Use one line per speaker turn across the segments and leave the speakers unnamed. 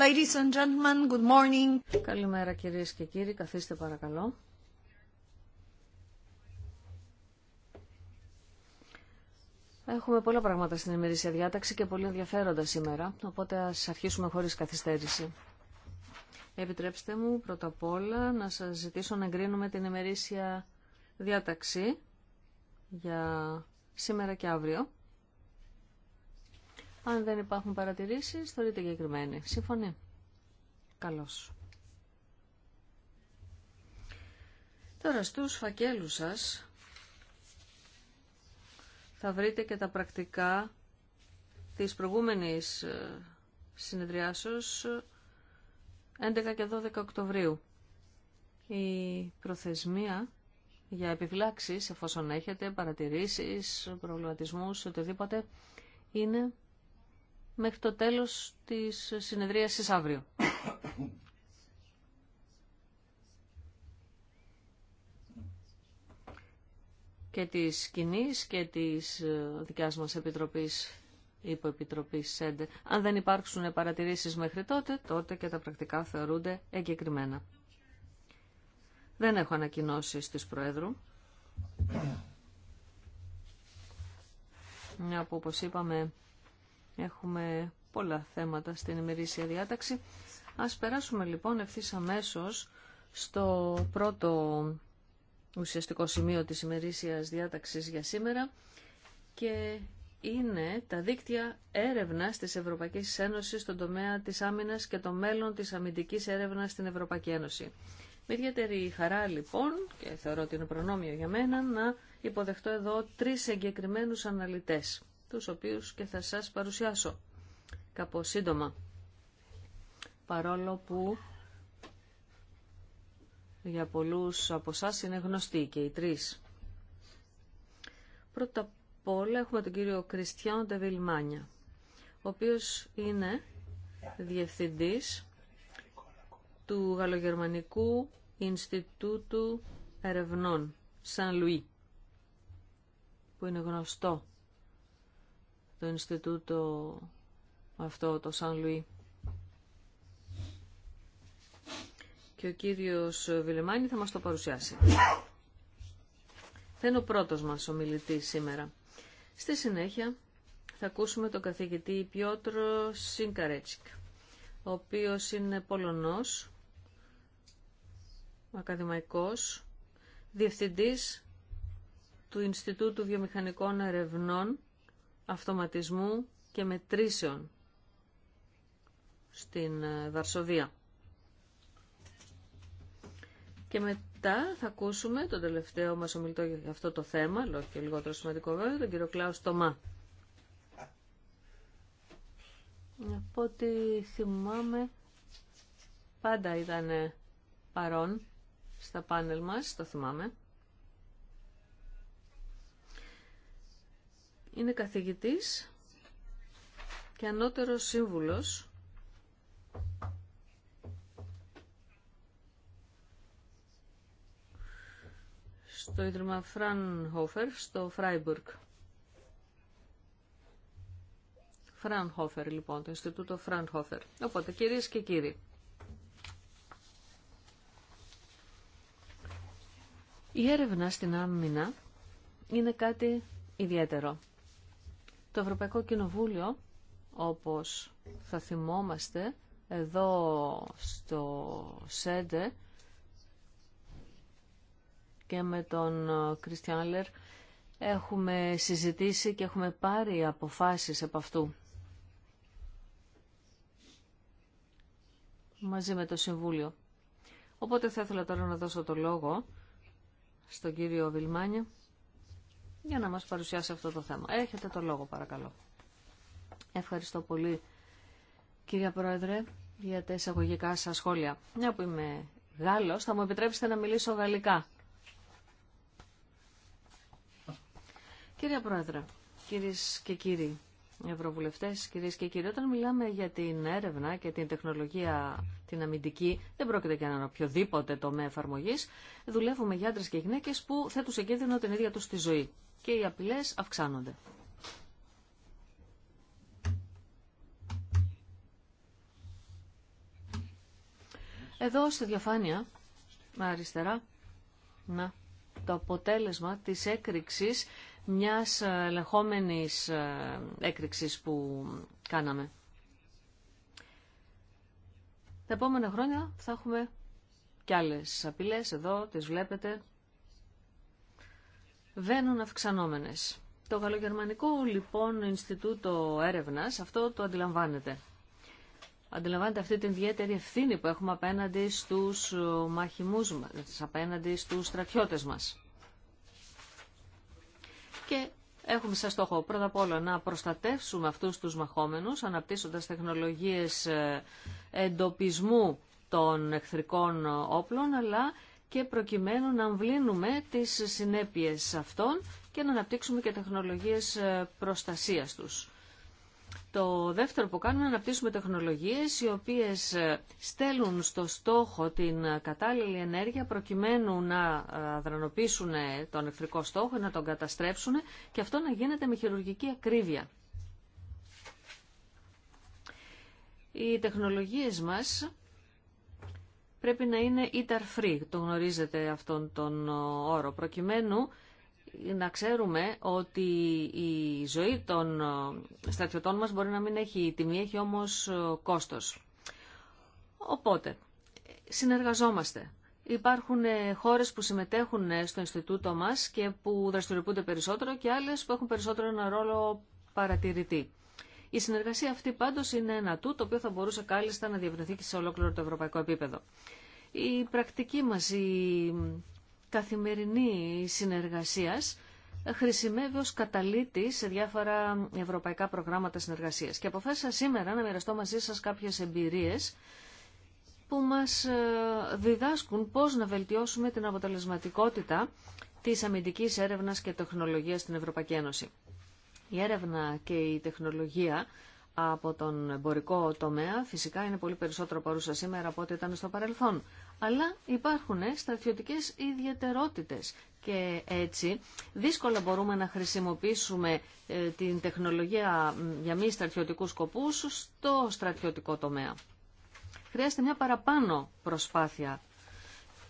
Ladies and gentlemen, good morning. Καλημέρα κυρίες και κύριοι, καθίστε παρακαλώ. Έχουμε πολλά πράγματα στην ημερήσια διάταξη και πολύ ενδιαφέροντα σήμερα, οπότε ας αρχίσουμε χωρίς καθυστέρηση. Επιτρέψτε μου πρώτα απ' όλα να σας ζητήσω να εγκρίνουμε την ημερήσια διάταξη για σήμερα και αύριο. Αν δεν υπάρχουν παρατηρήσεις, θεωρείται εγκεκριμένη. Συμφωνεί. Καλώς. Τώρα στους φακέλους σας θα βρείτε και τα πρακτικά της προηγούμενης ε, συνεδριάσεω 11 και 12 Οκτωβρίου. Η προθεσμία για επιφυλάξεις, εφόσον έχετε παρατηρήσεις, προβληματισμούς, οτιδήποτε, είναι μέχρι το τέλος της συνεδρίασης αύριο. και της κοινή και της ε, δικιάς μας Επιτροπής Υποεπιτροπής ΣΕΝΤΕ. Αν δεν υπάρξουν παρατηρήσεις μέχρι τότε, τότε και τα πρακτικά θεωρούνται εγκεκριμένα. Δεν έχω ανακοινώσει της Προέδρου. Μια που, όπως είπαμε, Έχουμε πολλά θέματα στην ημερήσια διάταξη. Ας περάσουμε λοιπόν ευθύ αμέσω στο πρώτο ουσιαστικό σημείο της ημερήσιας διάταξης για σήμερα και είναι τα δίκτυα έρευνας της Ευρωπαϊκής Ένωσης στον τομέα της άμυνας και το μέλλον της αμυντικής έρευνας στην Ευρωπαϊκή Ένωση. Με ιδιαίτερη χαρά λοιπόν, και θεωρώ ότι είναι προνόμιο για μένα, να υποδεχτώ εδώ τρεις εγκεκριμένους αναλυτές τους οποίους και θα σας παρουσιάσω κάπως σύντομα. Παρόλο που για πολλούς από εσά είναι γνωστοί και οι τρεις. Πρώτα απ' όλα έχουμε τον κύριο Κριστιαν Τεβιλμάνια, ο οποίος είναι διευθυντής του Γαλλογερμανικού Ινστιτούτου Ερευνών, Σαν Λουί, που είναι γνωστό το Ινστιτούτο αυτό, το Σαν Λουί. Και ο κύριος Βιλεμάνη θα μας το παρουσιάσει. Θα είναι ο πρώτος μας ομιλητής σήμερα. Στη συνέχεια θα ακούσουμε τον καθηγητή Πιότρο Σινκαρέτσικ, ο οποίος είναι Πολωνός, ακαδημαϊκός, διευθυντής του Ινστιτούτου Βιομηχανικών Ερευνών αυτοματισμού και μετρήσεων στην ε, Βαρσοβία. Και μετά θα ακούσουμε τον τελευταίο μας ομιλητό για αυτό το θέμα, λόγω και λιγότερο σημαντικό βέβαια, τον κύριο Κλάου Τομά. Από ό,τι θυμάμαι, πάντα ήταν παρόν στα πάνελ μας, το θυμάμαι. είναι καθηγητής και ανώτερος σύμβουλος στο Ίδρυμα Φρανχόφερ στο Φράιμπουργκ. Φρανχόφερ λοιπόν, το Ινστιτούτο Φρανχόφερ. Οπότε κυρίες και κύριοι, η έρευνα στην άμυνα είναι κάτι ιδιαίτερο. Το Ευρωπαϊκό Κοινοβούλιο, όπως θα θυμόμαστε, εδώ στο ΣΕΝΤΕ και με τον Κριστιαν ε, Λερ έχουμε συζητήσει και έχουμε πάρει αποφάσεις από αυτού. Μαζί με το Συμβούλιο. Οπότε θα ήθελα τώρα να δώσω το λόγο στον κύριο Βιλμάνια για να μας παρουσιάσει αυτό το θέμα. Έχετε το λόγο παρακαλώ. Ευχαριστώ πολύ κυρία Πρόεδρε για τα εισαγωγικά σας σχόλια. Μια που είμαι Γάλλος θα μου επιτρέψετε να μιλήσω γαλλικά. Κυρία Πρόεδρε, κυρίες και κύριοι Ευρωβουλευτές, κυρίες και κύριοι, όταν μιλάμε για την έρευνα και την τεχνολογία την αμυντική, δεν πρόκειται για έναν οποιοδήποτε τομέα εφαρμογή. Δουλεύουμε για άντρε και γυναίκε που θέτουν σε κίνδυνο την ίδια του τη ζωή και οι απειλές αυξάνονται. Εδώ στη διαφάνεια, αριστερά, να, το αποτέλεσμα της έκρηξης μιας ε, ελεγχόμενης ε, έκρηξης που κάναμε. Τα επόμενα χρόνια θα έχουμε και άλλες απειλές, εδώ τις βλέπετε, βαίνουν αυξανόμενες. Το Γαλλογερμανικό λοιπόν Ινστιτούτο Έρευνας αυτό το αντιλαμβάνεται. Αντιλαμβάνεται αυτή την ιδιαίτερη ευθύνη που έχουμε απέναντι στους ε, μαχημούς μας, ε, απέναντι στους στρατιώτες μας. Και έχουμε σαν στόχο πρώτα απ' όλα να προστατεύσουμε αυτούς τους μαχόμενους, αναπτύσσοντας τεχνολογίες ε, εντοπισμού των εχθρικών όπλων, αλλά και προκειμένου να αμβλύνουμε τις συνέπειες αυτών και να αναπτύξουμε και τεχνολογίες ε, προστασίας τους. Το δεύτερο που κάνουμε είναι να αναπτύσσουμε τεχνολογίες οι οποίες ε, στέλνουν στο στόχο την ε, κατάλληλη ενέργεια προκειμένου να δρανοποιήσουν τον εχθρικό στόχο, να τον καταστρέψουν και αυτό να γίνεται με χειρουργική ακρίβεια. Οι τεχνολογίες μας πρέπει να είναι ITAR free, το γνωρίζετε αυτόν τον ε, όρο, προκειμένου να ξέρουμε ότι η ζωή των ε, στρατιωτών μας μπορεί να μην έχει τιμή, έχει όμως ε, κόστος. Οπότε, συνεργαζόμαστε. Υπάρχουν χώρες που συμμετέχουν στο Ινστιτούτο μας και που δραστηριοποιούνται περισσότερο και άλλες που έχουν περισσότερο ένα ρόλο παρατηρητή. Η συνεργασία αυτή πάντω είναι ένα του, το οποίο θα μπορούσε κάλλιστα να διευρυνθεί και σε ολόκληρο το ευρωπαϊκό επίπεδο. Η πρακτική μα, η καθημερινή συνεργασία ε, χρησιμεύει ως καταλήτη σε διάφορα ευρωπαϊκά προγράμματα συνεργασίας. Και αποφάσισα σήμερα να μοιραστώ μαζί σας κάποιες εμπειρίες που μας ε, διδάσκουν πώς να βελτιώσουμε την αποτελεσματικότητα της αμυντικής έρευνας και τεχνολογίας στην Ευρωπαϊκή Ένωση. Η έρευνα και η τεχνολογία από τον εμπορικό τομέα φυσικά είναι πολύ περισσότερο παρούσα σήμερα από ό,τι ήταν στο παρελθόν. Αλλά υπάρχουν στρατιωτικές ιδιαιτερότητες και έτσι δύσκολα μπορούμε να χρησιμοποιήσουμε ε, την τεχνολογία για μη στρατιωτικού σκοπού στο στρατιωτικό τομέα. Χρειάζεται μια παραπάνω προσπάθεια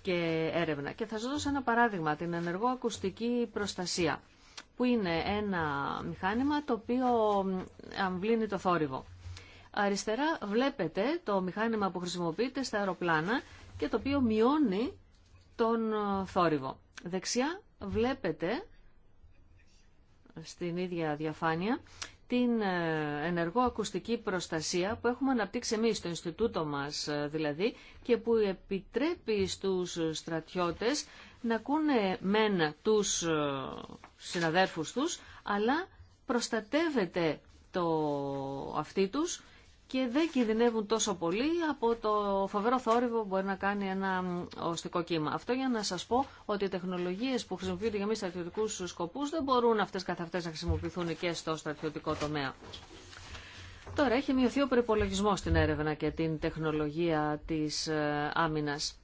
και έρευνα. Και θα σας δώσω ένα παράδειγμα, την ακουστική προστασία που είναι ένα μηχάνημα το οποίο αμβλύνει το θόρυβο. Αριστερά βλέπετε το μηχάνημα που χρησιμοποιείται στα αεροπλάνα και το οποίο μειώνει τον ε, θόρυβο. Δεξιά βλέπετε στην ίδια διαφάνεια την ε, ενεργό ακουστική προστασία που έχουμε αναπτύξει εμείς στο Ινστιτούτο μας ε, δηλαδή και που επιτρέπει στους στρατιώτες να ακούνε μεν τους ε, συναδέρφους τους, αλλά προστατεύεται το αυτί τους και δεν κινδυνεύουν τόσο πολύ από το φοβερό θόρυβο που μπορεί να κάνει ένα οστικό κύμα. Αυτό για να σας πω ότι οι τεχνολογίες που χρησιμοποιούνται για μη στρατιωτικούς σκοπούς δεν μπορούν αυτές καθ' να χρησιμοποιηθούν και στο στρατιωτικό τομέα. Τώρα έχει μειωθεί ο προπολογισμό στην έρευνα και την τεχνολογία της ε, άμυνας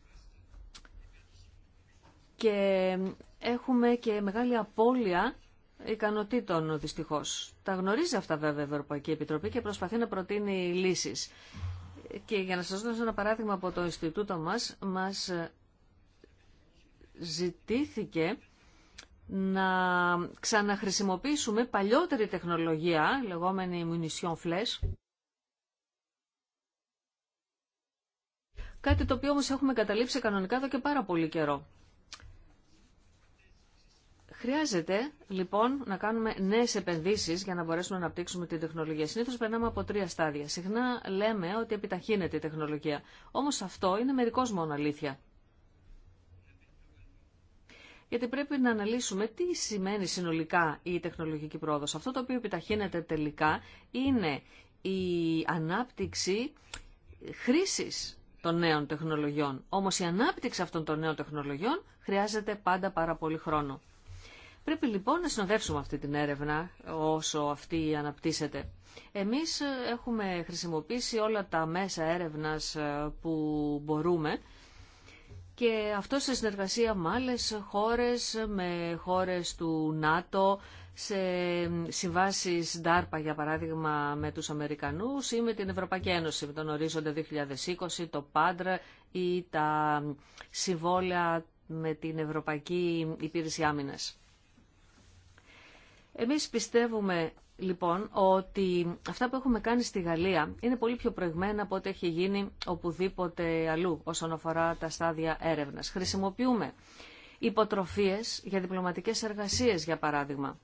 και έχουμε και μεγάλη απώλεια ικανοτήτων δυστυχώς. Τα γνωρίζει αυτά βέβαια η Ευρωπαϊκή Επιτροπή και προσπαθεί να προτείνει λύσεις. Και για να σας δώσω ένα παράδειγμα από το Ινστιτούτο μας, μας ζητήθηκε να ξαναχρησιμοποιήσουμε παλιότερη τεχνολογία, λεγόμενη munition flash, κάτι το οποίο όμως έχουμε καταλήψει κανονικά εδώ και πάρα πολύ καιρό. Χρειάζεται λοιπόν να κάνουμε νέε επενδύσει για να μπορέσουμε να αναπτύξουμε την τεχνολογία. Συνήθω περνάμε από τρία στάδια. Συχνά λέμε ότι επιταχύνεται η τεχνολογία. Όμω αυτό είναι μερικό μόνο αλήθεια. Γιατί πρέπει να αναλύσουμε τι σημαίνει συνολικά η τεχνολογική πρόοδος. Αυτό το οποίο επιταχύνεται τελικά είναι η ανάπτυξη χρήσης των νέων τεχνολογιών. Όμως η ανάπτυξη αυτών των νέων τεχνολογιών χρειάζεται πάντα πάρα πολύ χρόνο. Πρέπει λοιπόν να συνοδεύσουμε αυτή την έρευνα όσο αυτή αναπτύσσεται. Εμείς ε, έχουμε χρησιμοποιήσει όλα τα μέσα έρευνας ε, που μπορούμε και αυτό σε συνεργασία με άλλες χώρες, με χώρες του ΝΑΤΟ, σε συμβάσεις DARPA για παράδειγμα με τους Αμερικανούς ή με την Ευρωπαϊκή Ένωση, με τον ορίζοντα 2020, το ΠΑΝΤΡΑ ή τα συμβόλαια με την Ευρωπαϊκή Υπηρεσία Άμυνας. Εμείς πιστεύουμε λοιπόν ότι αυτά που έχουμε κάνει στη Γαλλία είναι πολύ πιο προηγμένα από ό,τι έχει γίνει οπουδήποτε αλλού όσον αφορά τα στάδια έρευνας. Χρησιμοποιούμε υποτροφίες για διπλωματικές εργασίες για παράδειγμα.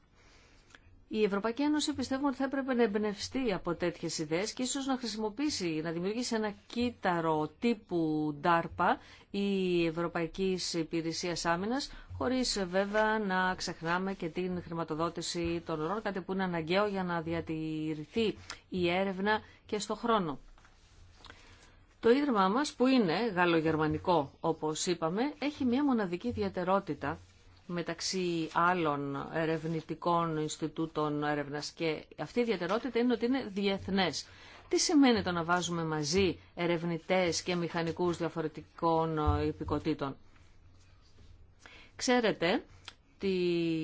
Η Ευρωπαϊκή Ένωση πιστεύουμε ότι θα έπρεπε να εμπνευστεί από τέτοιε ιδέε και ίσω να χρησιμοποιήσει, να δημιουργήσει ένα κύτταρο τύπου DARPA ή Ευρωπαϊκή Υπηρεσία Άμυνα χωρίς βέβαια να ξεχνάμε και την χρηματοδότηση των ορών, κάτι που είναι αναγκαίο για να διατηρηθεί η έρευνα και στο χρόνο. Το Ίδρυμά μας, που είναι γαλλογερμανικό όπως είπαμε, έχει μια μοναδική ιδιαιτερότητα μεταξύ άλλων ερευνητικών Ινστιτούτων Έρευνας και αυτή η ιδιαιτερότητα είναι ότι είναι διεθνές. Τι σημαίνει το να βάζουμε μαζί ερευνητές και μηχανικούς διαφορετικών υπηκοτήτων. Ξέρετε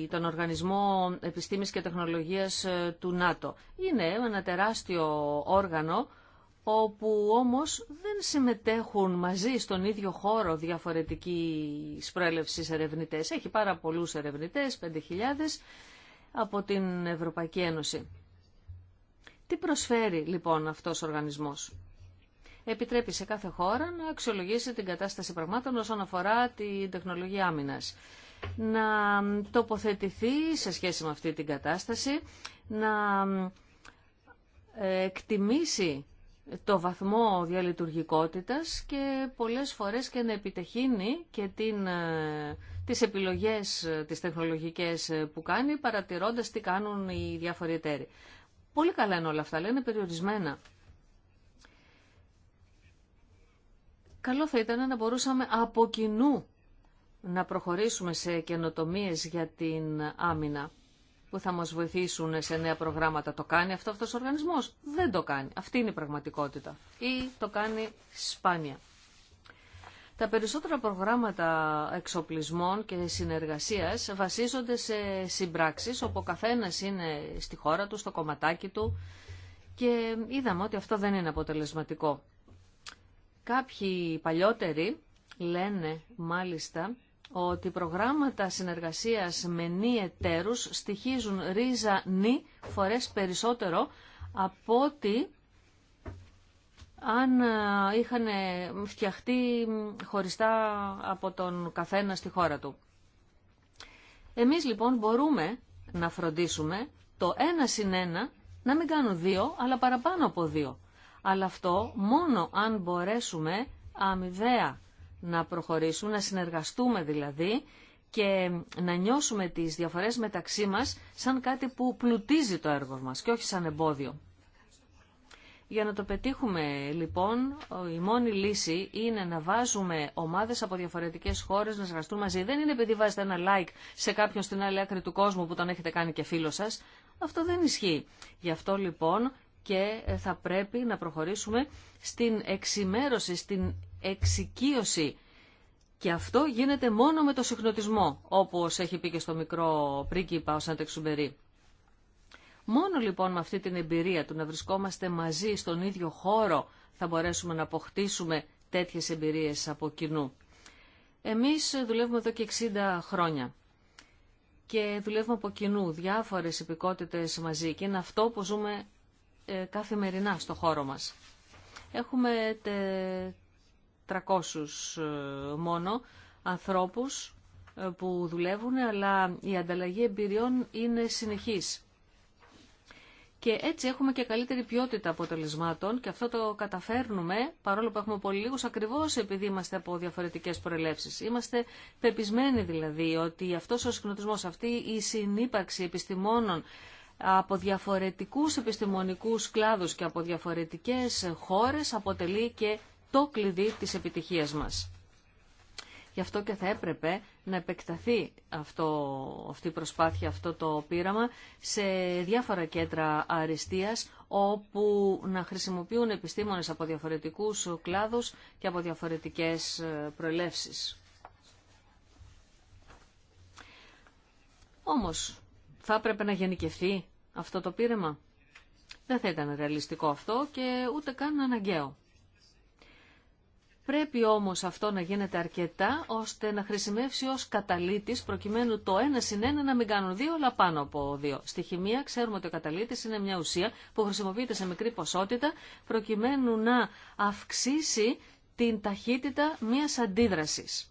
τον Οργανισμό Επιστήμης και Τεχνολογίας ε, του ΝΑΤΟ. Είναι ένα τεράστιο όργανο όπου όμως δεν συμμετέχουν μαζί στον ίδιο χώρο διαφορετική προέλευση ερευνητές. Έχει πάρα πολλούς ερευνητές, 5.000, από την Ευρωπαϊκή Ένωση. Τι προσφέρει λοιπόν αυτός ο οργανισμός επιτρέπει σε κάθε χώρα να αξιολογήσει την κατάσταση πραγμάτων όσον αφορά την τεχνολογία άμυνας. Να τοποθετηθεί σε σχέση με αυτή την κατάσταση, να ε, εκτιμήσει το βαθμό διαλειτουργικότητας και πολλές φορές και να επιτεχύνει και την, ε, τις επιλογές ε, τις τεχνολογικές που κάνει παρατηρώντας τι κάνουν οι διάφοροι εταίροι. Πολύ καλά είναι όλα αυτά, λένε περιορισμένα. Καλό θα ήταν να μπορούσαμε από κοινού να προχωρήσουμε σε καινοτομίες για την άμυνα που θα μας βοηθήσουν σε νέα προγράμματα. Το κάνει αυτό αυτός ο οργανισμός. Δεν το κάνει. Αυτή είναι η πραγματικότητα. Ή το κάνει σπάνια. Τα περισσότερα προγράμματα εξοπλισμών και συνεργασίας βασίζονται σε συμπράξεις όπου ο είναι στη χώρα του, στο κομματάκι του και είδαμε ότι αυτό δεν είναι αποτελεσματικό. Κάποιοι παλιότεροι λένε μάλιστα ότι προγράμματα συνεργασίας με νη εταίρους στοιχίζουν ρίζα νη φορές περισσότερο από ότι αν ε, είχαν ε, φτιαχτεί χωριστά από τον καθένα στη χώρα του. Εμείς λοιπόν μπορούμε να φροντίσουμε το ένα συν ένα να μην κάνουν δύο, αλλά παραπάνω από δύο. Αλλά αυτό μόνο αν μπορέσουμε αμοιβαία να προχωρήσουμε, να συνεργαστούμε δηλαδή και να νιώσουμε τις διαφορές μεταξύ μας σαν κάτι που πλουτίζει το έργο μας και όχι σαν εμπόδιο. Για να το πετύχουμε λοιπόν, η μόνη λύση είναι να βάζουμε ομάδες από διαφορετικές χώρες να συνεργαστούν μαζί. Δεν είναι επειδή βάζετε ένα like σε κάποιον στην άλλη άκρη του κόσμου που τον έχετε κάνει και φίλο σας. Αυτό δεν ισχύει. Γι' αυτό λοιπόν και θα πρέπει να προχωρήσουμε στην εξημέρωση, στην εξοικείωση. Και αυτό γίνεται μόνο με το συχνοτισμό, όπως έχει πει και στο μικρό πρίγκιπα ο Σαντεξουμπερί. Μόνο λοιπόν με αυτή την εμπειρία του να βρισκόμαστε μαζί στον ίδιο χώρο θα μπορέσουμε να αποκτήσουμε τέτοιες εμπειρίες από κοινού. Εμείς δουλεύουμε εδώ και 60 χρόνια και δουλεύουμε από κοινού διάφορες υπηκότητες μαζί και είναι αυτό που ζούμε ε, καθημερινά στο χώρο μας. Έχουμε 300 ε, μόνο ανθρώπους ε, που δουλεύουν, αλλά η ανταλλαγή εμπειριών είναι συνεχής. Και έτσι έχουμε και καλύτερη ποιότητα αποτελεσμάτων και αυτό το καταφέρνουμε παρόλο που έχουμε πολύ λίγους ακριβώς επειδή είμαστε από διαφορετικές προελεύσεις. Είμαστε πεπισμένοι δηλαδή ότι αυτός ο συγκνωτισμός, αυτή η συνύπαρξη επιστημόνων από διαφορετικούς επιστημονικούς κλάδους και από διαφορετικές χώρες αποτελεί και το κλειδί της επιτυχίας μας. Γι' αυτό και θα έπρεπε να επεκταθεί αυτό, αυτή η προσπάθεια, αυτό το πείραμα σε διάφορα κέντρα αριστείας όπου να χρησιμοποιούν επιστήμονες από διαφορετικούς κλάδους και από διαφορετικές ε, προελεύσεις. Όμως θα έπρεπε να γενικευθεί αυτό το πείραμα. Δεν θα ήταν ρεαλιστικό αυτό και ούτε καν αναγκαίο. Πρέπει όμως αυτό να γίνεται αρκετά ώστε να χρησιμεύσει ως καταλήτης προκειμένου το ένα συν ένα να μην κάνουν δύο αλλά πάνω από δύο. Στη χημεία ξέρουμε ότι ο καταλήτης είναι μια ουσία που χρησιμοποιείται σε μικρή ποσότητα προκειμένου να αυξήσει την ταχύτητα μιας αντίδρασης.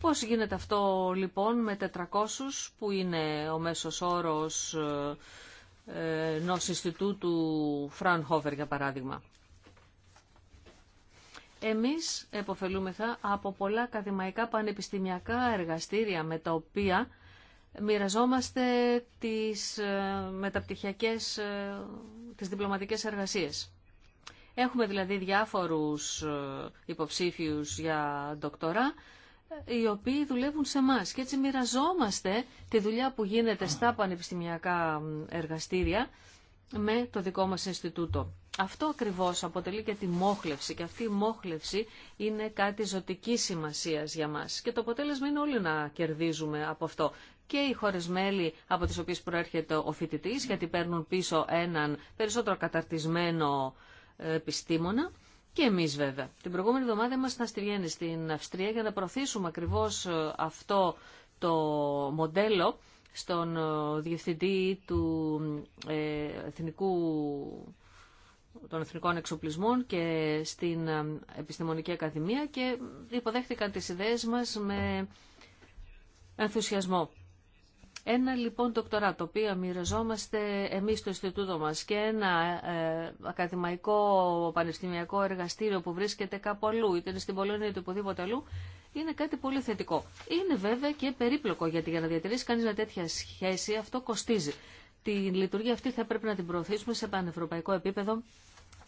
Πώς γίνεται αυτό λοιπόν με 400 που είναι ο μέσος όρος ενό του Φρανχόβερ για παράδειγμα. Εμείς εποφελούμεθα από πολλά ακαδημαϊκά πανεπιστημιακά εργαστήρια με τα οποία μοιραζόμαστε τις ε, μεταπτυχιακές, ε, τις διπλωματικές εργασίες. Έχουμε δηλαδή διάφορους ε, υποψήφιους για ντοκτορά οι οποίοι δουλεύουν σε εμά. Και έτσι μοιραζόμαστε τη δουλειά που γίνεται στα πανεπιστημιακά εργαστήρια με το δικό μας Ινστιτούτο. Αυτό ακριβώς αποτελεί και τη μόχλευση και αυτή η μόχλευση είναι κάτι ζωτική σημασίας για μας και το αποτέλεσμα είναι όλοι να κερδίζουμε από αυτό και οι χώρες μέλη από τις οποίες προέρχεται ο φοιτητή γιατί παίρνουν πίσω έναν περισσότερο καταρτισμένο ε, επιστήμονα και εμεί βέβαια. Την προηγούμενη εβδομάδα ήμασταν στη Βιέννη, στην Αυστρία, για να προωθήσουμε ακριβώς ε, αυτό το μοντέλο στον ε, διευθυντή του ε, εθνικού των Εθνικών Εξοπλισμών και στην Επιστημονική Ακαδημία και υποδέχτηκαν τις ιδέες μας με ενθουσιασμό. Ένα λοιπόν τοκτορά το οποίο μοιραζόμαστε εμείς στο Ινστιτούτο μας και ένα ε, ακαδημαϊκό πανεπιστημιακό εργαστήριο που βρίσκεται κάπου αλλού, είτε είναι στην Πολωνία είτε οπουδήποτε αλλού, είναι κάτι πολύ θετικό. Είναι βέβαια και περίπλοκο γιατί για να διατηρήσει κανείς μια τέτοια σχέση αυτό κοστίζει. Τη λειτουργία αυτή θα πρέπει να την προωθήσουμε σε πανευρωπαϊκό επίπεδο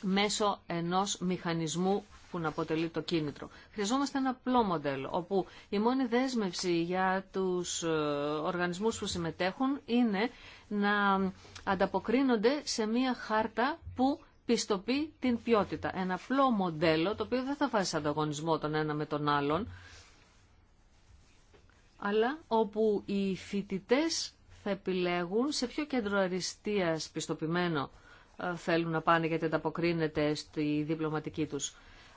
μέσω ενός μηχανισμού που να αποτελεί το κίνητρο. Χρειαζόμαστε ένα απλό μοντέλο, όπου η μόνη δέσμευση για τους ε, οργανισμούς που συμμετέχουν είναι να ανταποκρίνονται σε μία χάρτα που πιστοποιεί την ποιότητα. Ένα απλό μοντέλο, το οποίο δεν θα βάζει ανταγωνισμό τον ένα με τον άλλον, αλλά όπου οι φοιτητέ θα επιλέγουν σε ποιο κέντρο αριστείας πιστοποιημένο ε, θέλουν να πάνε γιατί ανταποκρίνεται στη διπλωματική τους.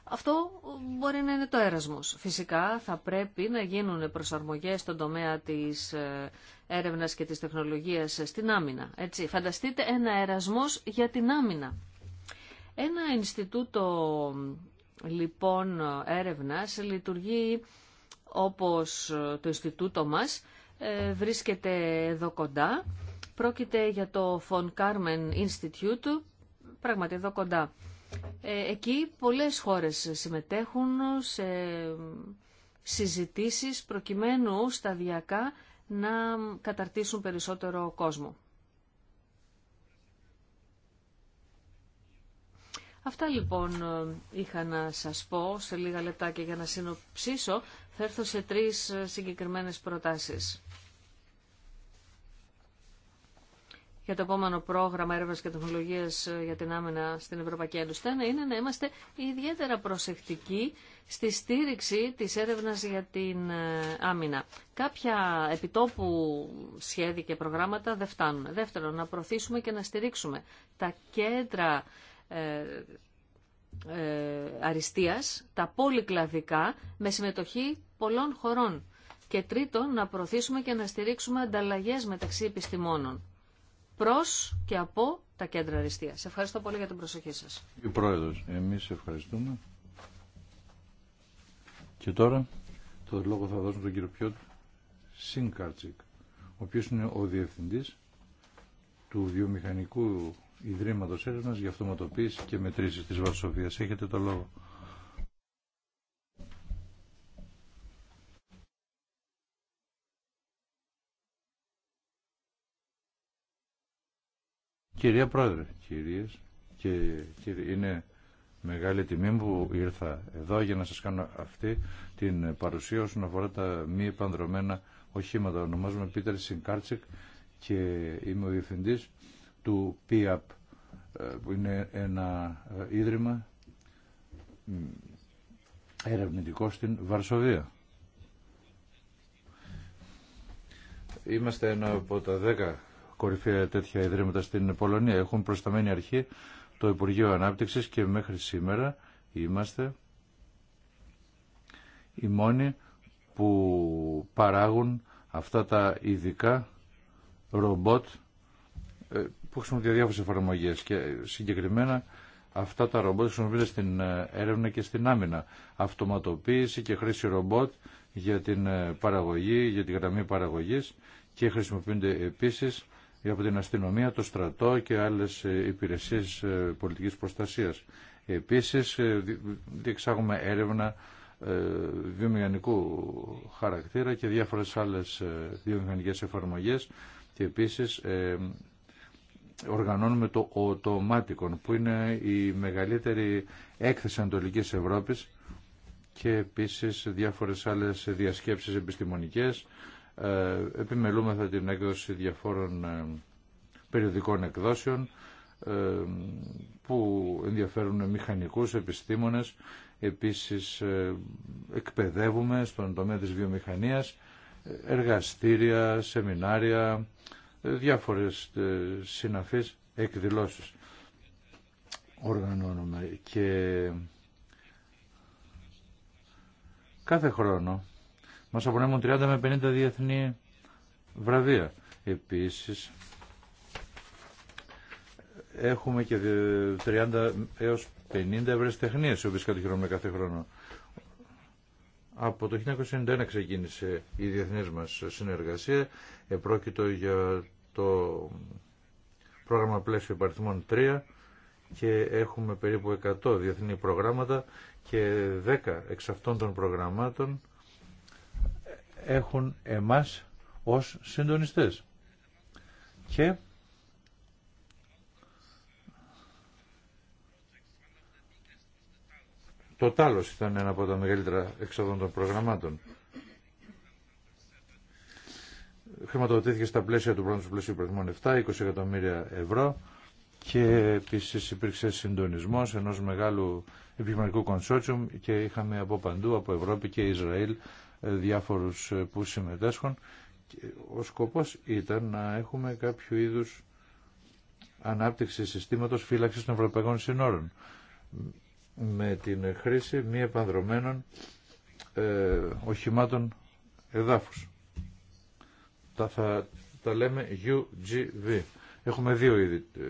Αυτό μπορεί να είναι το έρασμος. Φυσικά θα πρέπει να γίνουν προσαρμογές στον τομέα της ε, έρευνας και της τεχνολογίας στην άμυνα. Έτσι, φανταστείτε ένα έρασμος για την άμυνα. Ένα Ινστιτούτο λοιπόν έρευνας λειτουργεί όπως ε, το Ινστιτούτο μας, ε, βρίσκεται εδώ κοντά. Πρόκειται για το Von Carmen Institute, πραγματικά εδώ κοντά. Ε, εκεί πολλές χώρες συμμετέχουν σε συζητήσεις προκειμένου σταδιακά να καταρτήσουν περισσότερο κόσμο. Αυτά λοιπόν ε, είχα να σας πω σε λίγα λεπτά και για να συνοψίσω θα έρθω σε τρεις ε, συγκεκριμένες προτάσεις. για το επόμενο πρόγραμμα έρευνας και τεχνολογίας ε, για την άμυνα στην Ευρωπαϊκή Ένωση είναι να είμαστε ιδιαίτερα προσεκτικοί στη στήριξη της έρευνας για την ε, άμυνα. Κάποια επιτόπου σχέδια και προγράμματα δεν φτάνουν. Δεύτερον, να προωθήσουμε και να στηρίξουμε τα κέντρα ε, αριστείας, τα πολυκλαδικά, με συμμετοχή πολλών χωρών. Και τρίτον, να προωθήσουμε και να στηρίξουμε ανταλλαγές μεταξύ επιστημόνων προς και από τα κέντρα αριστείας. Ευχαριστώ πολύ για την προσοχή σας.
Κύριε Πρόεδρος, εμείς ευχαριστούμε. Και τώρα το λόγο θα δώσουμε τον κύριο Πιότ Σινκάρτσικ, ο οποίος είναι ο διευθυντής του βιομηχανικού Ιδρύματος Έρευνας για Αυτοματοποίηση και Μετρήσεις της Βαρσοβίας. Έχετε το λόγο. Κυρία Πρόεδρε, κυρίες και κύριοι, είναι μεγάλη τιμή που ήρθα εδώ για να σας κάνω αυτή την παρουσία όσον αφορά τα μη επανδρομένα οχήματα. Ονομάζομαι Πίτερ Σινκάρτσικ και είμαι ο διευθυντής του ΠΙΑΠ ε, που είναι ένα ε, ίδρυμα ερευνητικό στην Βαρσοβία. Είμαστε ένα από τα δέκα κορυφαία τέτοια ιδρύματα στην Πολωνία. Έχουν προσταμένη αρχή το Υπουργείο ανάπτυξη και μέχρι σήμερα είμαστε οι μόνοι που παράγουν αυτά τα ειδικά ρομπότ ε, που χρησιμοποιούν διάφορε εφαρμογέ και συγκεκριμένα αυτά τα ρομπότ χρησιμοποιούνται στην ε, έρευνα και στην άμυνα. Αυτοματοποίηση και χρήση ρομπότ για την ε, παραγωγή, για τη γραμμή παραγωγής και χρησιμοποιούνται επίσης από την αστυνομία, το στρατό και άλλες ε, υπηρεσίες ε, πολιτικής προστασίας. Επίσης, ε, διεξάγουμε έρευνα βιομηχανικού χαρακτήρα και διάφορες άλλες βιομηχανικές εφαρμογές και επίσης οργανώνουμε το οτομάτικον που είναι η μεγαλύτερη έκθεση Ανατολικής Ευρώπης και επίσης διάφορες άλλες διασκέψεις επιστημονικές ε, επιμελούμεθα την έκδοση διαφόρων ε, περιοδικών εκδόσεων ε, που ενδιαφέρουν μηχανικούς, επιστήμονες. Επίσης εκπαιδεύουμε στον τομέα της βιομηχανίας εργαστήρια, σεμινάρια, διάφορες συναφείς εκδηλώσεις οργανώνουμε και κάθε χρόνο μας απονέμουν 30 με 50 διεθνή βραβεία. Επίσης, έχουμε και 30 έως 50 τεχνίες, οι οποίες κατοχυρώνουμε κάθε χρόνο. Από το 1991 ξεκίνησε η διεθνής μας συνεργασία. Επρόκειτο για το πρόγραμμα πλαίσιο υπαριθμών 3 και έχουμε περίπου 100 διεθνή προγράμματα και 10 εξ αυτών των προγραμμάτων έχουν εμάς ως συντονιστές. Και το τάλος ήταν ένα από τα μεγαλύτερα εξόδων των προγραμμάτων. Χρηματοδοτήθηκε στα πλαίσια του πρώτου πλαίσιου προθυμών 7, 20 εκατομμύρια ευρώ και επίση υπήρξε συντονισμό ενό μεγάλου επιχειρηματικού κονσότσιουμ και είχαμε από παντού, από Ευρώπη και Ισραήλ, διάφορους ε, που συμμετέσχουν. Ο σκοπός ήταν να έχουμε κάποιο είδους ανάπτυξη συστήματος φύλαξης των Ευρωπαϊκών Συνόρων με την χρήση μη επανδρομένων ε, οχημάτων εδάφους. Τα, θα, τα λέμε UGV. Έχουμε δύο είδη ε,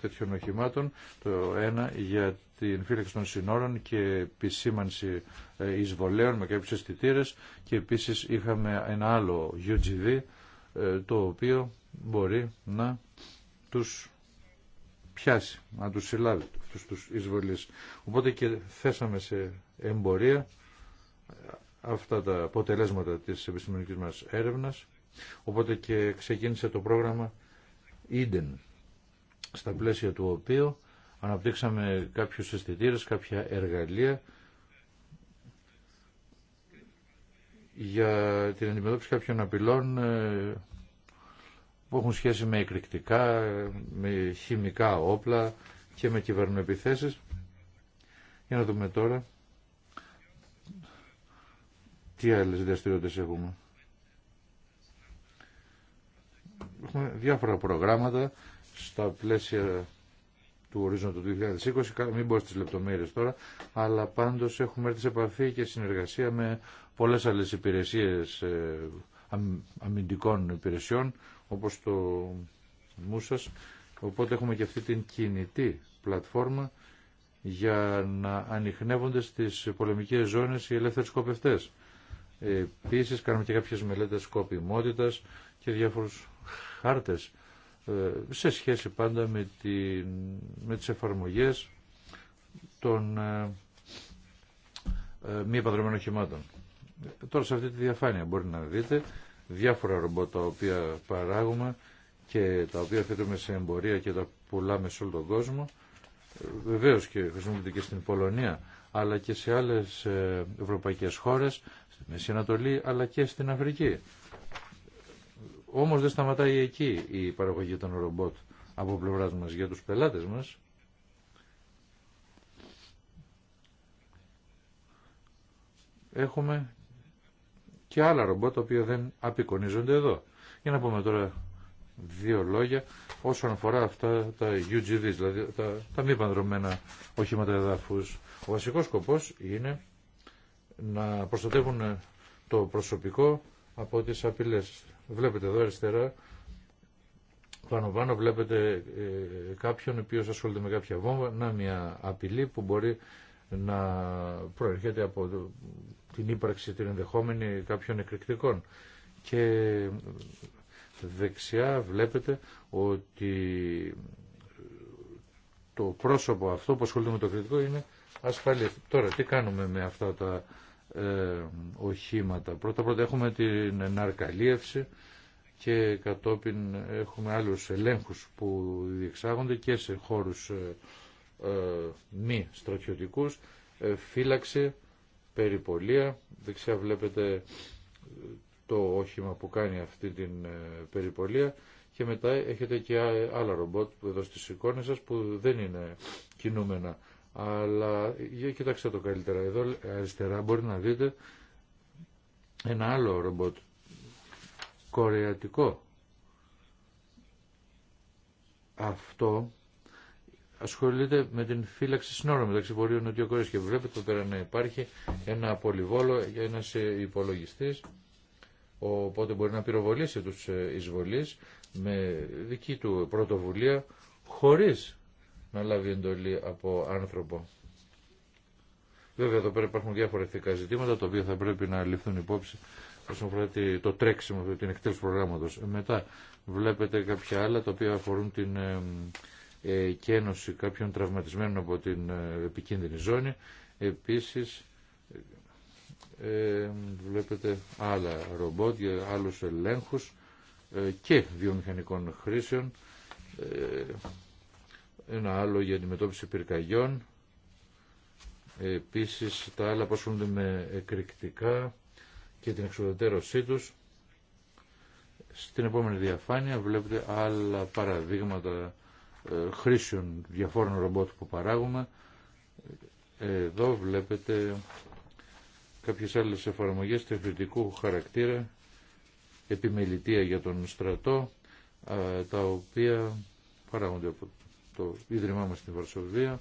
τέτοιων οχημάτων. Το ένα για την φύλαξη των συνόρων και επισήμανση ε, εισβολέων με κάποιους αισθητήρε και επίσης είχαμε ένα άλλο UGV ε, το οποίο μπορεί να τους πιάσει, να τους συλλάβει αυτούς τους εισβολείς. Οπότε και θέσαμε σε εμπορία αυτά τα αποτελέσματα της επιστημονικής μας έρευνας. Οπότε και ξεκίνησε το πρόγραμμα Eden, στα πλαίσια του οποίου αναπτύξαμε κάποιους αισθητήρε, κάποια εργαλεία για την αντιμετώπιση κάποιων απειλών ε, που έχουν σχέση με εκρηκτικά, με χημικά όπλα και με κυβερνοεπιθέσεις. Για να δούμε τώρα τι άλλες δραστηριότητες έχουμε. έχουμε διάφορα προγράμματα στα πλαίσια του ορίζοντα του 2020, μην πω στις λεπτομέρειες τώρα, αλλά πάντως έχουμε έρθει σε επαφή και συνεργασία με πολλές άλλες υπηρεσίες ε, αμυντικών υπηρεσιών, όπως το Μούσας, οπότε έχουμε και αυτή την κινητή πλατφόρμα για να ανοιχνεύονται στις πολεμικές ζώνες οι ελεύθεροι σκοπευτές. Επίση, κάνουμε και κάποιες μελέτες σκοπιμότητας και διάφορους χάρτες ε, σε σχέση πάντα με, τι με τις εφαρμογές των ε, ε, μη επανδρομένων οχημάτων. Τώρα σε αυτή τη διαφάνεια μπορείτε να δείτε διάφορα ρομπότ τα οποία παράγουμε και τα οποία θέτουμε σε εμπορία και τα πουλάμε σε όλο τον κόσμο. Βεβαίως και χρησιμοποιούνται και στην Πολωνία, αλλά και σε άλλες ευρωπαϊκές χώρες, στη Μέση Ανατολή, αλλά και στην Αφρική. Όμω δεν σταματάει εκεί η παραγωγή των ρομπότ από πλευρά μα για του πελάτε μα, Έχουμε και άλλα ρομπότ τα οποία δεν απεικονίζονται εδώ. Για να πούμε τώρα δύο λόγια όσον αφορά αυτά τα UGVs, δηλαδή τα, μη πανδρομένα οχήματα εδάφους. Ο βασικό σκοπό είναι να προστατεύουν το προσωπικό από τις απειλές Βλέπετε εδώ αριστερά, πάνω πάνω βλέπετε ε, ε, κάποιον ο οποίος ασχολείται με κάποια βόμβα, να μια απειλή που μπορεί να προερχέται από την ύπαρξη, την ενδεχόμενη κάποιων εκρηκτικών. Και δεξιά βλέπετε ότι το πρόσωπο αυτό που ασχολείται με το κριτικό είναι ασφαλή. Τώρα τι κάνουμε με αυτά τα ε, οχήματα. Πρώτα πρώτα έχουμε την εναρκαλίευση και κατόπιν έχουμε άλλους ελέγχους που διεξάγονται και σε χώρους ε, ε, μη στρατιωτικούς, φύλαξη, περιπολία. Δεξιά βλέπετε το όχημα που κάνει αυτή την περιπολία και μετά έχετε και άλλα ρομπότ που εδώ στις εικόνες σας που δεν είναι κινούμενα αλλά για κοιτάξτε το καλύτερα. Εδώ αριστερά μπορεί να δείτε ένα άλλο ρομπότ. Κορεατικό. Αυτό ασχολείται με την φύλαξη συνόρων μεταξύ Βορείων Νοτιο και βλέπετε πέρα να υπάρχει ένα πολυβόλο για ένας υπολογιστής οπότε μπορεί να πυροβολήσει τους ε, εισβολείς με δική του πρωτοβουλία χωρίς να λάβει εντολή από άνθρωπο. Βέβαια εδώ πέρα υπάρχουν διάφορα ηθικά ζητήματα τα οποία θα πρέπει να ληφθούν υπόψη όσον αφορά το τρέξιμο, την εκτέλεση προγράμματος. Ε, μετά βλέπετε κάποια άλλα τα οποία αφορούν την ε, κένωση κάποιων τραυματισμένων από την ε, επικίνδυνη ζώνη. Επίσης ε, βλέπετε άλλα ρομπότ για άλλους ελέγχους ε, και βιομηχανικών χρήσεων ένα άλλο για αντιμετώπιση πυρκαγιών, επίσης τα άλλα που ασχολούνται με εκρηκτικά και την εξοδετέρωσή τους. Στην επόμενη διαφάνεια βλέπετε άλλα παραδείγματα ε, χρήσεων διαφόρων ρομπότ που παράγουμε. Εδώ βλέπετε κάποιες άλλες εφαρμογές τεχνητικού χαρακτήρα, επιμελητία για τον στρατό, ε, τα οποία παράγονται από το Ίδρυμά μας στην Βαρσοβία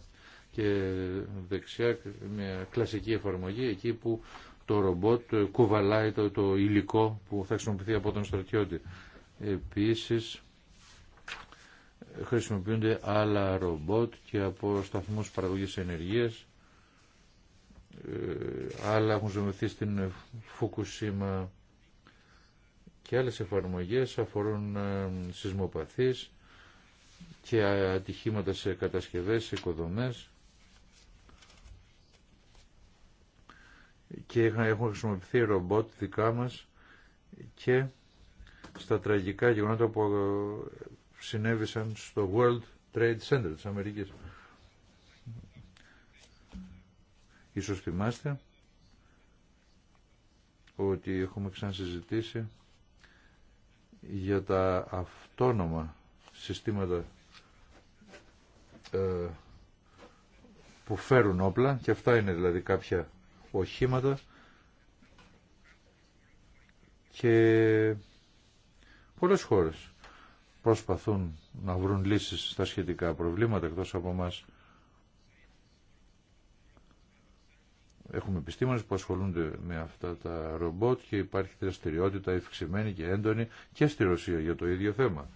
και δεξιά μια κλασική εφαρμογή εκεί που το ρομπότ κουβαλάει το, το υλικό που θα χρησιμοποιηθεί από τον στρατιώτη. Επίσης χρησιμοποιούνται άλλα ρομπότ και από σταθμούς παραγωγής ενεργείας ε, άλλα έχουν ζωμηθεί στην Φουκουσίμα και άλλες εφαρμογές αφορούν ε, σεισμοπαθείς και ατυχήματα σε κατασκευές, σε οικοδομές και έχουν χρησιμοποιηθεί ρομπότ δικά μας και στα τραγικά γεγονότα που ε, συνέβησαν στο World Trade Center της Αμερικής. Ίσως θυμάστε ότι έχουμε ξανασυζητήσει για τα αυτόνομα συστήματα ε, που φέρουν όπλα και αυτά είναι δηλαδή κάποια οχήματα και πολλές χώρες προσπαθούν να βρουν λύσεις στα σχετικά προβλήματα εκτός από μας Έχουμε επιστήμονες που ασχολούνται με αυτά τα ρομπότ και υπάρχει δραστηριότητα ευξημένη και έντονη και στη Ρωσία για το ίδιο θέμα.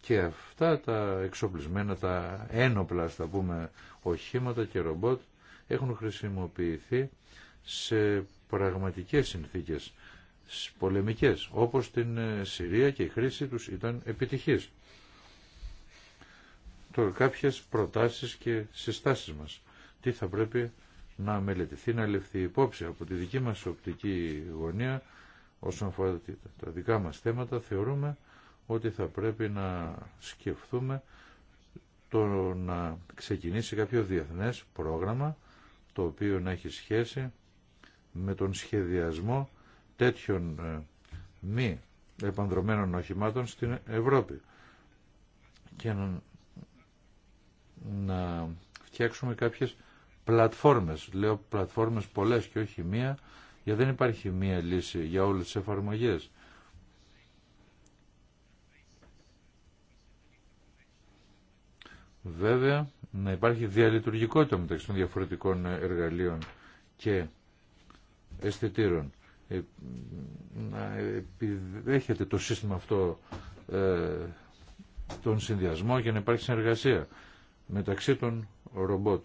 και αυτά τα εξοπλισμένα, τα ένοπλα, στα πούμε, οχήματα και ρομπότ έχουν χρησιμοποιηθεί σε πραγματικές συνθήκες πολεμικές, όπως την ε, Συρία και η χρήση τους ήταν επιτυχής. Τώρα κάποιες προτάσεις και συστάσεις μας. Τι θα πρέπει να μελετηθεί, να ληφθεί υπόψη από τη δική μας οπτική γωνία όσον αφορά τα δικά μας θέματα, θεωρούμε ότι θα πρέπει να σκεφτούμε το να ξεκινήσει κάποιο διεθνές πρόγραμμα το οποίο να έχει σχέση με τον σχεδιασμό τέτοιων ε, μη επανδρομένων οχημάτων στην Ευρώπη και να φτιάξουμε κάποιες πλατφόρμες, λέω πλατφόρμες πολλές και όχι μία, γιατί δεν υπάρχει μία λύση για όλες τις εφαρμογές. βέβαια να υπάρχει διαλειτουργικότητα μεταξύ των διαφορετικών εργαλείων και αισθητήρων. Ε, να επιδέχεται το σύστημα αυτό ε, τον συνδυασμό και να υπάρχει συνεργασία μεταξύ των ρομπότ.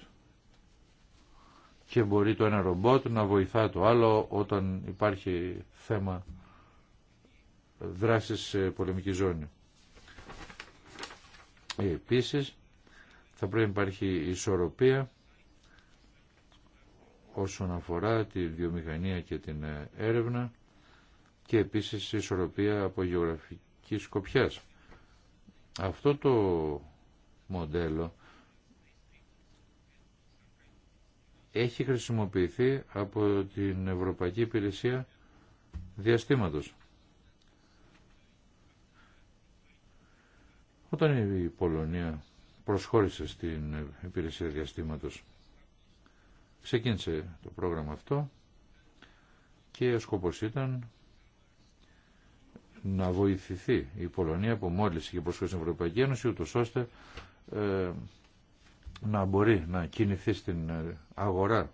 Και μπορεί το ένα ρομπότ να βοηθά το άλλο όταν υπάρχει θέμα δράσης σε πολεμική ζώνη. Ε, επίσης, θα πρέπει να υπάρχει ισορροπία όσον αφορά τη βιομηχανία και την ε, έρευνα και επίσης ισορροπία από γεωγραφική σκοπιάς. Αυτό το μοντέλο έχει χρησιμοποιηθεί από την Ευρωπαϊκή Υπηρεσία Διαστήματος. Όταν η Πολωνία προσχώρησε στην υπηρεσία διαστήματος. Ξεκίνησε το πρόγραμμα αυτό και ο σκοπός ήταν να βοηθηθεί η Πολωνία που μόλις είχε προσχωρήσει στην Ευρωπαϊκή Ένωση ούτως ώστε ε, να μπορεί να κινηθεί στην αγορά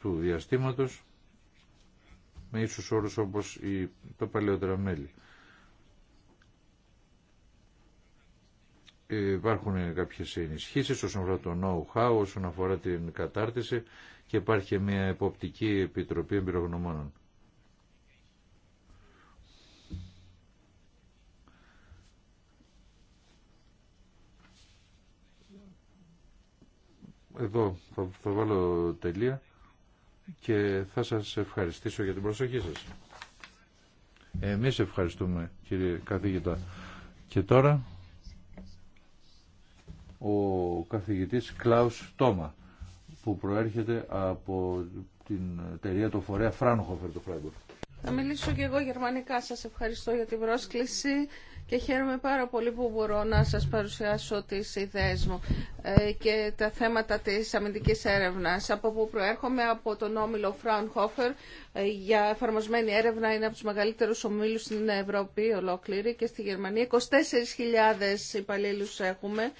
του διαστήματος με ίσους όρους όπως η, τα παλαιότερα μέλη. υπάρχουν κάποιες ενισχύσεις όσον αφορά το know-how, όσον αφορά την κατάρτιση και υπάρχει μια εποπτική επιτροπή εμπειρογνωμόνων. Εδώ θα, θα βάλω τελεία και θα σας ευχαριστήσω για την προσοχή σας. Εμείς ευχαριστούμε κύριε καθηγητά. Και τώρα ο καθηγητής Κλάους Τόμα που προέρχεται από την εταιρεία το φορέα Φράνχοφερ του Φράιμπουργκ.
Θα μιλήσω και εγώ γερμανικά. Σας ευχαριστώ για την πρόσκληση και χαίρομαι πάρα πολύ που μπορώ να σας παρουσιάσω τις ιδέες μου ε, και τα θέματα της αμυντικής έρευνας. Από που προέρχομαι από τον όμιλο Fraunhofer ε, για εφαρμοσμένη έρευνα είναι από τους μεγαλύτερους ομίλους στην Ευρώπη ολόκληρη και στη Γερμανία. 24.000 υπαλλήλους έχουμε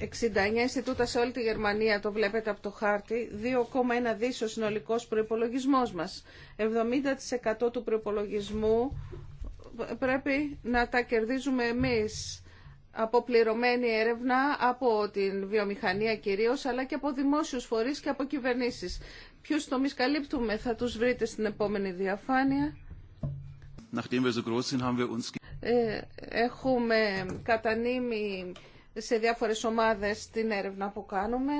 69 Ινστιτούτα σε όλη τη Γερμανία, το βλέπετε από το χάρτη, 2,1 δις ο συνολικός προϋπολογισμός μας. 70% του προϋπολογισμού πρέπει να τα κερδίζουμε εμείς από πληρωμένη έρευνα, από την βιομηχανία κυρίως, αλλά και από δημόσιους φορείς και από κυβερνήσεις. Ποιους τομείς καλύπτουμε θα τους βρείτε στην επόμενη διαφάνεια. Ε, έχουμε κατανείμει σε διάφορες ομάδες την έρευνα που κάνουμε,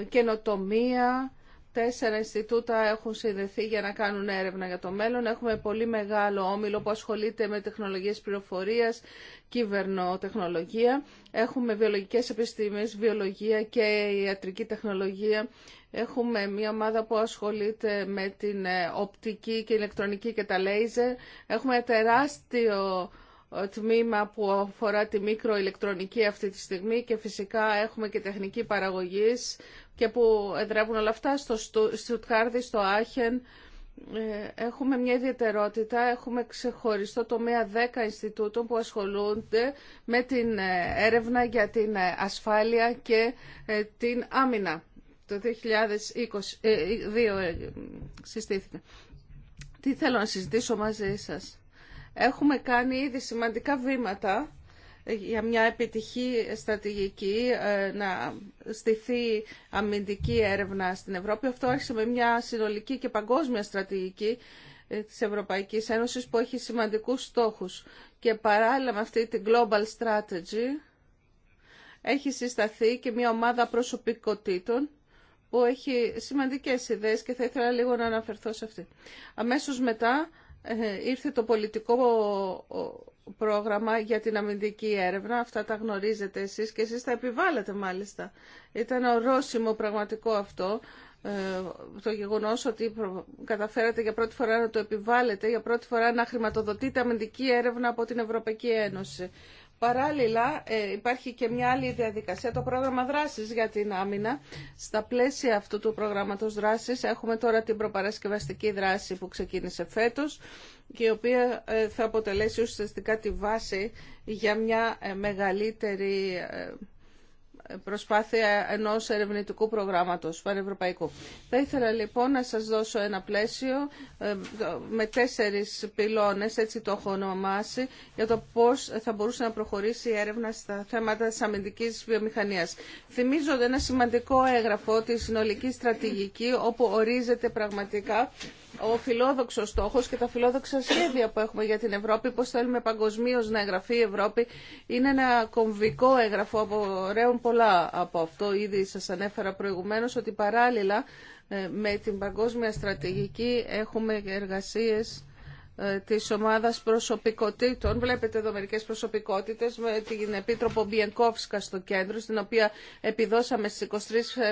ε, καινοτομία, τέσσερα Ινστιτούτα έχουν συνδεθεί για να κάνουν έρευνα για το μέλλον. Έχουμε πολύ μεγάλο όμιλο που ασχολείται με τεχνολογίες πληροφορίας, κυβερνοτεχνολογία. Έχουμε βιολογικές επιστήμες, βιολογία και ιατρική τεχνολογία. Έχουμε μια ομάδα που ασχολείται με την ε, οπτική και ηλεκτρονική και τα λέιζερ. Έχουμε τεράστιο τμήμα που αφορά τη μικροηλεκτρονική αυτή τη στιγμή και φυσικά έχουμε και τεχνική παραγωγής και που εδρεύουν όλα αυτά στο Στουτκάρδη, στο Άχεν. Ε, έχουμε μια ιδιαιτερότητα, έχουμε ξεχωριστό τομέα 10 Ινστιτούτων που ασχολούνται με την ε, έρευνα για την ε, ασφάλεια και την άμυνα. Το 2022 συστήθηκε. Τι θέλω να συζητήσω μαζί σας. Έχουμε κάνει ήδη σημαντικά βήματα για μια επιτυχή στρατηγική ε, να στηθεί αμυντική έρευνα στην Ευρώπη. Αυτό άρχισε με μια συνολική και παγκόσμια στρατηγική ε, της Ευρωπαϊκής Ένωσης που έχει σημαντικούς στόχους. Και παράλληλα με αυτή την Global Strategy έχει συσταθεί και μια ομάδα προσωπικότητων που έχει σημαντικές ιδέες και θα ήθελα λίγο να αναφερθώ σε αυτή. Αμέσως μετά ε, ήρθε το πολιτικό πρόγραμμα για την αμυντική έρευνα. Αυτά τα γνωρίζετε εσείς και εσείς τα επιβάλλετε μάλιστα. Ήταν ορόσημο πραγματικό αυτό ε, το γεγονός ότι καταφέρατε για πρώτη φορά να το επιβάλλετε, για πρώτη φορά να χρηματοδοτείτε αμυντική έρευνα από την Ευρωπαϊκή Ένωση. Παράλληλα ε, υπάρχει και μια άλλη διαδικασία, το πρόγραμμα δράσης για την άμυνα. Στα πλαίσια αυτού του προγράμματος δράσης έχουμε τώρα την προπαρασκευαστική δράση που ξεκίνησε φέτος και η οποία ε, θα αποτελέσει ουσιαστικά τη βάση για μια ε, μεγαλύτερη προσπάθεια ενός ερευνητικού προγράμματος πανευρωπαϊκού. Θα ήθελα λοιπόν να σας δώσω ένα πλαίσιο ε, με τέσσερις πυλώνες, έτσι το έχω ονομάσει, για το πώς θα μπορούσε να προχωρήσει η έρευνα στα θέματα της αμυντικής βιομηχανίας. Θυμίζονται ένα σημαντικό έγγραφο, τη συνολική στρατηγική, όπου ορίζεται πραγματικά ο φιλόδοξος στόχος και τα φιλόδοξα σχέδια που έχουμε για την Ευρώπη, πώς θέλουμε παγκοσμίω να εγγραφεί η Ευρώπη, είναι ένα κομβικό έγγραφο, απορρέουν πολλά από αυτό. Ήδη σας ανέφερα προηγουμένως ότι παράλληλα ε, με την παγκόσμια στρατηγική έχουμε εργασίες ε, της ομάδας προσωπικότητων. Βλέπετε εδώ μερικές προσωπικότητες με την Επίτροπο Μπιενκόφσκα στο κέντρο, στην οποία επιδώσαμε στις 23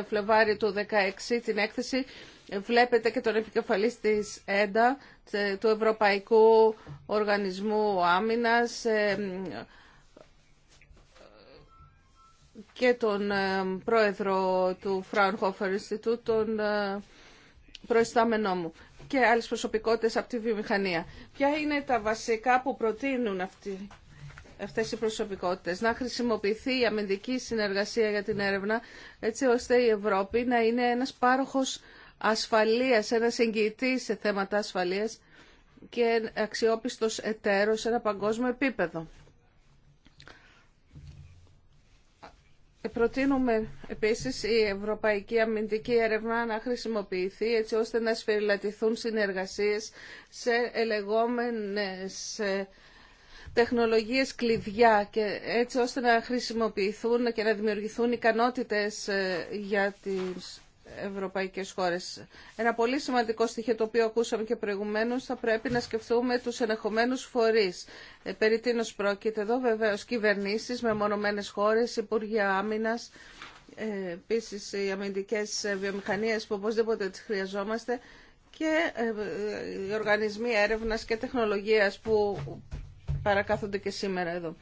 Φλεβάριου του 2016 την έκθεση Βλέπετε και τον επικεφαλής της ΕΝΤΑ, του Ευρωπαϊκού Οργανισμού Άμυνας ε, και τον ε, πρόεδρο του Fraunhofer Institute, τον ε, προϊστάμενό μου και άλλες προσωπικότητες από τη βιομηχανία. Ποια είναι τα βασικά που προτείνουν αυτοί αυτές οι προσωπικότητες, να χρησιμοποιηθεί η αμυντική συνεργασία για την έρευνα, έτσι ώστε η Ευρώπη να είναι ένας πάροχος ασφαλείας, ένας εγγυητής σε θέματα ασφαλείας και αξιόπιστος εταίρος σε ένα παγκόσμιο επίπεδο. Προτείνουμε επίσης η Ευρωπαϊκή Αμυντική Ερευνά να χρησιμοποιηθεί έτσι ώστε να σφυριλατηθούν συνεργασίες σε ελεγόμενες ε, τεχνολογίες κλειδιά και έτσι ώστε να χρησιμοποιηθούν και να δημιουργηθούν ικανότητες ε, για τις ευρωπαϊκές χώρες. Ένα πολύ σημαντικό στοιχείο το οποίο ακούσαμε και προηγουμένως θα πρέπει να σκεφτούμε τους ενεχομένους φορείς. Ε, περί τίνος πρόκειται εδώ βεβαίως κυβερνήσεις με μονομένες χώρες, Υπουργεία Άμυνας, ε, επίσης οι αμυντικές ε, βιομηχανίες που οπωσδήποτε τις χρειαζόμαστε και ε, ε, οι οργανισμοί έρευνας και τεχνολογίας που παρακάθονται και σήμερα εδώ.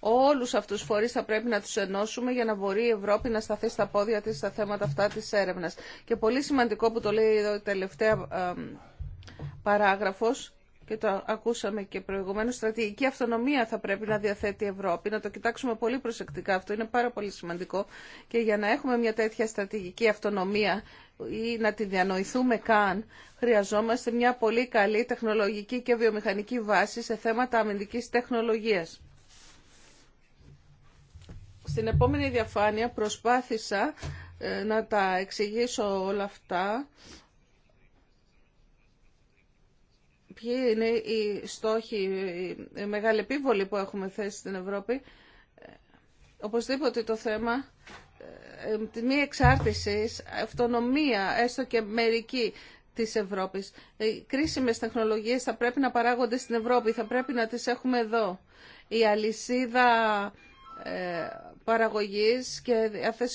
Όλους αυτούς τους φορείς θα πρέπει να τους ενώσουμε για να μπορεί η Ευρώπη να σταθεί στα πόδια της στα θέματα αυτά της έρευνας. Και πολύ σημαντικό που το λέει εδώ η τελευταία παράγραφος και το ακούσαμε και προηγουμένω, στρατηγική αυτονομία θα πρέπει να διαθέτει η Ευρώπη. Να το κοιτάξουμε πολύ προσεκτικά. Αυτό είναι πάρα πολύ σημαντικό. Και για να έχουμε μια τέτοια στρατηγική αυτονομία ή να τη διανοηθούμε καν, χρειαζόμαστε μια πολύ καλή τεχνολογική και βιομηχανική βάση σε θέματα αμυντικής τεχνολογίας. Στην επόμενη διαφάνεια προσπάθησα ε, να τα εξηγήσω όλα αυτά. Ποιοι είναι οι στόχοι, οι μεγάλη επίβολοι που έχουμε θέσει στην Ευρώπη. Οπωσδήποτε το θέμα ε, ε, τη μη εξάρτηση, αυτονομία, έστω και μερική της Ευρώπης. Οι κρίσιμες τεχνολογίες θα πρέπει να παράγονται στην Ευρώπη, θα πρέπει να τις έχουμε εδώ. Η αλυσίδα παραγωγής και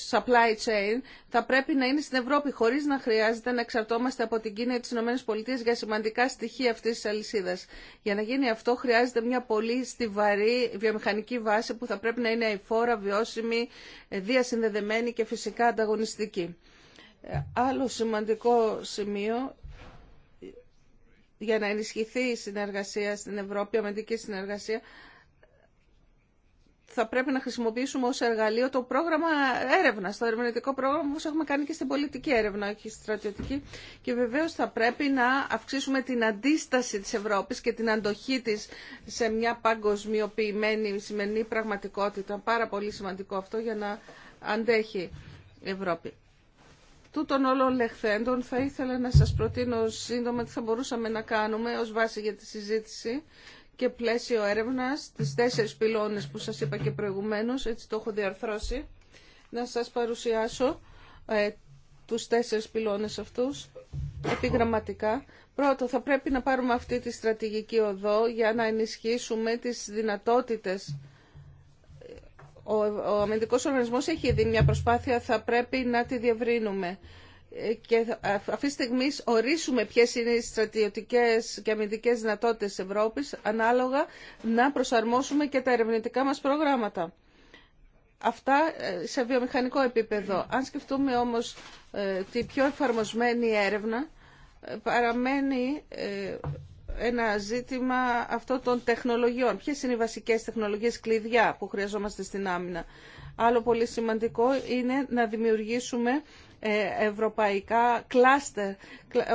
supply chain θα πρέπει να είναι στην Ευρώπη χωρίς να χρειάζεται να εξαρτώμαστε από την Κίνα ή τις ΗΠΑ για σημαντικά στοιχεία αυτής της αλυσίδας. Για να γίνει αυτό χρειάζεται μια πολύ στιβαρή βιομηχανική βάση που θα πρέπει να είναι αηφόρα, βιώσιμη, διασυνδεδεμένη και φυσικά ανταγωνιστική. Άλλο σημαντικό σημείο για να ενισχυθεί η συνεργασία στην Ευρώπη, η αμυντική συνεργασία, θα πρέπει να χρησιμοποιήσουμε ως εργαλείο το πρόγραμμα έρευνας, το ερευνητικό πρόγραμμα όπως έχουμε κάνει και στην πολιτική έρευνα όχι στη στρατιωτική και βεβαίως θα πρέπει να αυξήσουμε την αντίσταση της Ευρώπης και την αντοχή της σε μια παγκοσμιοποιημένη σημερινή πραγματικότητα. Πάρα πολύ σημαντικό αυτό για να αντέχει η Ευρώπη. Τούτων όλων λεχθέντων θα ήθελα να σας προτείνω σύντομα τι θα μπορούσαμε να κάνουμε ως βάση για τη συζήτηση και πλαίσιο έρευνας, τις τέσσερις πυλώνες που σας είπα και προηγουμένως, έτσι το έχω διαρθρώσει, να σας παρουσιάσω ε, τους τέσσερις πυλώνες αυτούς επιγραμματικά. Πρώτο, θα πρέπει να πάρουμε αυτή τη στρατηγική οδό για να ενισχύσουμε τις δυνατότητες. Ο, ο αμυντικός οργανισμός έχει δει μια προσπάθεια, θα πρέπει να τη διευρύνουμε και αυτή τη στιγμή ορίσουμε ποιε είναι οι στρατιωτικέ και αμυντικέ δυνατότητες Ευρώπης ανάλογα να προσαρμόσουμε και τα ερευνητικά μας προγράμματα. Αυτά ε, σε βιομηχανικό επίπεδο. Αν σκεφτούμε όμως ε, τη πιο εφαρμοσμένη έρευνα, ε, παραμένει ένα ζήτημα αυτό των τεχνολογιών. Ποιε είναι οι βασικές τεχνολογίε κλειδιά που χρειαζόμαστε στην άμυνα. Άλλο πολύ σημαντικό είναι να δημιουργήσουμε ε, ευρωπαϊκά κλάστερ,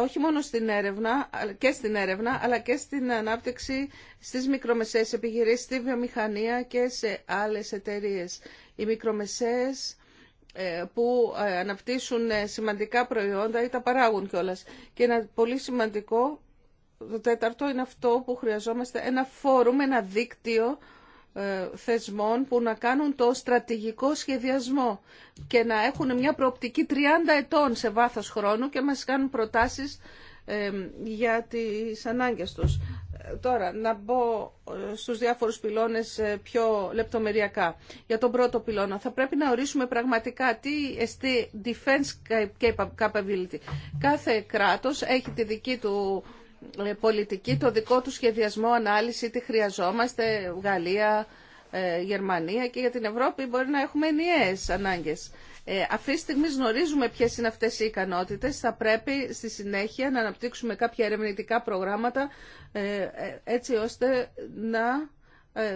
όχι μόνο στην έρευνα, και στην έρευνα, αλλά και στην ανάπτυξη στις μικρομεσαίες επιχειρήσεις, στη βιομηχανία και σε άλλες εταιρείες. Οι μικρομεσαίες ε, που ε, αναπτύσσουν σημαντικά προϊόντα ή τα παράγουν κιόλας. Και ένα πολύ σημαντικό, το τέταρτο είναι αυτό που χρειαζόμαστε, ένα φόρουμ, ένα δίκτυο ε, θεσμών που να κάνουν το στρατηγικό σχεδιασμό και να έχουν μια προοπτική 30 ετών σε βάθος χρόνου και μας κάνουν προτάσεις ε, για τις ανάγκες τους. Τώρα, να μπω ε, στους διάφορους πυλώνες πιο λεπτομεριακά. Για τον πρώτο πυλώνα, θα πρέπει να ορίσουμε πραγματικά τι εστί defense capability. Κάθε κράτος έχει τη δική του ε, πολιτική, το δικό του σχεδιασμό, ανάλυση, τι χρειαζόμαστε, Γαλλία, ε, Γερμανία και για την Ευρώπη μπορεί να έχουμε ενιαίες ανάγκες. Ε, αυτή τη στιγμή γνωρίζουμε ποιε είναι αυτέ οι ικανότητε. Θα πρέπει στη συνέχεια να αναπτύξουμε κάποια ερευνητικά προγράμματα έτσι ώστε να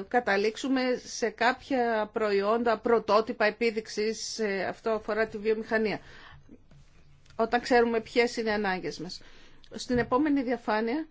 καταλήξουμε σε κάποια προϊόντα, πρωτότυπα επίδειξη. αυτό αφορά τη βιομηχανία. Όταν ξέρουμε ποιε είναι οι ανάγκε μα. Στην επόμενη διαφάνεια,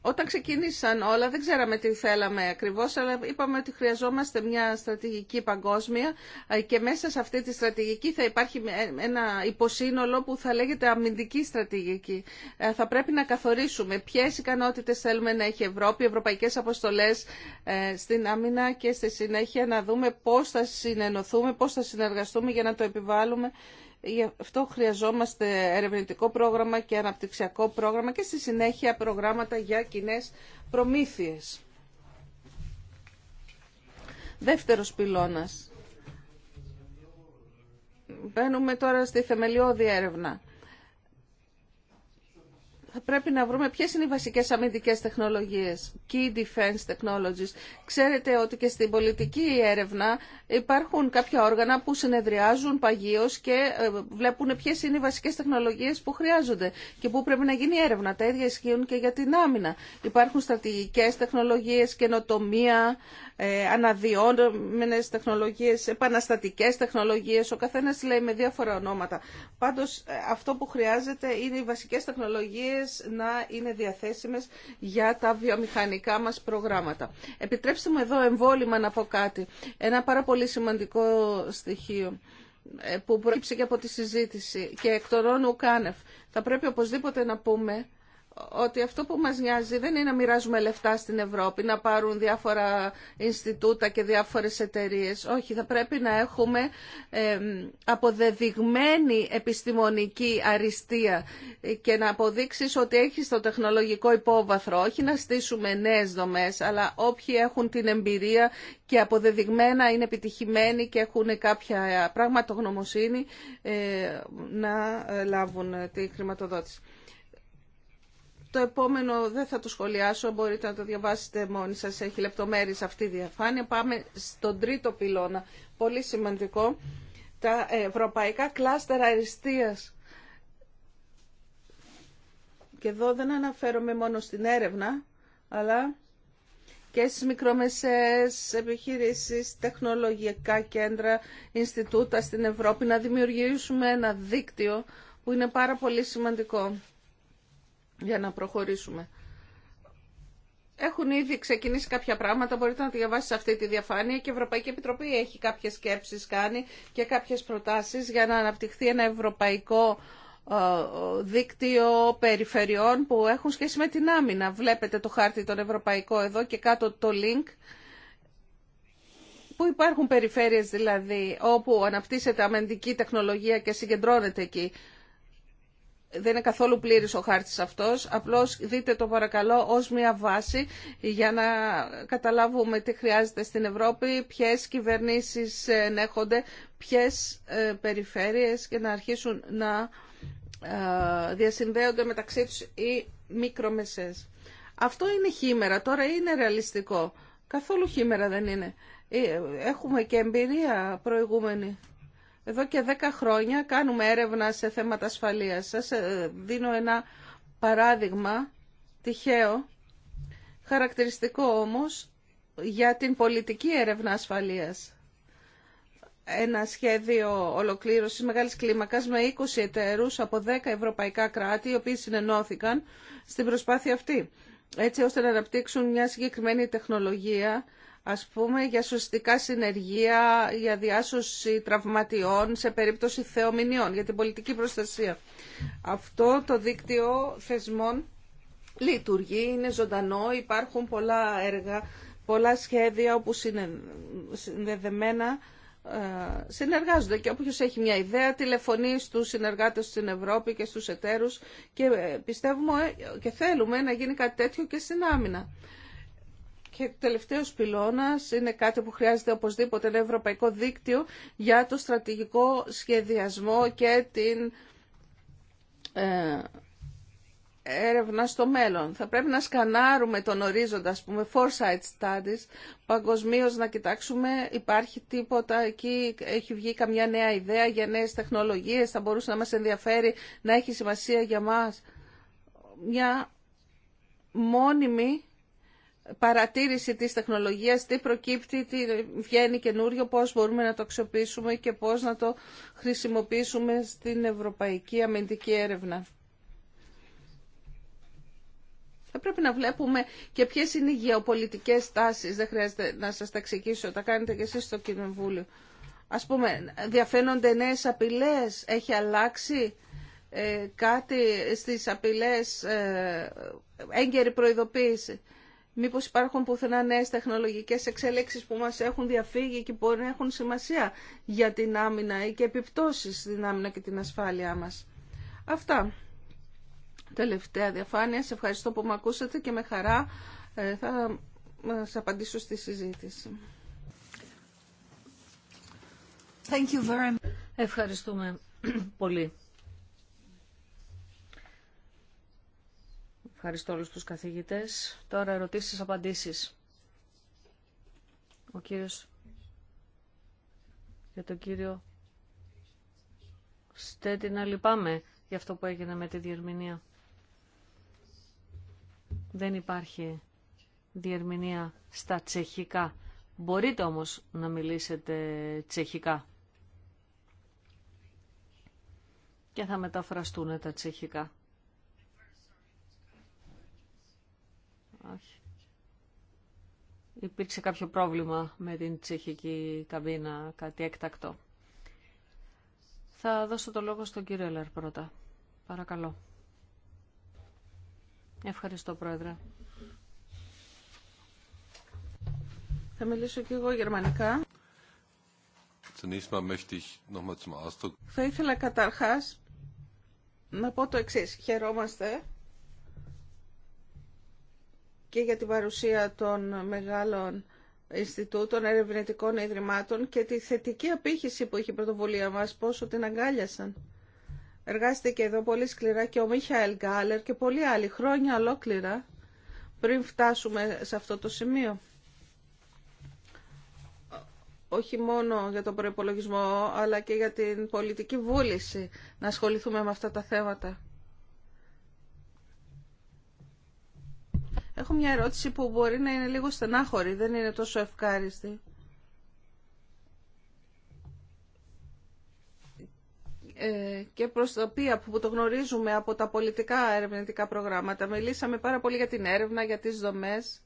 όταν ξεκίνησαν όλα, δεν ξέραμε τι θέλαμε ακριβώς, αλλά είπαμε ότι χρειαζόμαστε μια στρατηγική παγκόσμια ε, και μέσα σε αυτή τη στρατηγική θα υπάρχει ένα υποσύνολο που θα λέγεται αμυντική στρατηγική. Ε, θα πρέπει να καθορίσουμε ποιες ικανότητες θέλουμε να έχει η Ευρώπη, ευρωπαϊκές αποστολές ε, στην άμυνα και στη συνέχεια να δούμε πώς θα συνενωθούμε, πώς θα συνεργαστούμε για να το επιβάλλουμε Γι' αυτό χρειαζόμαστε ερευνητικό πρόγραμμα και αναπτυξιακό πρόγραμμα και στη συνέχεια προγράμματα για κοινέ προμήθειες. Δεύτερος πυλώνας. Μπαίνουμε τώρα στη θεμελιώδη έρευνα θα πρέπει να βρούμε ποιες είναι οι βασικές αμυντικές τεχνολογίες, key defense technologies. Ξέρετε ότι και στην πολιτική έρευνα υπάρχουν κάποια όργανα που συνεδριάζουν παγίως και ε, βλέπουν ποιες είναι οι βασικές τεχνολογίες που χρειάζονται και που πρέπει να γίνει έρευνα. Τα ίδια ισχύουν και για την άμυνα. Υπάρχουν στρατηγικές τεχνολογίες, καινοτομία, ε, αναδυόμενες τεχνολογίες, επαναστατικές τεχνολογίες. Ο καθένας λέει με διάφορα ονόματα. Πάντως ε, αυτό που χρειάζεται είναι οι βασικές τεχνολογίες να είναι διαθέσιμες για τα βιομηχανικά μας προγράμματα. Επιτρέψτε μου εδώ εμβόλυμα να πω κάτι. Ένα πάρα πολύ σημαντικό στοιχείο ε, που προέκυψε και από τη συζήτηση και εκ των Θα πρέπει οπωσδήποτε να πούμε ότι αυτό που μας νοιάζει δεν είναι να μοιράζουμε λεφτά στην Ευρώπη, να πάρουν διάφορα Ινστιτούτα και διάφορες εταιρείες. Όχι, θα πρέπει να έχουμε αποδεδειγμένη επιστημονική αριστεία και να αποδείξεις ότι έχεις το τεχνολογικό υπόβαθρο. Όχι να στήσουμε νέες δομές, αλλά όποιοι έχουν την εμπειρία και αποδεδειγμένα είναι επιτυχημένοι και έχουν κάποια πραγματογνωμοσύνη ε, να ε, λάβουν τη χρηματοδότηση. Το επόμενο δεν θα το σχολιάσω, μπορείτε να το διαβάσετε μόνοι σας, έχει λεπτομέρειες αυτή η διαφάνεια. Πάμε στον τρίτο πυλώνα, πολύ σημαντικό, τα ευρωπαϊκά κλάστερα αριστείας. Και εδώ δεν αναφέρομαι μόνο στην έρευνα, αλλά και στις μικρομεσαίες επιχειρήσεις, τεχνολογικά κέντρα, Ινστιτούτα στην Ευρώπη, να δημιουργήσουμε ένα δίκτυο που είναι πάρα πολύ σημαντικό για να προχωρήσουμε. Έχουν ήδη ξεκινήσει κάποια πράγματα, μπορείτε να τη διαβάσετε σε αυτή τη διαφάνεια και η Ευρωπαϊκή Επιτροπή έχει κάποιες σκέψεις κάνει και κάποιες προτάσεις για να αναπτυχθεί ένα ευρωπαϊκό ε, δίκτυο περιφερειών που έχουν σχέση με την άμυνα. Βλέπετε το χάρτη τον ευρωπαϊκό εδώ και κάτω το link που υπάρχουν περιφέρειες δηλαδή όπου αναπτύσσεται αμυντική τεχνολογία και συγκεντρώνεται εκεί δεν είναι καθόλου πλήρης ο χάρτης αυτός, απλώς δείτε το παρακαλώ ως μια βάση για να καταλάβουμε τι χρειάζεται στην Ευρώπη, ποιες κυβερνήσεις ενέχονται, ποιες ε, περιφέρειες και να αρχίσουν να ε, διασυνδέονται μεταξύ τους οι μικρομεσές. Αυτό είναι χήμερα, τώρα είναι ρεαλιστικό. Καθόλου χήμερα δεν είναι. Ε, έχουμε και εμπειρία προηγούμενη. Εδώ και 10 χρόνια κάνουμε έρευνα σε θέματα ασφαλείας. Σας ε, δίνω ένα παράδειγμα τυχαίο, χαρακτηριστικό όμως, για την πολιτική έρευνα ασφαλείας. Ένα σχέδιο ολοκλήρωσης μεγάλη κλίμακα με 20 εταίρους από 10 ευρωπαϊκά κράτη, οι οποίοι συνενώθηκαν στην προσπάθεια αυτή, έτσι ώστε να αναπτύξουν μια συγκεκριμένη τεχνολογία ας πούμε, για σωστικά συνεργεία, για διάσωση τραυματιών σε περίπτωση θεομηνιών, για την πολιτική προστασία. Αυτό το δίκτυο θεσμών λειτουργεί, είναι ζωντανό, υπάρχουν πολλά έργα, πολλά σχέδια όπου συνδεδεμένα ε, συνεργάζονται και όποιος έχει μια ιδέα τηλεφωνεί στους συνεργάτες στην Ευρώπη και στους εταίρους και ε, πιστεύουμε ε, και θέλουμε να γίνει κάτι τέτοιο και στην άμυνα. Και τελευταίος πυλώνας είναι κάτι που χρειάζεται οπωσδήποτε ένα ευρωπαϊκό δίκτυο για το στρατηγικό σχεδιασμό και την ε, έρευνα στο μέλλον. Θα πρέπει να σκανάρουμε τον ορίζοντα, ας πούμε, foresight studies, παγκοσμίω να κοιτάξουμε υπάρχει τίποτα εκεί, έχει βγει καμιά νέα ιδέα για νέες τεχνολογίες, θα μπορούσε να μας ενδιαφέρει, να έχει σημασία για μας. Μια μόνιμη παρατήρηση της τεχνολογίας, τι προκύπτει, τι βγαίνει καινούριο, πώς μπορούμε να το αξιοποιήσουμε και πώς να το χρησιμοποιήσουμε στην ευρωπαϊκή αμυντική έρευνα. Θα πρέπει να βλέπουμε και ποιες είναι οι γεωπολιτικές τάσεις. Δεν χρειάζεται να σας τα εξηγήσω, τα κάνετε και εσείς στο Κοινοβούλιο. Ας πούμε, διαφαίνονται νέες απειλές, έχει αλλάξει ε, κάτι στις απειλές, ε, έγκαιρη προειδοποίηση. Μήπως υπάρχουν πουθενά νέε τεχνολογικές εξελίξεις που μας έχουν διαφύγει και μπορεί να έχουν σημασία για την άμυνα ή και επιπτώσεις στην άμυνα και την ασφάλειά μας. Αυτά. Τελευταία διαφάνεια. Σε ευχαριστώ που με ακούσατε και με χαρά ε, θα σας απαντήσω στη συζήτηση.
Thank you very much. Ευχαριστούμε πολύ. Ευχαριστώ όλους τους καθηγητές. Τώρα ερωτήσεις, απαντήσεις. Ο κύριος... Για τον κύριο να λυπάμαι για αυτό που έγινε με τη διερμηνία. Δεν υπάρχει διερμηνία στα τσεχικά. Μπορείτε όμως να μιλήσετε τσεχικά. Και θα μεταφραστούν τα τσεχικά. υπήρξε κάποιο πρόβλημα με την τσεχική καμπίνα, κάτι έκτακτο. Θα δώσω το λόγο στον κύριο Έλερ πρώτα. Παρακαλώ. Ευχαριστώ, Πρόεδρε.
Θα μιλήσω και εγώ γερμανικά. Θα ήθελα καταρχάς να πω το εξής. Χαιρόμαστε και για την παρουσία των μεγάλων Ινστιτούτων, ερευνητικών ιδρυμάτων και τη θετική απήχηση που είχε η πρωτοβουλία μας, πόσο την αγκάλιασαν. Εργάστηκε εδώ πολύ σκληρά και ο Μίχαελ Γκάλερ και πολλοί άλλοι χρόνια ολόκληρα πριν φτάσουμε σε αυτό το σημείο. Όχι μόνο για τον προϋπολογισμό, αλλά και για την πολιτική βούληση να ασχοληθούμε με αυτά τα θέματα. Έχω μια ερώτηση που μπορεί να είναι λίγο στενάχωρη, δεν είναι τόσο ευχάριστη. Ε, και προς τα οποία που το γνωρίζουμε από τα πολιτικά ερευνητικά προγράμματα. Μιλήσαμε πάρα πολύ για την έρευνα, για τις δομές.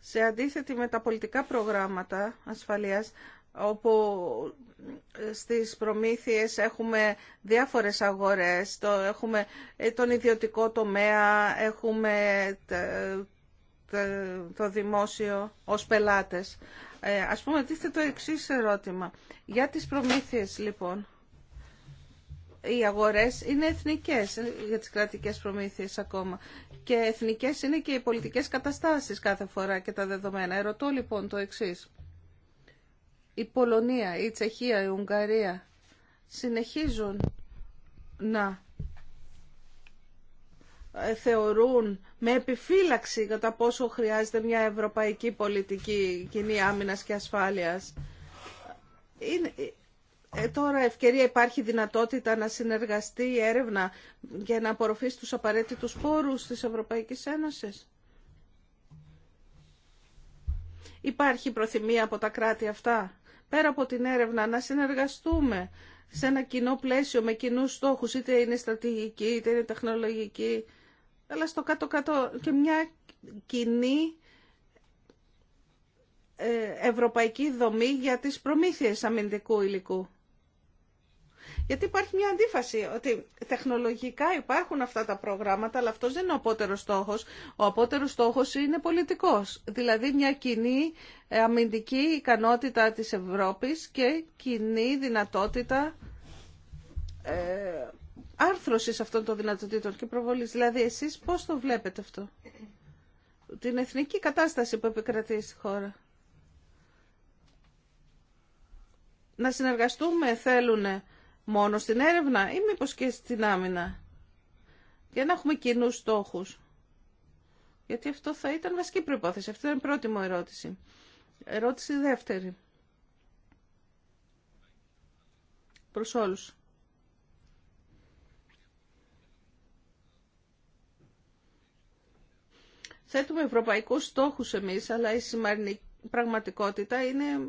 Σε αντίθετη με τα πολιτικά προγράμματα ασφαλείας, όπου στις προμήθειες έχουμε διάφορες αγορές, το, έχουμε ε, τον ιδιωτικό τομέα, έχουμε το δημόσιο ως πελάτες. Ε, ας πούμε, τίθεται το εξή ερώτημα. Για τις προμήθειες, λοιπόν, οι αγορές είναι εθνικές ε, για τις κρατικές προμήθειες ακόμα και εθνικές είναι και οι πολιτικές καταστάσεις κάθε φορά και τα δεδομένα. Ερωτώ, λοιπόν, το εξής η Πολωνία, η Τσεχία, η Ουγγαρία συνεχίζουν να ε, θεωρούν με επιφύλαξη κατά πόσο χρειάζεται μια ευρωπαϊκή πολιτική κοινή άμυνας και ασφάλειας. Είναι, ε, ε, τώρα ευκαιρία υπάρχει δυνατότητα να συνεργαστεί η έρευνα για να απορροφήσει τους απαραίτητους πόρους της Ευρωπαϊκής Ένωσης. Υπάρχει προθυμία από τα κράτη αυτά πέρα από την έρευνα να συνεργαστούμε σε ένα κοινό πλαίσιο με κοινού στόχου, είτε είναι στρατηγική, είτε είναι τεχνολογική, αλλά στο κάτω-κάτω και μια κοινή ε, ευρωπαϊκή δομή για τις προμήθειες αμυντικού υλικού. Γιατί υπάρχει μια αντίφαση ότι τεχνολογικά υπάρχουν αυτά τα προγράμματα, αλλά αυτός δεν είναι ο απότερο στόχος. Ο απότερος στόχος είναι πολιτικός, δηλαδή μια κοινή ε, αμυντική ικανότητα της Ευρώπης και κοινή δυνατότητα ε, άρθρωσης αυτών των δυνατοτήτων και προβολής. Δηλαδή εσείς πώς το βλέπετε αυτό, την εθνική κατάσταση που επικρατεί στη χώρα. Να συνεργαστούμε θέλουνε μόνο στην έρευνα ή μήπω και στην άμυνα. Για να έχουμε κοινού στόχους. Γιατί αυτό θα ήταν βασική προπόθεση. Αυτή ήταν η πρώτη μου ερώτηση. Ερώτηση δεύτερη. Προς όλους. Θέτουμε ευρωπαϊκούς στόχους εμείς, αλλά η σημαντική πραγματικότητα είναι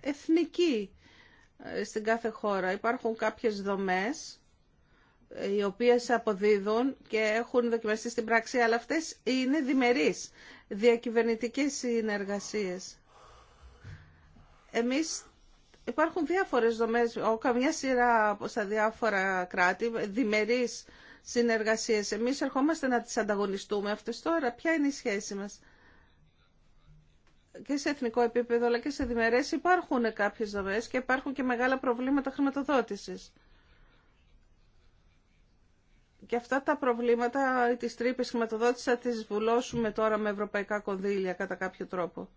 εθνική ε, στην κάθε χώρα. Υπάρχουν κάποιες δομές ε, οι οποίες αποδίδουν και έχουν δοκιμαστεί στην πράξη, αλλά αυτές είναι διμερείς διακυβερνητικές συνεργασίες. Εμείς υπάρχουν διάφορες δομές, καμιά σειρά στα διάφορα κράτη, διμερείς συνεργασίες. Εμείς ερχόμαστε να τις ανταγωνιστούμε αυτές τώρα. Ποια είναι η σχέση μας και σε εθνικό επίπεδο αλλά και σε διμερές υπάρχουν κάποιες δομές και υπάρχουν και μεγάλα προβλήματα χρηματοδότησης. Και αυτά τα προβλήματα, τις τρύπες χρηματοδότησης θα τις βουλώσουμε τώρα με ευρωπαϊκά κονδύλια κατά κάποιο τρόπο.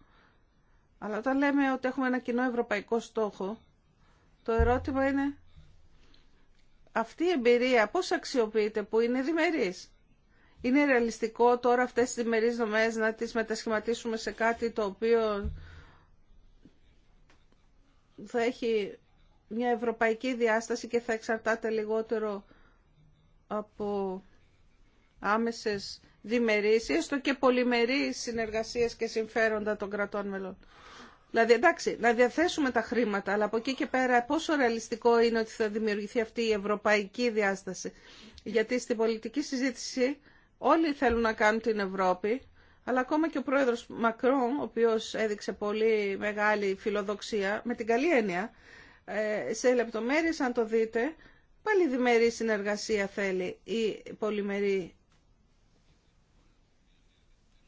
Αλλά όταν λέμε ότι έχουμε ένα κοινό ευρωπαϊκό στόχο, το ερώτημα είναι αυτή η εμπειρία πώς αξιοποιείται που είναι διμερής. Είναι ρεαλιστικό τώρα αυτές τις δημερίες δομές να τις μετασχηματίσουμε σε κάτι το οποίο θα έχει μια ευρωπαϊκή διάσταση και θα εξαρτάται λιγότερο από άμεσες διμερείς, έστω και πολυμερείς συνεργασίες και συμφέροντα των κρατών μελών. Δηλαδή, εντάξει, να διαθέσουμε τα χρήματα, αλλά από εκεί και πέρα πόσο ρεαλιστικό είναι ότι θα δημιουργηθεί αυτή η ευρωπαϊκή διάσταση. Γιατί στην πολιτική συζήτηση Όλοι θέλουν να κάνουν την Ευρώπη, αλλά ακόμα και ο πρόεδρος Μακρόν, ο οποίος έδειξε πολύ μεγάλη φιλοδοξία, με την καλή έννοια, ε, σε λεπτομέρειες αν το δείτε, πάλι διμερή συνεργασία θέλει ή πολυμερή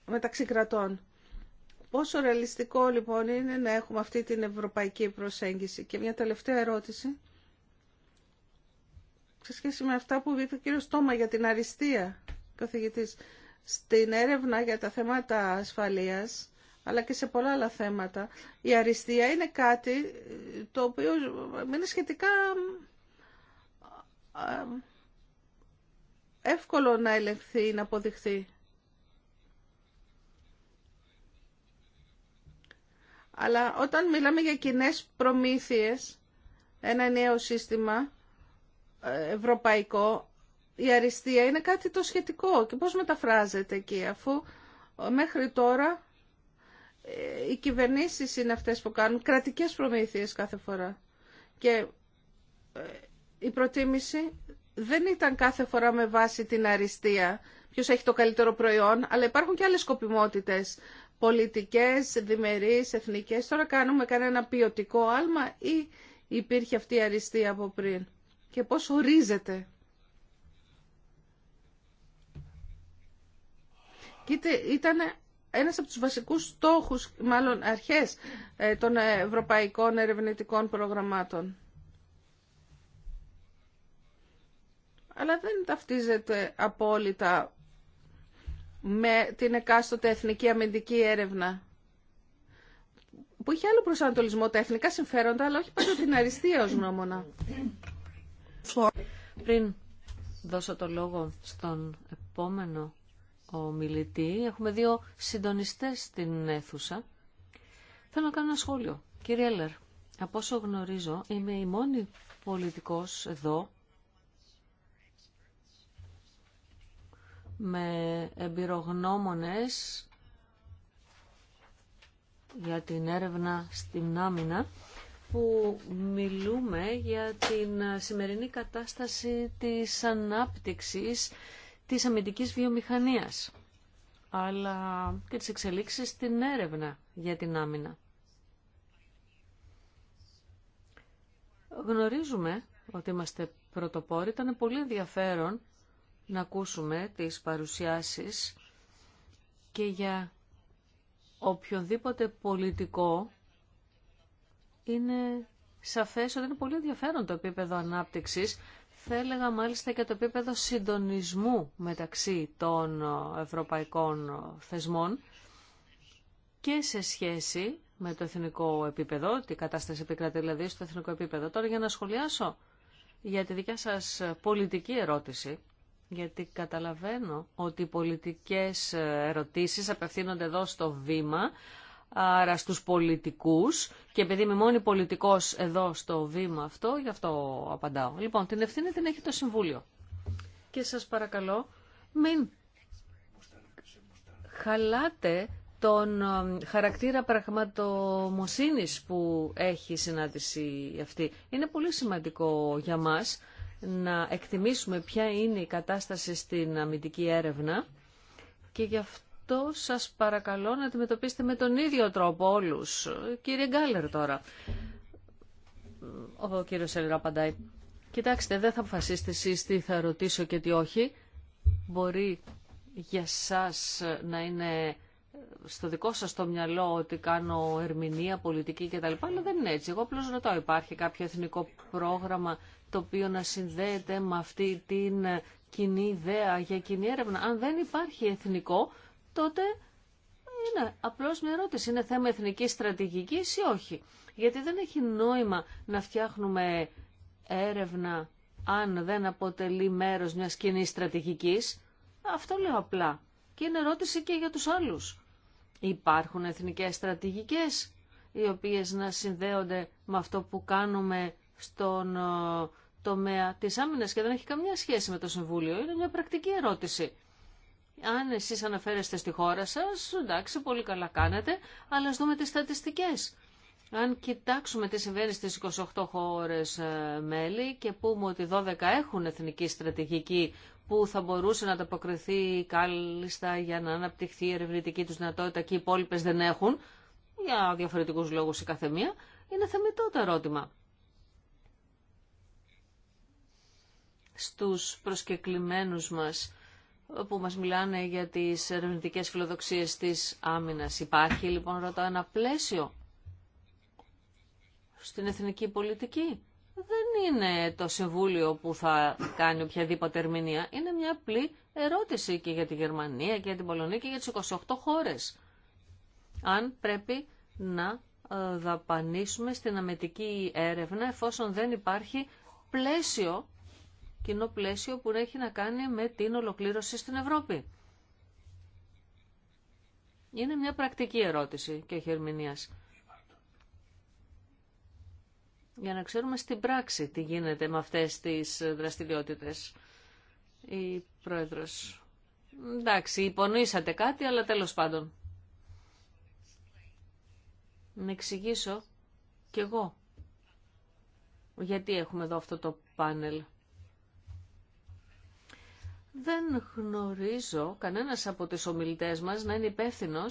μεταξύ κρατών. Πόσο ρεαλιστικό λοιπόν είναι να έχουμε αυτή την ευρωπαϊκή προσέγγιση. Και μια τελευταία ερώτηση. Σε σχέση με αυτά που είπε ο κύριος Τόμα για την αριστεία καθηγητής, στην έρευνα για τα θέματα ασφαλείας, αλλά και σε πολλά άλλα θέματα, η αριστεία είναι κάτι ε, το οποίο είναι σχετικά ε, εύκολο να ελεγχθεί, να αποδειχθεί. Αλλά όταν μιλάμε για κοινέ προμήθειες, ένα νέο σύστημα ε, ευρωπαϊκό, η αριστεία είναι κάτι το σχετικό και πώς μεταφράζεται εκεί αφού μέχρι τώρα ε, οι κυβερνήσεις είναι αυτές που κάνουν κρατικές προμήθειες κάθε φορά και ε, η προτίμηση δεν ήταν κάθε φορά με βάση την αριστεία ποιος έχει το καλύτερο προϊόν αλλά υπάρχουν και άλλες σκοπιμότητες πολιτικές, διμερείς, εθνικές τώρα κάνουμε κανένα ποιοτικό άλμα ή υπήρχε αυτή η αριστεία από πριν και πώς ορίζεται Και ήταν ένας από τους βασικούς στόχους, μάλλον αρχές, ε, των ευρωπαϊκών ερευνητικών προγραμμάτων. Αλλά δεν ταυτίζεται απόλυτα με την εκάστοτε εθνική αμυντική έρευνα που είχε άλλο προσανατολισμό τα εθνικά συμφέροντα, αλλά όχι πάντα την αριστεία ως γνώμονα. Πριν δώσω το
λόγο στον επόμενο Έχουμε δύο συντονιστές στην αίθουσα. Θέλω να κάνω ένα σχόλιο. Κύριε Έλλερ, από όσο γνωρίζω, είμαι η μόνη πολιτικός εδώ με εμπειρογνώμονες για την έρευνα στην άμυνα που μιλούμε για την σημερινή κατάσταση της ανάπτυξης της αμυντικής βιομηχανίας, αλλά και τις εξελίξεις στην έρευνα για την άμυνα. Γνωρίζουμε ότι είμαστε πρωτοπόροι. Ήταν πολύ ενδιαφέρον να ακούσουμε τις παρουσιάσεις και για οποιονδήποτε πολιτικό είναι σαφές ότι είναι πολύ ενδιαφέρον το επίπεδο ανάπτυξης θα έλεγα μάλιστα και το επίπεδο συντονισμού μεταξύ των ε, ευρωπαϊκών ε, θεσμών και σε σχέση με το εθνικό επίπεδο, τη κατάσταση επικρατεί δηλαδή στο εθνικό επίπεδο. Τώρα για να σχολιάσω για τη δικιά σας πολιτική ερώτηση, γιατί καταλαβαίνω ότι οι πολιτικές ε, ερωτήσεις απευθύνονται εδώ στο βήμα, άρα στους πολιτικούς και επειδή είμαι μόνη πολιτικός εδώ στο βήμα αυτό, γι' αυτό απαντάω. Λοιπόν, την ευθύνη την έχει το Συμβούλιο. Και σας παρακαλώ, μην χαλάτε τον χαρακτήρα πραγματομοσύνης που έχει η συνάντηση αυτή. Είναι πολύ σημαντικό για μας να εκτιμήσουμε ποια είναι η κατάσταση στην αμυντική έρευνα και γι' αυτό αυτό σας παρακαλώ να αντιμετωπίσετε με τον ίδιο τρόπο όλους. Κύριε Γκάλερ τώρα. Ο κύριος Ελρά απαντάει. Κοιτάξτε, δεν θα αποφασίσετε εσείς τι θα ρωτήσω και τι όχι. Μπορεί για σας να είναι στο δικό σας το μυαλό ότι κάνω ερμηνεία, πολιτική κτλ. Αλλά δεν είναι έτσι. Εγώ απλώ ρωτώ. υπάρχει κάποιο εθνικό πρόγραμμα το οποίο να συνδέεται με αυτή την κοινή ιδέα για κοινή έρευνα. Αν δεν υπάρχει εθνικό, τότε είναι απλώς μια ερώτηση. Είναι θέμα εθνικής στρατηγικής ή όχι. Γιατί δεν έχει νόημα να φτιάχνουμε έρευνα αν δεν αποτελεί μέρος μιας κοινή στρατηγικής. Αυτό λέω απλά. Και είναι ερώτηση και για τους άλλους. Υπάρχουν εθνικές στρατηγικές οι οποίες να συνδέονται με αυτό που κάνουμε στον ε, τομέα της άμυνας και δεν έχει καμία σχέση με το Συμβούλιο. Είναι μια πρακτική ερώτηση. Αν εσείς αναφέρεστε στη χώρα σας, εντάξει, πολύ καλά κάνετε αλλά ας δούμε τις στατιστικές. Αν κοιτάξουμε τι συμβαίνει στις 28 χώρες ε, μέλη και πούμε ότι 12 έχουν εθνική στρατηγική που θα μπορούσε να ανταποκριθεί κάλλιστα για να αναπτυχθεί η ερευνητική τους δυνατότητα και οι υπόλοιπε δεν έχουν, για διαφορετικούς λόγους η καθεμία, είναι θεμετό το ερώτημα. Στους προσκεκλημένους μας που μας μιλάνε για τις ερευνητικέ φιλοδοξίες της άμυνας. Υπάρχει λοιπόν ρωτάω ένα πλαίσιο στην εθνική πολιτική. Δεν είναι το Συμβούλιο που θα κάνει οποιαδήποτε ερμηνεία. Είναι μια απλή ερώτηση και για τη Γερμανία και για την Πολωνία και για τις 28 χώρες. Αν πρέπει να ε, δαπανίσουμε στην αμετική έρευνα εφόσον δεν υπάρχει πλαίσιο κοινό πλαίσιο που έχει να κάνει με την ολοκλήρωση στην Ευρώπη. Είναι μια πρακτική ερώτηση και χερμηνίας. Για να ξέρουμε στην πράξη τι γίνεται με αυτές τις δραστηριότητες. Η Πρόεδρος. Εντάξει, υπονοήσατε κάτι, αλλά τέλος πάντων. Να εξηγήσω κι εγώ γιατί έχουμε εδώ αυτό το πάνελ. Δεν γνωρίζω κανένας από τις ομιλητές μας να είναι υπεύθυνο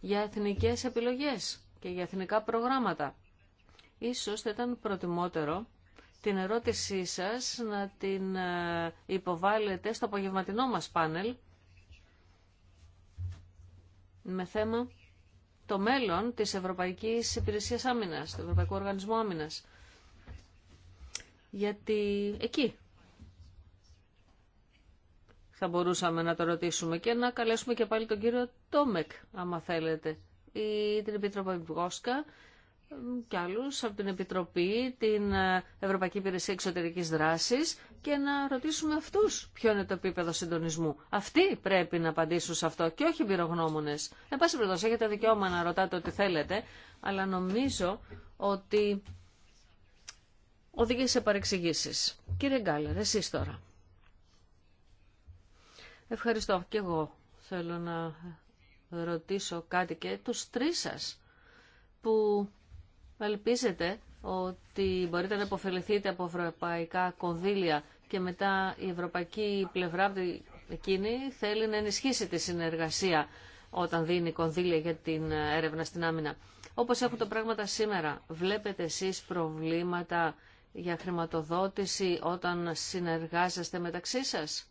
για εθνικές επιλογές και για εθνικά προγράμματα. Ίσως θα ήταν προτιμότερο την ερώτησή σας να την ε, υποβάλλετε στο απογευματινό μας πάνελ με θέμα το μέλλον της Ευρωπαϊκής Υπηρεσίας Άμυνας, του Ευρωπαϊκού Οργανισμού Άμυνας. Γιατί εκεί θα μπορούσαμε να το ρωτήσουμε και να καλέσουμε και πάλι τον κύριο Τόμεκ, άμα θέλετε, ή την Επίτροπο Βγόσκα και άλλους από την Επιτροπή, την ε, Ευρωπαϊκή Υπηρεσία Εξωτερικής Δράσης και να ρωτήσουμε αυτούς ποιο είναι το επίπεδο συντονισμού. Αυτοί πρέπει να απαντήσουν σε αυτό και όχι οι πυρογνώμονες. Εν πάση περιπτώσει, έχετε δικαιώμα να ρωτάτε ό,τι θέλετε, αλλά νομίζω ότι οδηγεί σε παρεξηγήσεις. Κύριε Γκάλερ, εσείς τώρα. Ευχαριστώ. Και εγώ θέλω να ρωτήσω κάτι και τους τρεις σας που ελπίζετε ότι μπορείτε να υποφεληθείτε από ευρωπαϊκά κονδύλια και μετά η ευρωπαϊκή πλευρά εκείνη θέλει να ενισχύσει τη συνεργασία όταν δίνει κονδύλια για την έρευνα στην άμυνα. Όπως έχουν τα πράγματα σήμερα, βλέπετε εσείς προβλήματα για χρηματοδότηση όταν συνεργάζεστε μεταξύ σας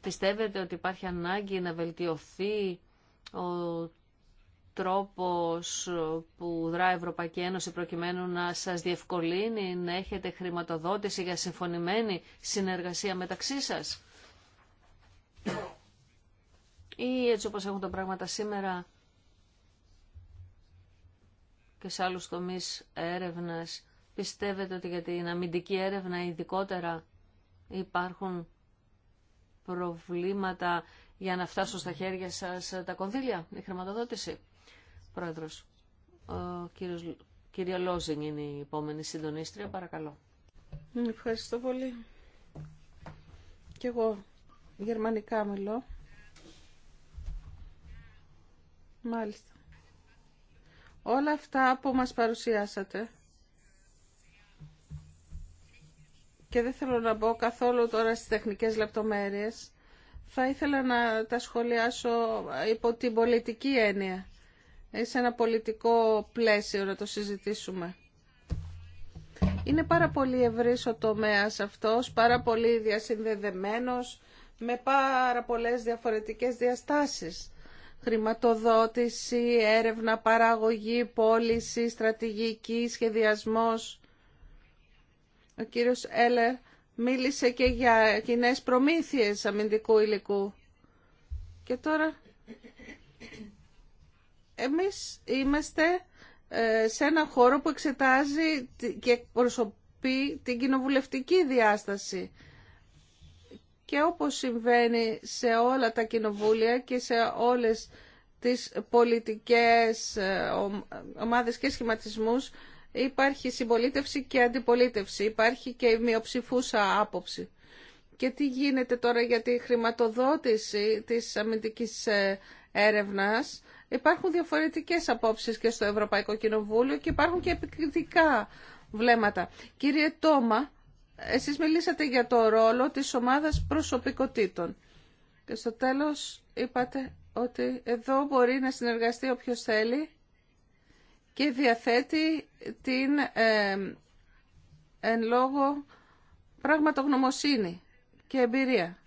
πιστεύετε ότι υπάρχει ανάγκη να βελτιωθεί ο τρόπος που δρά η Ευρωπαϊκή Ένωση προκειμένου να σας διευκολύνει, να έχετε χρηματοδότηση για συμφωνημένη συνεργασία μεταξύ σας. Ή έτσι όπως έχουν τα πράγματα σήμερα και σε άλλους τομείς έρευνας, πιστεύετε ότι για την αμυντική έρευνα ειδικότερα υπάρχουν προβλήματα για να φτάσουν στα χέρια σας ε, τα κονδύλια, η χρηματοδότηση. Πρόεδρος, ο κύριος, κυρία Λόζινγκ είναι η επόμενη συντονίστρια, παρακαλώ.
Ευχαριστώ πολύ. Κι εγώ γερμανικά μιλώ. Μάλιστα. Όλα αυτά που μας παρουσιάσατε και δεν θέλω να μπω καθόλου τώρα στις τεχνικές λεπτομέρειες. Θα ήθελα να τα σχολιάσω υπό την πολιτική έννοια, σε ένα πολιτικό πλαίσιο να το συζητήσουμε. Είναι πάρα πολύ ευρύς ο τομέας αυτός, πάρα πολύ διασυνδεδεμένος, με πάρα πολλές διαφορετικές διαστάσεις. Χρηματοδότηση, έρευνα, παραγωγή, πώληση, στρατηγική, σχεδιασμός ο κύριος Έλερ μίλησε και για κοινέ προμήθειες αμυντικού υλικού. Και τώρα εμείς είμαστε ε, σε ένα χώρο που εξετάζει και προσωπεί την κοινοβουλευτική διάσταση. Και όπως συμβαίνει σε όλα τα κοινοβούλια και σε όλες τις πολιτικές ε, ομάδες και σχηματισμούς, υπάρχει συμπολίτευση και αντιπολίτευση, υπάρχει και η μειοψηφούσα άποψη. Και τι γίνεται τώρα για τη χρηματοδότηση της αμυντικής ε, έρευνας. Υπάρχουν διαφορετικές απόψεις και στο Ευρωπαϊκό Κοινοβούλιο και υπάρχουν και επικριτικά βλέμματα. Κύριε Τόμα, εσείς μιλήσατε για το ρόλο της ομάδας προσωπικότητων. Και στο τέλος είπατε ότι εδώ μπορεί να συνεργαστεί όποιος θέλει και διαθέτει την ε, εν λόγω πραγματογνωμοσύνη και εμπειρία.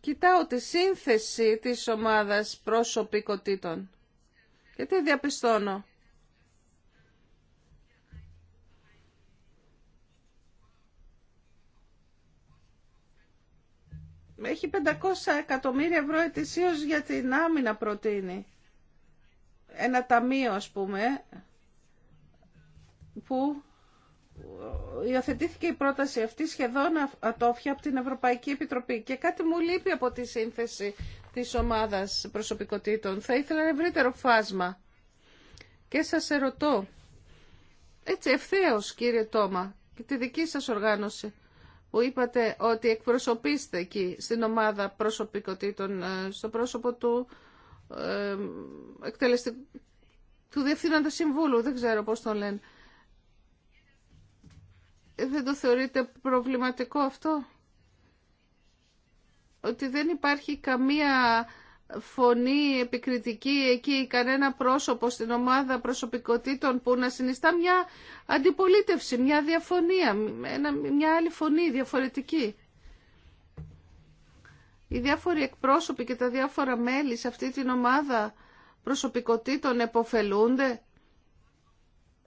Κοιτάω τη σύνθεση της ομάδας προσωπικότητων και τι διαπιστώνω. Έχει 500 εκατομμύρια ευρώ ετησίως για την άμυνα προτείνει ένα ταμείο, ας πούμε, που υιοθετήθηκε η πρόταση αυτή σχεδόν ατόφια από την Ευρωπαϊκή Επιτροπή και κάτι μου λείπει από τη σύνθεση της ομάδας προσωπικότητων. Θα ήθελα ένα ευρύτερο φάσμα. Και σας ερωτώ, έτσι ευθέως κύριε Τόμα, και τη δική σας οργάνωση που είπατε ότι εκπροσωπείστε εκεί στην ομάδα προσωπικότητων ε, στο πρόσωπο του του Διευθύνοντα Συμβούλου, δεν ξέρω πώς τον λένε. Ε, δεν το θεωρείτε προβληματικό αυτό? Ότι δεν υπάρχει καμία φωνή επικριτική εκεί, κανένα πρόσωπο στην ομάδα προσωπικότητων που να συνιστά μια αντιπολίτευση, μια διαφωνία, μια άλλη φωνή διαφορετική οι διάφοροι εκπρόσωποι και τα διάφορα μέλη σε αυτή την ομάδα προσωπικότητων εποφελούνται,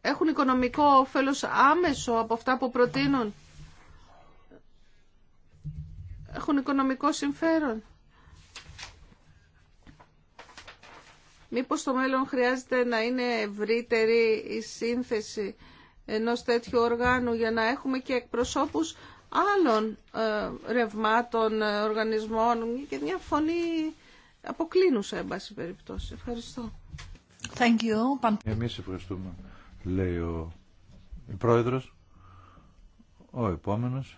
έχουν οικονομικό όφελος άμεσο από αυτά που προτείνουν, έχουν οικονομικό συμφέρον. Μήπως το μέλλον χρειάζεται να είναι ευρύτερη η σύνθεση ενός τέτοιου οργάνου για να έχουμε και εκπροσώπους άλλων ε, ρευμάτων, ε, οργανισμών και μια φωνή αποκλίνουσα, εν πάση περιπτώσει. Ευχαριστώ. Thank you.
Εμείς ευχαριστούμε, λέει ο, ο πρόεδρος, ο επόμενος.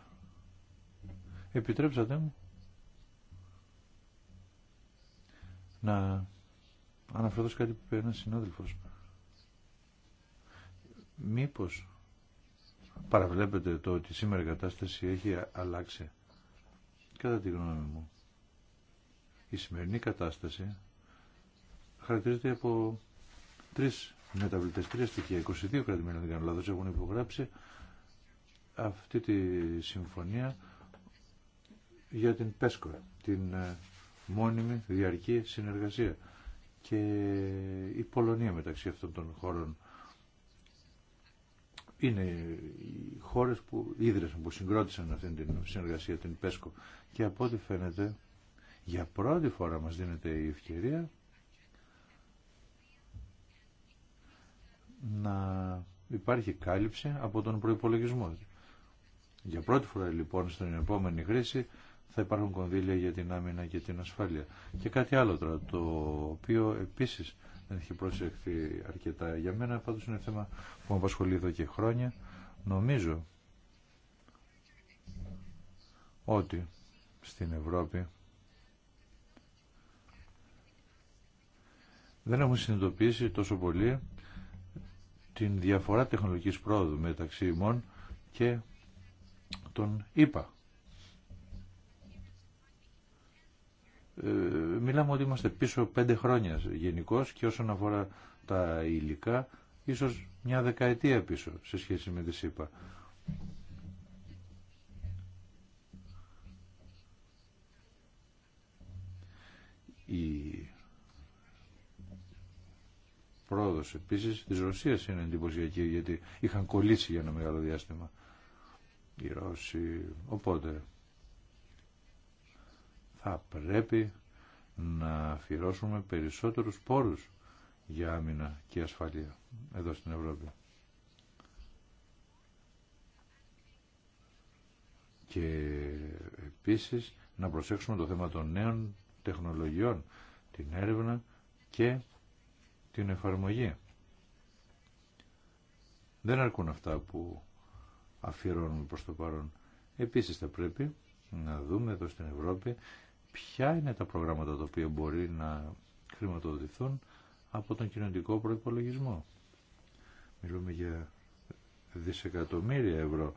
Επιτρέψατε μου να αναφερθώ σε κάτι που είπε ένας συνάδελφος. Μήπως παραβλέπετε το ότι σήμερα η κατάσταση έχει αλλάξει. Κατά τη γνώμη μου, η σημερινή κατάσταση χαρακτηρίζεται από τρεις μεταβλητές, τρία στοιχεία. 22 κρατημένα δεν κάνω λάθος, έχουν υπογράψει αυτή τη συμφωνία για την ΠΕΣΚΟ, την ε, μόνιμη διαρκή συνεργασία. Και η Πολωνία μεταξύ αυτών των χώρων είναι οι χώρες που ίδρυσαν, που συγκρότησαν αυτή την συνεργασία, την ΠΕΣΚΟ. Και από ό,τι φαίνεται, για πρώτη φορά μας δίνεται η ευκαιρία να υπάρχει κάλυψη από τον προϋπολογισμό. Για πρώτη φορά λοιπόν στην επόμενη χρήση θα υπάρχουν κονδύλια για την άμυνα και την ασφάλεια. Και κάτι άλλο τώρα, το οποίο επίσης δεν έχει προσεχθεί αρκετά. Για μένα πάντως είναι θέμα που με απασχολεί εδώ και χρόνια. Νομίζω ότι στην Ευρώπη δεν έχουμε συνειδητοποιήσει τόσο πολύ την διαφορά τεχνολογικής πρόοδου μεταξύ ημών και των ΙΠΑ. Ε, μιλάμε ότι είμαστε πίσω πέντε χρόνια γενικώ και όσον αφορά τα υλικά ίσως μια δεκαετία πίσω σε σχέση με τη ΣΥΠΑ. Η πρόοδος επίσης της Ρωσίας είναι εντυπωσιακή γιατί είχαν κολλήσει για ένα μεγάλο διάστημα οι Ρώσοι. Οπότε θα πρέπει να αφιερώσουμε περισσότερους πόρους για άμυνα και ασφάλεια εδώ στην Ευρώπη. Και επίσης να προσέξουμε το θέμα των νέων τεχνολογιών, την έρευνα και την εφαρμογή. Δεν αρκούν αυτά που αφιερώνουμε προς το παρόν. Επίσης θα πρέπει να δούμε εδώ στην Ευρώπη ποια είναι τα προγράμματα τα οποία μπορεί να χρηματοδοτηθούν από τον κοινωνικό προϋπολογισμό. Μιλούμε για δισεκατομμύρια ευρώ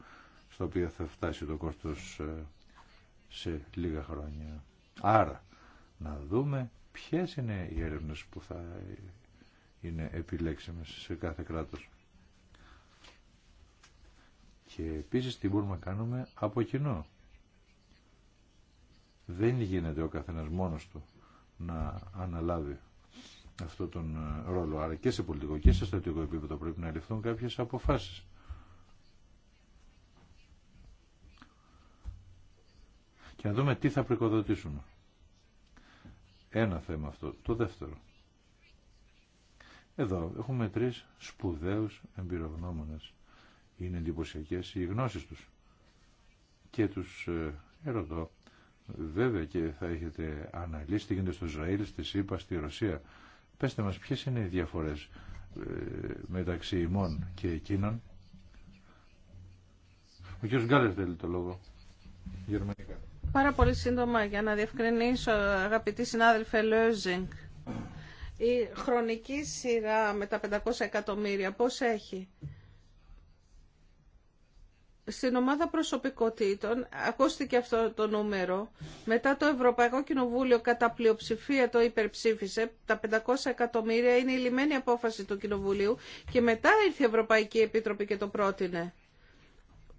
στο οποίο θα φτάσει το κόστος ε, σε λίγα χρόνια. Άρα, να δούμε ποιες είναι οι έρευνες που θα είναι επιλέξιμες σε κάθε κράτος. Και επίσης τι μπορούμε να κάνουμε από κοινό. Δεν γίνεται ο καθένας μόνος του να αναλάβει αυτόν τον ε, ρόλο. Άρα και σε πολιτικό και σε στρατικό επίπεδο πρέπει να ληφθούν κάποιες αποφάσεις. Και να δούμε τι θα πρικοδοτήσουμε. Ένα θέμα αυτό. Το δεύτερο. Εδώ έχουμε τρεις σπουδαίους εμπειρογνώμονες. Είναι εντυπωσιακέ οι γνώσεις τους. Και τους ε, ερωτώ Βέβαια και θα έχετε αναλύσει τι γίνεται στο Ισραήλ, στη ΣΥΠΑ, στη Ρωσία. Πεςτε μας ποιες είναι οι διαφορές ε, μεταξύ ημών και εκείνων. Ο κ. Γκάλερ θέλει το λόγο. Γερμανικά.
Πάρα πολύ σύντομα για να διευκρινίσω αγαπητή συνάδελφε Λόζινγκ. Η χρονική σειρά με τα 500 εκατομμύρια πώς έχει στην ομάδα προσωπικότητων, ακούστηκε αυτό το νούμερο, μετά το Ευρωπαϊκό Κοινοβούλιο κατά πλειοψηφία το υπερψήφισε, τα 500 εκατομμύρια είναι η λιμένη απόφαση του Κοινοβουλίου και μετά ήρθε η Ευρωπαϊκή Επίτροπη και το πρότεινε.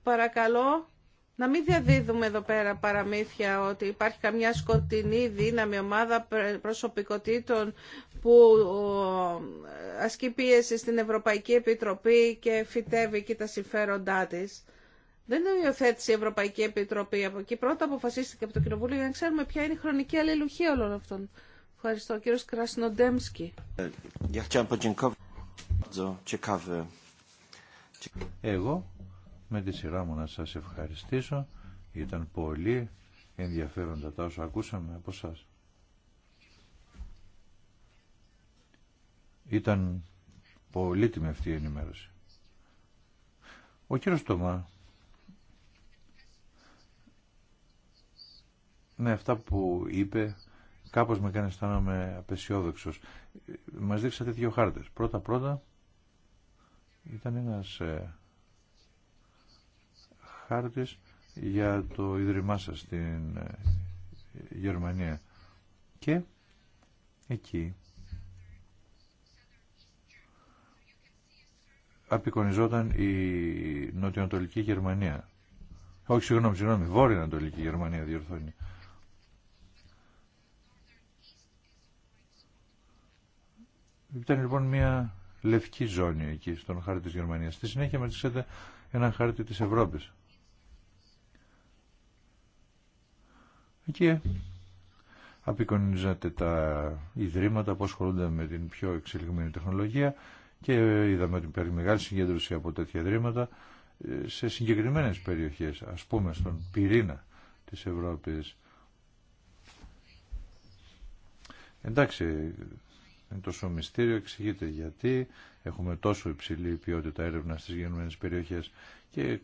Παρακαλώ να μην διαδίδουμε εδώ πέρα παραμύθια ότι υπάρχει καμιά σκοτεινή δύναμη ομάδα προσωπικότητων που ασκεί πίεση στην Ευρωπαϊκή Επιτροπή και φυτεύει εκεί τα συμφέροντά της. Δεν το υιοθέτησε η Ευρωπαϊκή Επιτροπή. Από εκεί πρώτα αποφασίστηκε από το Κοινοβούλιο για να ξέρουμε ποια είναι η χρονική αλληλουχία όλων αυτών. Ευχαριστώ. Κύριος Κρασνοντέμσκι.
Ε, ε, Εγώ με τη σειρά μου να σας ευχαριστήσω. Ήταν πολύ ενδιαφέροντα τα όσα ακούσαμε από εσά. Ήταν πολύτιμη αυτή η ενημέρωση. Ο κύριος Τωμά Ναι, αυτά που είπε κάπως με κάνει αισθάνομαι απεσιόδοξος. Μας δείξατε δύο χάρτες. Πρώτα-πρώτα ήταν ένας ε, χάρτης για το Ίδρυμά σας στην ε, Γερμανία. Και εκεί απεικονιζόταν η νοτιοανατολική Γερμανία. Όχι, συγγνώμη, συγγνώμη, βόρεια Ανατολική Γερμανία διορθώνει. Ήταν λοιπόν μια λευκή ζώνη εκεί στον χάρτη της Γερμανίας. Στη συνέχεια μετρήσατε ένα χάρτη της Ευρώπης. Εκεί απεικονίζατε τα ιδρύματα που ασχολούνται με την πιο εξελιγμένη τεχνολογία και είδαμε ότι υπάρχει μεγάλη συγκέντρωση από τέτοια ιδρύματα ε, σε συγκεκριμένες περιοχές, ας πούμε στον πυρήνα της Ευρώπης. Εντάξει, είναι τόσο μυστήριο, εξηγείται γιατί έχουμε τόσο υψηλή ποιότητα έρευνα στις γεννημένες περιοχές και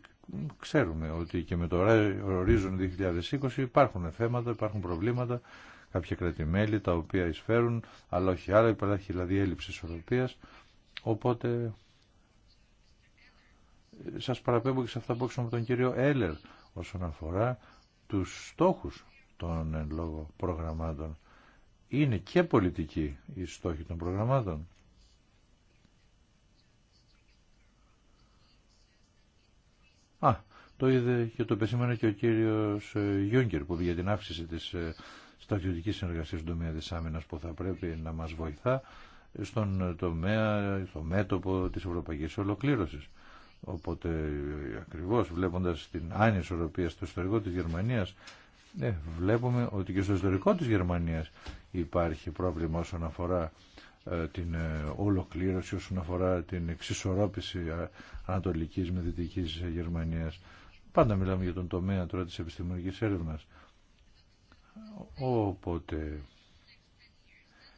ξέρουμε ότι και με το ορίζον 2020 υπάρχουν θέματα, υπάρχουν προβλήματα, κάποια κρατημέλη τα οποία εισφέρουν, αλλά όχι άλλα, υπάρχει δηλαδή έλλειψη ισορροπίας, οπότε σας παραπέμπω και σε αυτά που έξω από τον κύριο Έλερ όσον αφορά τους στόχους των εν λόγω προγραμμάτων είναι και πολιτική η στόχη των προγραμμάτων. Α, το είδε και το πεσήμενο και ο κύριος ε, Γιούγκερ που για την αύξηση της ε, στρατιωτικής συνεργασίας στον τομέα της άμυνας που θα πρέπει να μας βοηθά στον ε, τομέα, στο μέτωπο της ευρωπαϊκής ολοκλήρωσης. Οπότε ακριβώς βλέποντας την άνισορροπία στο ιστορικό της Γερμανίας βλέπουμε ότι και στο ιστορικό της Γερμανίας υπάρχει πρόβλημα όσον αφορά ε, την ε, ολοκλήρωση, όσον αφορά την εξισορρόπηση ε, ανατολικής με δυτικής Γερμανίας. Πάντα μιλάμε για τον τομέα τώρα της επιστημονικής έρευνας. Οπότε,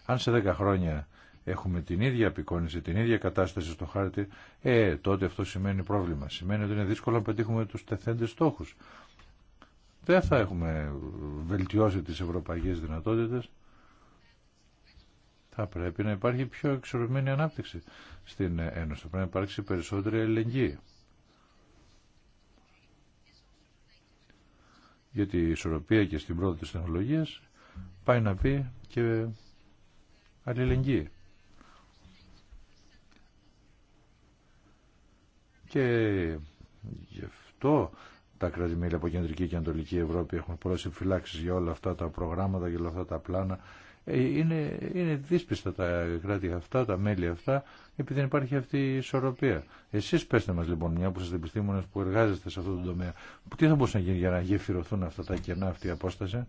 αν σε 10 χρόνια έχουμε την ίδια απεικόνηση, την ίδια κατάσταση στο χάρτη, τότε αυτό σημαίνει πρόβλημα. Σημαίνει ότι είναι δύσκολο να πετύχουμε τους τεθέντες στόχους. Δεν θα έχουμε βελτιώσει τις ευρωπαϊκές δυνατότητες θα πρέπει να υπάρχει πιο εξορροπημένη ανάπτυξη στην Ένωση. Θα πρέπει να υπάρξει περισσότερη ελεγγύη. Γιατί η ισορροπία και στην πρόοδο της τεχνολογίας πάει να πει και αλληλεγγύη. Και γι' αυτό τα κρατη από Κεντρική και Ανατολική Ευρώπη έχουν πολλές επιφυλάξεις για όλα αυτά τα προγράμματα, για όλα αυτά τα πλάνα ε, είναι, είναι δύσπιστα τα κράτη αυτά, τα μέλη αυτά, επειδή δεν υπάρχει αυτή η ισορροπία. Εσεί πέστε μα λοιπόν, μια που είστε επιστήμονε που εργάζεστε σε αυτό το τομέα, τι θα μπορούσε να γίνει για να γεφυρωθούν αυτά τα κενά, αυτή η απόσταση.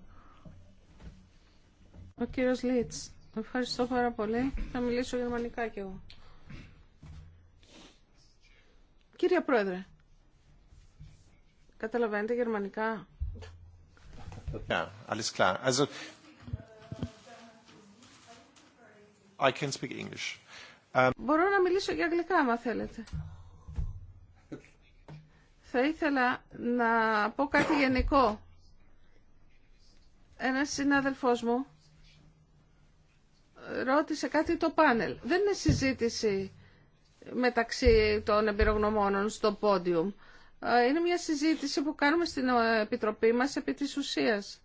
Ο κύριο Λίτ, ευχαριστώ πάρα πολύ. Θα μιλήσω γερμανικά κι εγώ. Κύριε Πρόεδρε, καταλαβαίνετε γερμανικά.
alles klar. Also,
I Μπορώ να μιλήσω για αγγλικά, άμα θέλετε. Θα ήθελα να πω κάτι γενικό. Ένα συνάδελφός μου ρώτησε κάτι το πάνελ. Δεν είναι συζήτηση μεταξύ των εμπειρογνωμόνων στο πόντιουμ. Είναι μια συζήτηση που κάνουμε στην Επιτροπή μας επί της ουσίας.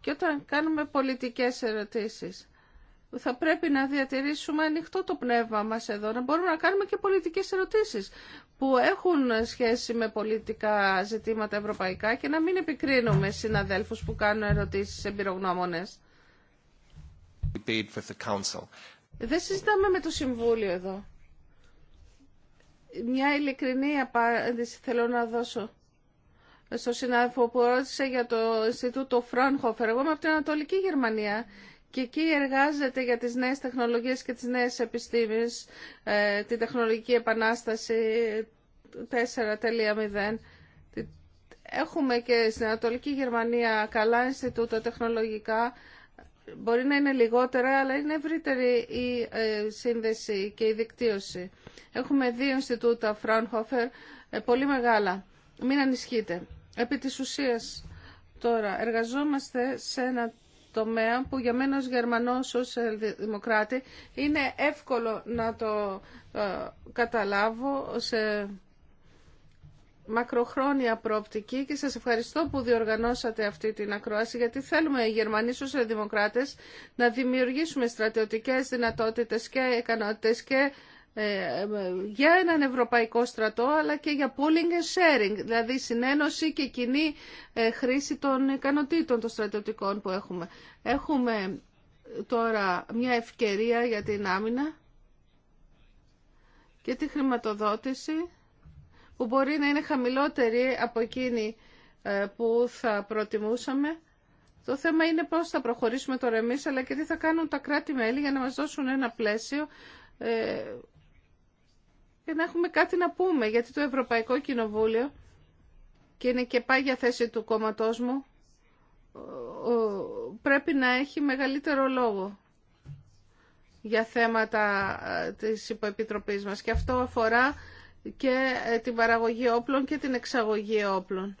Και όταν κάνουμε πολιτικές ερωτήσεις θα πρέπει να διατηρήσουμε ανοιχτό το πνεύμα μας εδώ, να μπορούμε να κάνουμε και πολιτικές ερωτήσεις που έχουν σχέση με πολιτικά ζητήματα ευρωπαϊκά και να μην επικρίνουμε συναδέλφους που κάνουν ερωτήσεις εμπειρογνώμονες. Δεν συζητάμε με το Συμβούλιο εδώ. Μια ειλικρινή απάντηση θέλω να δώσω στο συνάδελφο που ρώτησε για το Ινστιτούτο Φρόνχοφερ. Εγώ είμαι από την Ανατολική Γερμανία και εκεί εργάζεται για τις νέες τεχνολογίες και τις νέες επιστήμες, ε, την τεχνολογική επανάσταση 4.0. Έχουμε και στην Ανατολική Γερμανία καλά Ινστιτούτα τεχνολογικά. Μπορεί να είναι λιγότερα, αλλά είναι ευρύτερη η ε, σύνδεση και η δικτύωση. Έχουμε δύο Ινστιτούτα, Fraunhofer, ε, πολύ μεγάλα. Μην ανησυχείτε. Επί της ουσίας τώρα εργαζόμαστε σε ένα τομέα που για μένα ως Γερμανός, ως είναι εύκολο να το ε, καταλάβω σε μακροχρόνια προοπτική και σας ευχαριστώ που διοργανώσατε αυτή την ακρόαση γιατί θέλουμε οι Γερμανοί σοσιαλδημοκράτες να δημιουργήσουμε στρατιωτικές δυνατότητες και ικανότητες και ε, ε, για έναν ευρωπαϊκό στρατό αλλά και για pooling and sharing, δηλαδή συνένωση και κοινή ε, χρήση των ικανοτήτων των στρατιωτικών που έχουμε. Έχουμε τώρα μια ευκαιρία για την άμυνα και τη χρηματοδότηση που μπορεί να είναι χαμηλότερη από εκείνη που θα προτιμούσαμε. Το θέμα είναι πώς θα προχωρήσουμε τώρα εμείς, αλλά και τι θα κάνουν τα κράτη-μέλη για να μας δώσουν ένα πλαίσιο και να έχουμε κάτι να πούμε, γιατί το Ευρωπαϊκό Κοινοβούλιο και είναι και πάγια θέση του κόμματός μου, πρέπει να έχει μεγαλύτερο λόγο για θέματα της υποεπιτροπής μας και αυτό αφορά και ε, την παραγωγή όπλων και την εξαγωγή όπλων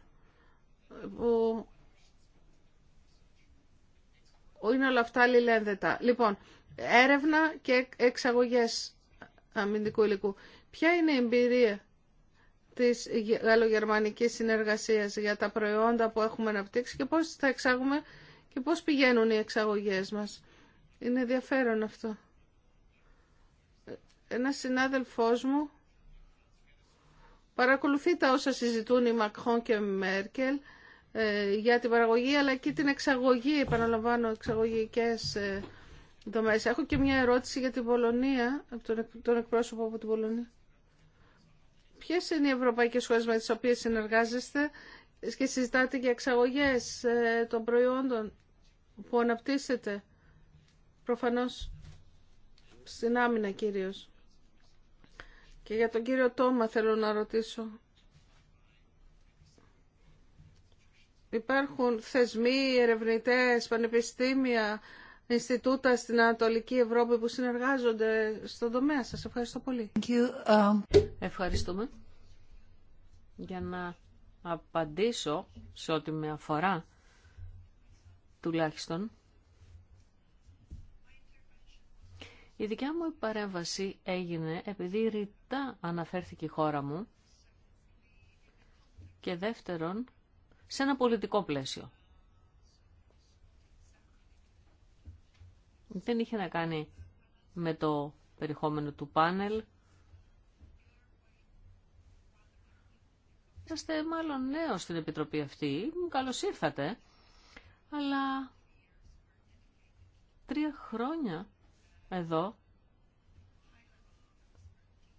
που είναι όλα αυτά αλληλένδετα. Λοιπόν, έρευνα και εξαγωγές αμυντικού υλικού. Ποια είναι η εμπειρία της γαλλογερμανικής συνεργασίας για τα προϊόντα που έχουμε αναπτύξει και πώς τα εξάγουμε και πώς πηγαίνουν οι εξαγωγές μας. Είναι ενδιαφέρον αυτό. Ένα συνάδελφός μου παρακολουθεί τα όσα συζητούν οι Μακχόν και Μέρκελ ε, για την παραγωγή αλλά και την εξαγωγή, επαναλαμβάνω, εξαγωγικές ε, δομές. Έχω και μια ερώτηση για την Πολωνία, από τον εκπρόσωπο από την Πολωνία. Ποιε είναι οι ευρωπαϊκέ χώρε με τι οποίες συνεργάζεστε και συζητάτε για εξαγωγές ε, των προϊόντων που αναπτύσσετε. Προφανώς στην άμυνα κυρίω. Και για τον κύριο Τόμα θέλω να ρωτήσω. Υπάρχουν θεσμοί, ερευνητές, πανεπιστήμια, Ινστιτούτα στην Ανατολική Ευρώπη που συνεργάζονται στον τομέα σας. Ευχαριστώ πολύ. Um, Ευχαριστούμε.
Για να απαντήσω σε ό,τι με αφορά τουλάχιστον. Η δικιά μου παρέμβαση έγινε επειδή ρητά αναφέρθηκε η χώρα μου και δεύτερον σε ένα πολιτικό πλαίσιο. δεν είχε να κάνει με το περιεχόμενο του πάνελ. Είσαστε μάλλον νέος στην Επιτροπή αυτή, καλώς ήρθατε, αλλά τρία χρόνια εδώ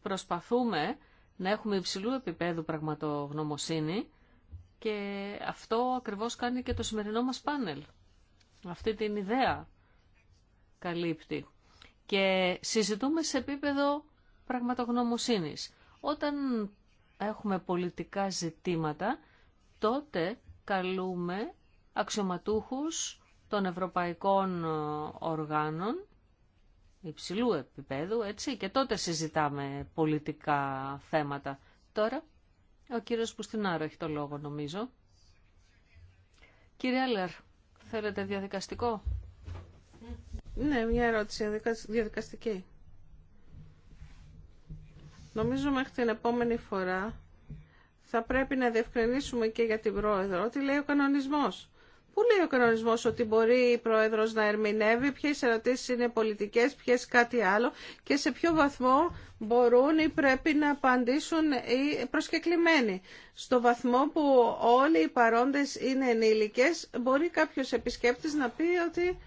προσπαθούμε να έχουμε υψηλού επίπεδου πραγματογνωμοσύνη και αυτό ακριβώς κάνει και το σημερινό μας πάνελ. Αυτή την ιδέα καλύπτει. Και συζητούμε σε επίπεδο πραγματογνωμοσύνης. Όταν έχουμε πολιτικά ζητήματα, τότε καλούμε αξιωματούχους των ευρωπαϊκών ε, οργάνων υψηλού επίπεδου, έτσι, και τότε συζητάμε πολιτικά θέματα. Τώρα, ο κύριος Πουστινάρο έχει το λόγο, νομίζω.
Κύριε Άλλερ, θέλετε διαδικαστικό. Ναι, μια ερώτηση διαδικαστική. Νομίζω μέχρι την επόμενη φορά θα πρέπει να διευκρινίσουμε και για την Πρόεδρο ότι λέει ο κανονισμός. Πού λέει ο κανονισμός ότι μπορεί η Πρόεδρος να ερμηνεύει, ποιες ερωτήσεις είναι πολιτικές, ποιες κάτι άλλο και σε ποιο βαθμό μπορούν ή πρέπει να απαντήσουν οι προσκεκλημένοι. Στο βαθμό που όλοι οι παρόντες είναι ενήλικες μπορεί κάποιος επισκέπτης να πει ότι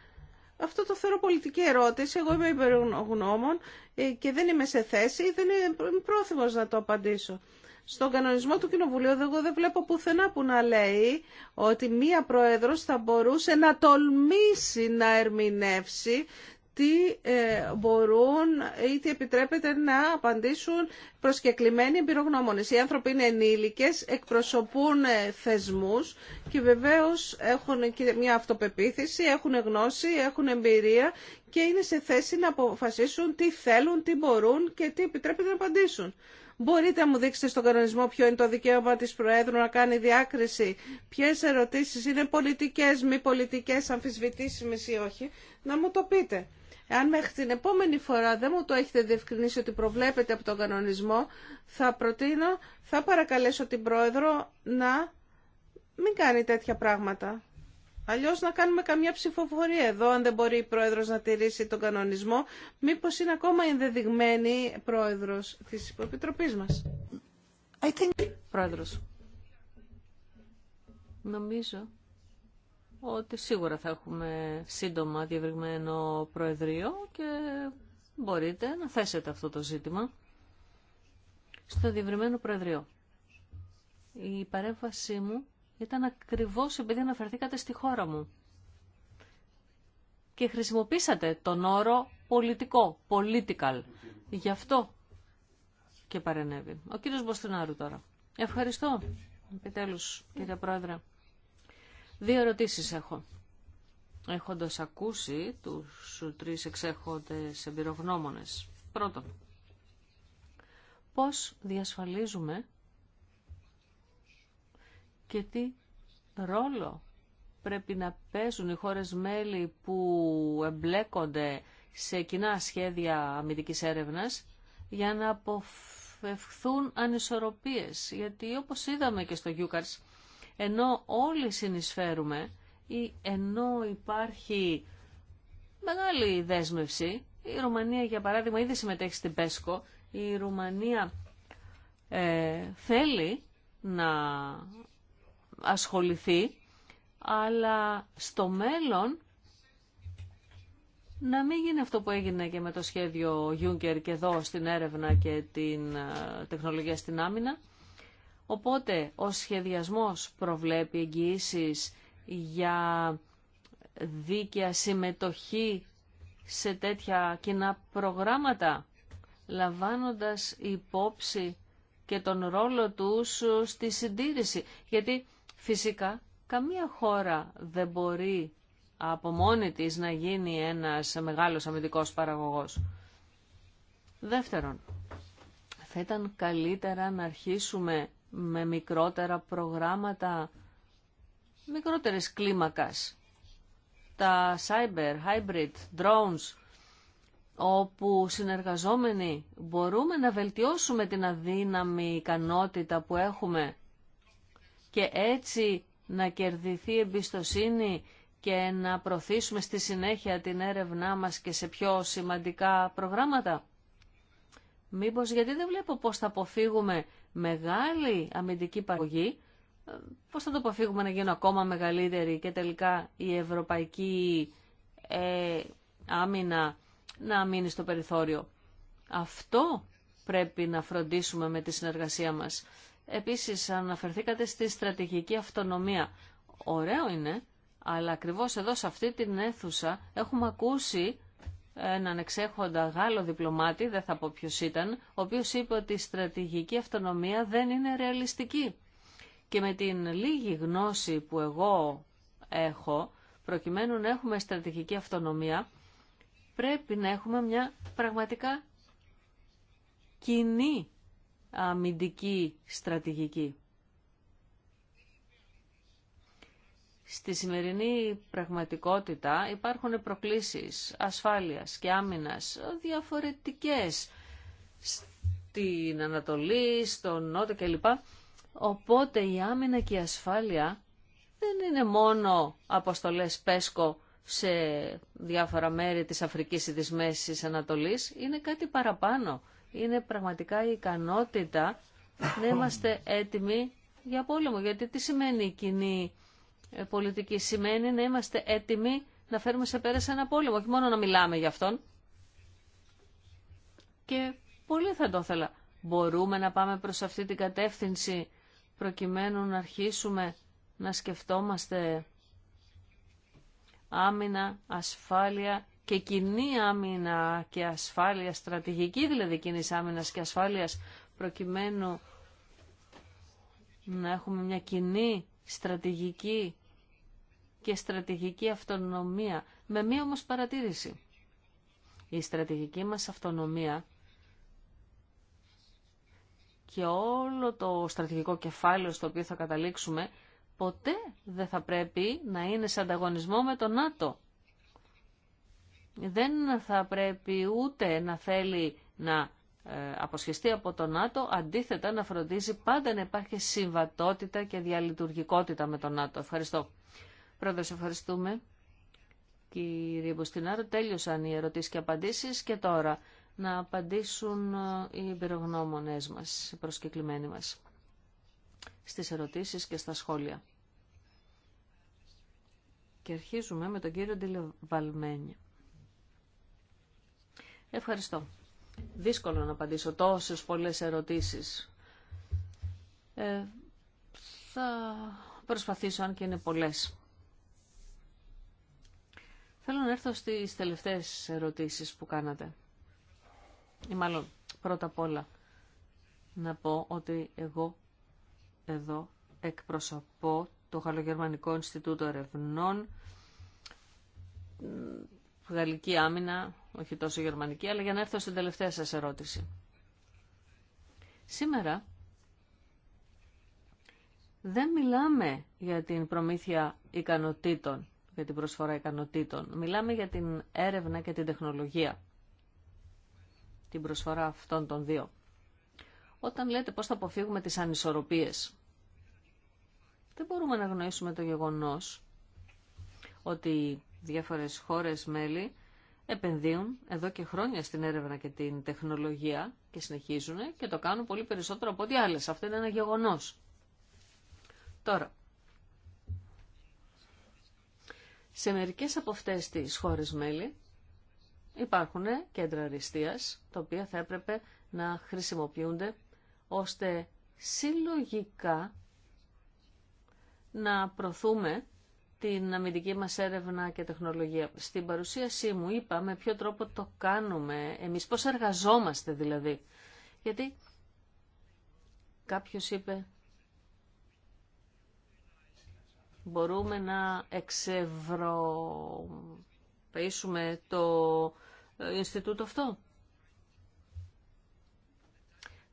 αυτό το θεωρώ πολιτική ερώτηση. Εγώ είμαι υπερογνώμων ε, και δεν είμαι σε θέση, δεν είμαι πρόθυμο να το απαντήσω. Στον κανονισμό του Κοινοβουλίου εγώ δεν βλέπω πουθενά που να λέει ότι μία πρόεδρος θα μπορούσε να τολμήσει να ερμηνεύσει τι ε, μπορούν ή τι επιτρέπεται να απαντήσουν προσκεκλημένοι εμπειρογνώμονες. Οι άνθρωποι είναι ενήλικες, εκπροσωπούν ε, θεσμούς και βεβαίως έχουν μια αυτοπεποίθηση, έχουν γνώση, έχουν εμπειρία και είναι σε θέση να αποφασίσουν τι θέλουν, τι μπορούν και τι επιτρέπεται να απαντήσουν. Μπορείτε να μου δείξετε στον κανονισμό ποιο είναι το δικαίωμα της Προέδρου να κάνει διάκριση, ποιες ερωτήσεις είναι πολιτικές, μη πολιτικές, αμφισβητήσιμες ή όχι, να μου το πείτε. Εάν μέχρι την επόμενη φορά δεν μου το έχετε διευκρινίσει ότι προβλέπετε από τον κανονισμό, θα προτείνω, θα παρακαλέσω την Πρόεδρο να μην κάνει τέτοια πράγματα. Αλλιώς να κάνουμε καμιά ψηφοφορία εδώ, αν δεν μπορεί η Πρόεδρος να τηρήσει τον κανονισμό, μήπως είναι ακόμα ενδεδειγμένη Πρόεδρος της Υποεπιτροπής μας. Πρόεδρος. Νομίζω
ότι σίγουρα θα έχουμε σύντομα διευρυγμένο Προεδρείο και μπορείτε να θέσετε αυτό το ζήτημα στο διευρυμένο Προεδρείο. Η παρέμβασή μου ήταν ακριβώς επειδή αναφερθήκατε στη χώρα μου και χρησιμοποίησατε τον όρο πολιτικό, political. Γι' αυτό και παρενέβη. Ο κύριος Μποστινάρου τώρα. Ευχαριστώ. Επιτέλους, κύριε Πρόεδρε. Δύο ερωτήσεις έχω. έχοντα ακούσει τους τρεις εξέχοντες εμπειρογνώμονες. Πρώτον, πώς διασφαλίζουμε και τι ρόλο πρέπει να παίζουν οι χώρες μέλη που εμπλέκονται σε κοινά σχέδια αμυντικής έρευνας για να αποφευχθούν ανισορροπίες. Γιατί όπως είδαμε και στο Γιούκαρς, ενώ όλοι συνεισφέρουμε ή ενώ υπάρχει μεγάλη δέσμευση. Η Ρουμανία, για παράδειγμα, ήδη συμμετέχει στην ΠΕΣΚΟ. Η Ρουμανία ε, θέλει να ασχοληθεί, αλλά στο μέλλον να μην γίνει αυτό που έγινε και με το σχέδιο Juncker και εδώ στην έρευνα και την ε, τεχνολογία στην άμυνα, Οπότε ο σχεδιασμός προβλέπει εγγυήσει για δίκαια συμμετοχή σε τέτοια κοινά προγράμματα, λαμβάνοντας υπόψη και τον ρόλο τους στη συντήρηση. Γιατί φυσικά καμία χώρα δεν μπορεί από μόνη της να γίνει ένας μεγάλος αμυντικός παραγωγός. Δεύτερον, θα ήταν καλύτερα να αρχίσουμε με μικρότερα προγράμματα, μικρότερες κλίμακας. Τα cyber, hybrid, drones, όπου συνεργαζόμενοι μπορούμε να βελτιώσουμε την αδύναμη ικανότητα που έχουμε και έτσι να κερδιθεί εμπιστοσύνη και να προωθήσουμε στη συνέχεια την έρευνά μας και σε πιο σημαντικά προγράμματα. Μήπως γιατί δεν βλέπω πώς θα αποφύγουμε μεγάλη αμυντική παραγωγή, ε, πώς θα το αποφύγουμε να γίνουν ακόμα μεγαλύτερη και τελικά η ευρωπαϊκή ε, άμυνα να μείνει στο περιθώριο. Αυτό πρέπει να φροντίσουμε με τη συνεργασία μας. Επίσης αναφερθήκατε στη στρατηγική αυτονομία. Ωραίο είναι, αλλά ακριβώς εδώ σε αυτή την αίθουσα έχουμε ακούσει έναν εξέχοντα Γάλλο διπλωμάτη, δεν θα πω ποιο ήταν, ο οποίο είπε ότι η στρατηγική αυτονομία δεν είναι ρεαλιστική. Και με την λίγη γνώση που εγώ έχω, προκειμένου να έχουμε στρατηγική αυτονομία, πρέπει να έχουμε μια πραγματικά κοινή αμυντική στρατηγική. Στη σημερινή πραγματικότητα υπάρχουν προκλήσεις ασφάλειας και άμυνας διαφορετικές στην Ανατολή, στον Νότο κλπ. Οπότε η άμυνα και η ασφάλεια δεν είναι μόνο αποστολές πέσκο σε διάφορα μέρη της Αφρικής ή της Μέσης Ανατολής, είναι κάτι παραπάνω. Είναι πραγματικά η ικανότητα να είμαστε έτοιμοι για πόλεμο. Γιατί τι σημαίνει η κοινή ε, πολιτική. Σημαίνει να είμαστε έτοιμοι να φέρουμε σε πέρα σε ένα πόλεμο, όχι μόνο να μιλάμε για αυτόν. Και πολύ θα το ήθελα. Μπορούμε να πάμε προς αυτή την κατεύθυνση προκειμένου να αρχίσουμε να σκεφτόμαστε άμυνα, ασφάλεια και κοινή άμυνα και ασφάλεια, στρατηγική δηλαδή κοινή άμυνα και ασφάλειας προκειμένου να έχουμε μια κοινή στρατηγική και στρατηγική αυτονομία, με μία όμως παρατήρηση. Η στρατηγική μας αυτονομία και όλο το στρατηγικό κεφάλαιο στο οποίο θα καταλήξουμε, ποτέ δεν θα πρέπει να είναι σε ανταγωνισμό με το ΝΑΤΟ. Δεν θα πρέπει ούτε να θέλει να ε, αποσχεστεί από το ΝΑΤΟ, αντίθετα να φροντίζει πάντα να υπάρχει συμβατότητα και διαλειτουργικότητα με το ΝΑΤΟ. Ευχαριστώ. Πρόεδρος, ευχαριστούμε. Κύριε Μποστινάρο, τέλειωσαν οι ερωτήσεις και απαντήσεις και τώρα να απαντήσουν ε, οι εμπειρογνώμονές μας, οι προσκεκλημένοι μας στις ερωτήσεις και στα σχόλια. Και αρχίζουμε με τον κύριο Ντιλεβαλμένη. Ευχαριστώ. Δύσκολο να απαντήσω τόσες πολλές ερωτήσεις. Ε, θα προσπαθήσω, αν και είναι πολλές. Θέλω να έρθω στις τελευταίες ερωτήσεις που κάνατε. Ή μάλλον πρώτα απ' όλα να πω ότι εγώ εδώ εκπροσωπώ το Γαλλογερμανικό Ινστιτούτο Ερευνών, γαλλική άμυνα, όχι τόσο γερμανική, αλλά για να έρθω στην τελευταία σας ερώτηση. Σήμερα δεν μιλάμε για την προμήθεια ικανοτήτων για την προσφορά ικανοτήτων. Μιλάμε για την έρευνα και την τεχνολογία. Την προσφορά αυτών των δύο. Όταν λέτε πώς θα αποφύγουμε τις ανισορροπίες, δεν μπορούμε να γνωρίσουμε το γεγονός ότι διάφορες χώρες μέλη επενδύουν εδώ και χρόνια στην έρευνα και την τεχνολογία και συνεχίζουν και το κάνουν πολύ περισσότερο από ό,τι άλλες. Αυτό είναι ένα γεγονός. Τώρα, Σε μερικές από αυτές τις χώρες μέλη υπάρχουν κέντρα αριστείας, τα οποία θα έπρεπε να χρησιμοποιούνται ώστε συλλογικά να προθούμε την αμυντική μας έρευνα και τεχνολογία. Στην παρουσίασή μου είπα με ποιο τρόπο το κάνουμε εμείς, πώς εργαζόμαστε δηλαδή. Γιατί κάποιος είπε μπορούμε να εξευρωπήσουμε το ε, Ινστιτούτο αυτό.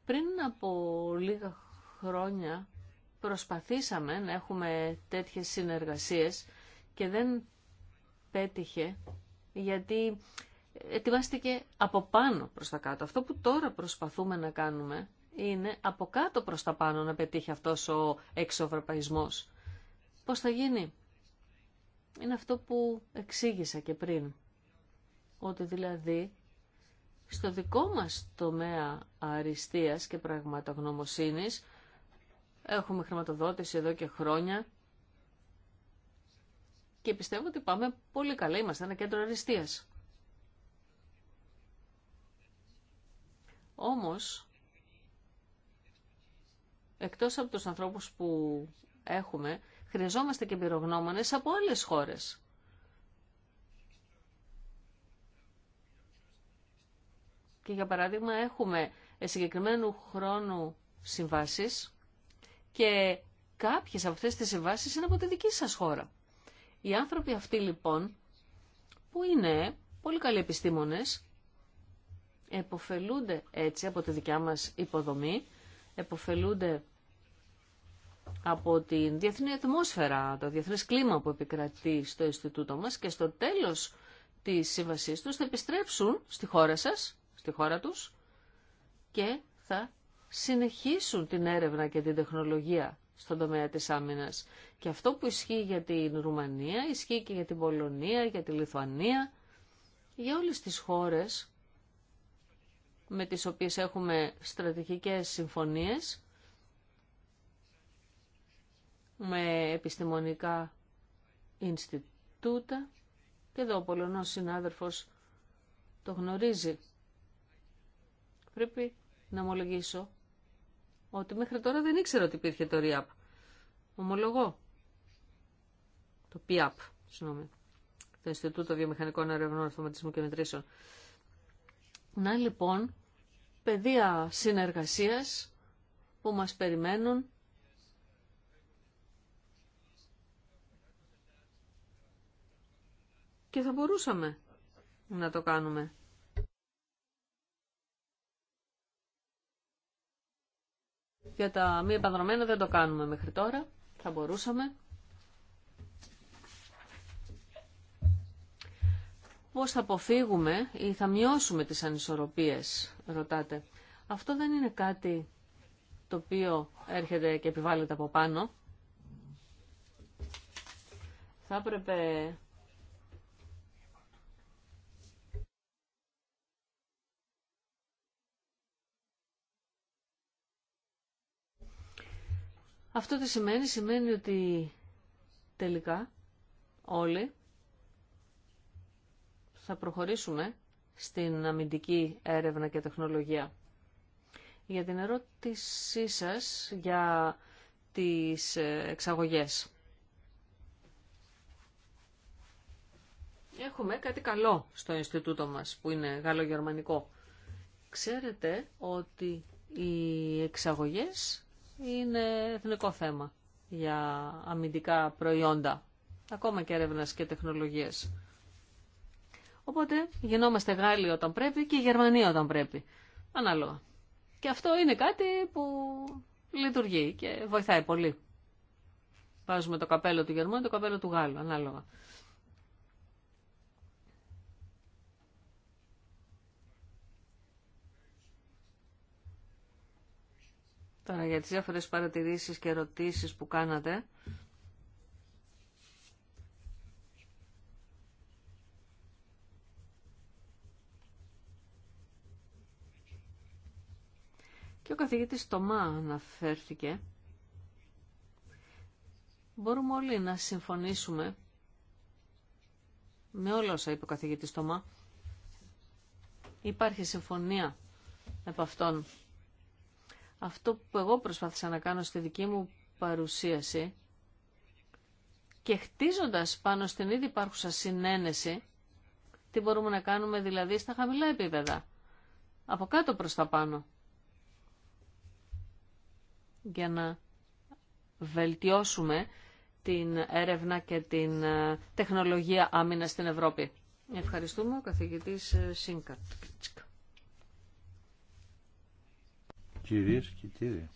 Πριν από λίγα χρόνια προσπαθήσαμε να έχουμε τέτοιες συνεργασίες και δεν πέτυχε γιατί ετοιμάστηκε από πάνω προς τα κάτω. Αυτό που τώρα προσπαθούμε να κάνουμε είναι από κάτω προς τα πάνω να πετύχει αυτός ο εξωευρωπαϊσμός. Πώς θα γίνει. Είναι αυτό που εξήγησα και πριν. Ότι δηλαδή στο δικό μας τομέα αριστείας και πραγματογνωμοσύνης έχουμε χρηματοδότηση εδώ και χρόνια και πιστεύω ότι πάμε πολύ καλά. Είμαστε ένα κέντρο αριστείας. Όμως, εκτός από τους ανθρώπους που έχουμε, Χρειαζόμαστε και εμπειρογνώμονες από άλλες χώρες. Και για παράδειγμα έχουμε συγκεκριμένου χρόνου συμβάσεις και κάποιες από αυτές τις συμβάσεις είναι από τη δική σας χώρα. Οι άνθρωποι αυτοί λοιπόν που είναι πολύ καλοί επιστήμονες εποφελούνται έτσι από τη δικιά μας υποδομή, εποφελούνται από την διεθνή ατμόσφαιρα, το διεθνές κλίμα που επικρατεί στο Ινστιτούτο μας και στο τέλος της σύμβασής τους θα επιστρέψουν στη χώρα σας, στη χώρα τους και θα συνεχίσουν την έρευνα και την τεχνολογία στον τομέα της άμυνας. Και αυτό που ισχύει για την Ρουμανία, ισχύει και για την Πολωνία, για τη Λιθουανία, για όλες τις χώρες με τις οποίες έχουμε στρατηγικές συμφωνίες με επιστημονικά Ινστιτούτα και εδώ ο Πολωνός συνάδελφος το γνωρίζει. Πρέπει να ομολογήσω ότι μέχρι τώρα δεν ήξερα ότι υπήρχε το ΡΙΑΠ. Ομολογώ. Το ΠΙΑΠ, συγγνώμη. Το Ινστιτούτο Βιομηχανικών Ερευνών Αρθωματισμού και Μετρήσεων. Να λοιπόν, πεδία συνεργασίας που μας περιμένουν και θα μπορούσαμε να το κάνουμε. Για τα μη επανδρομένα δεν το κάνουμε μέχρι τώρα. Θα μπορούσαμε. Πώς θα αποφύγουμε ή θα μειώσουμε τις ανισορροπίες, ρωτάτε. Αυτό δεν είναι κάτι το οποίο έρχεται και επιβάλλεται από πάνω. Θα έπρεπε Αυτό τι σημαίνει, σημαίνει ότι τελικά όλοι θα προχωρήσουμε στην αμυντική έρευνα και τεχνολογία. Για την ερώτησή σας για τις εξαγωγές. Έχουμε κάτι καλό στο Ινστιτούτο μας που είναι γαλλογερμανικό. Ξέρετε ότι οι εξαγωγές είναι εθνικό θέμα για αμυντικά προϊόντα, ακόμα και έρευνα και τεχνολογίες. Οπότε γινόμαστε Γάλλοι όταν πρέπει και Γερμανοί όταν πρέπει, ανάλογα. Και αυτό είναι κάτι που λειτουργεί και βοηθάει πολύ. Βάζουμε το καπέλο του Γερμανού το καπέλο του Γάλλου, ανάλογα. Τώρα για τις διάφορες παρατηρήσεις και ερωτήσεις που κάνατε. Και ο καθηγητής Τωμά αναφέρθηκε. Μπορούμε όλοι να συμφωνήσουμε με όλα όσα είπε ο καθηγητής Τομά. Υπάρχει συμφωνία από αυτόν αυτό που εγώ προσπάθησα να κάνω στη δική μου παρουσίαση και χτίζοντας πάνω στην ήδη υπάρχουσα συνένεση, τι μπορούμε να κάνουμε δηλαδή στα χαμηλά επίπεδα, από κάτω προς τα πάνω, για να βελτιώσουμε την έρευνα και την ε, τεχνολογία άμυνα στην Ευρώπη. Ευχαριστούμε ο καθηγητής ε, Σίνκαρτ.
Κυρίες και κύριοι,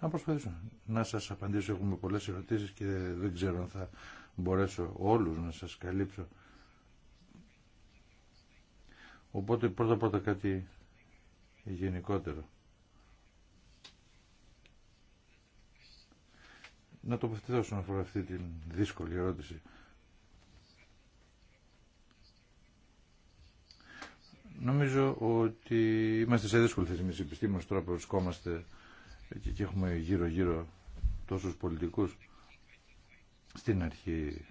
Θα προσπαθήσω να σας απαντήσω. Έχουμε πολλές ερωτήσεις και δεν ξέρω αν θα μπορέσω όλους να σας καλύψω. Οπότε πρώτα πρώτα κάτι γενικότερο. Να τοποθετηθώ όσον αφορά αυτή την δύσκολη ερώτηση. Νομίζω ότι είμαστε σε δύσκολη θέση με οι επιστήμονες τώρα που βρισκόμαστε και έχουμε γύρω-γύρω τόσους πολιτικούς. Στην αρχή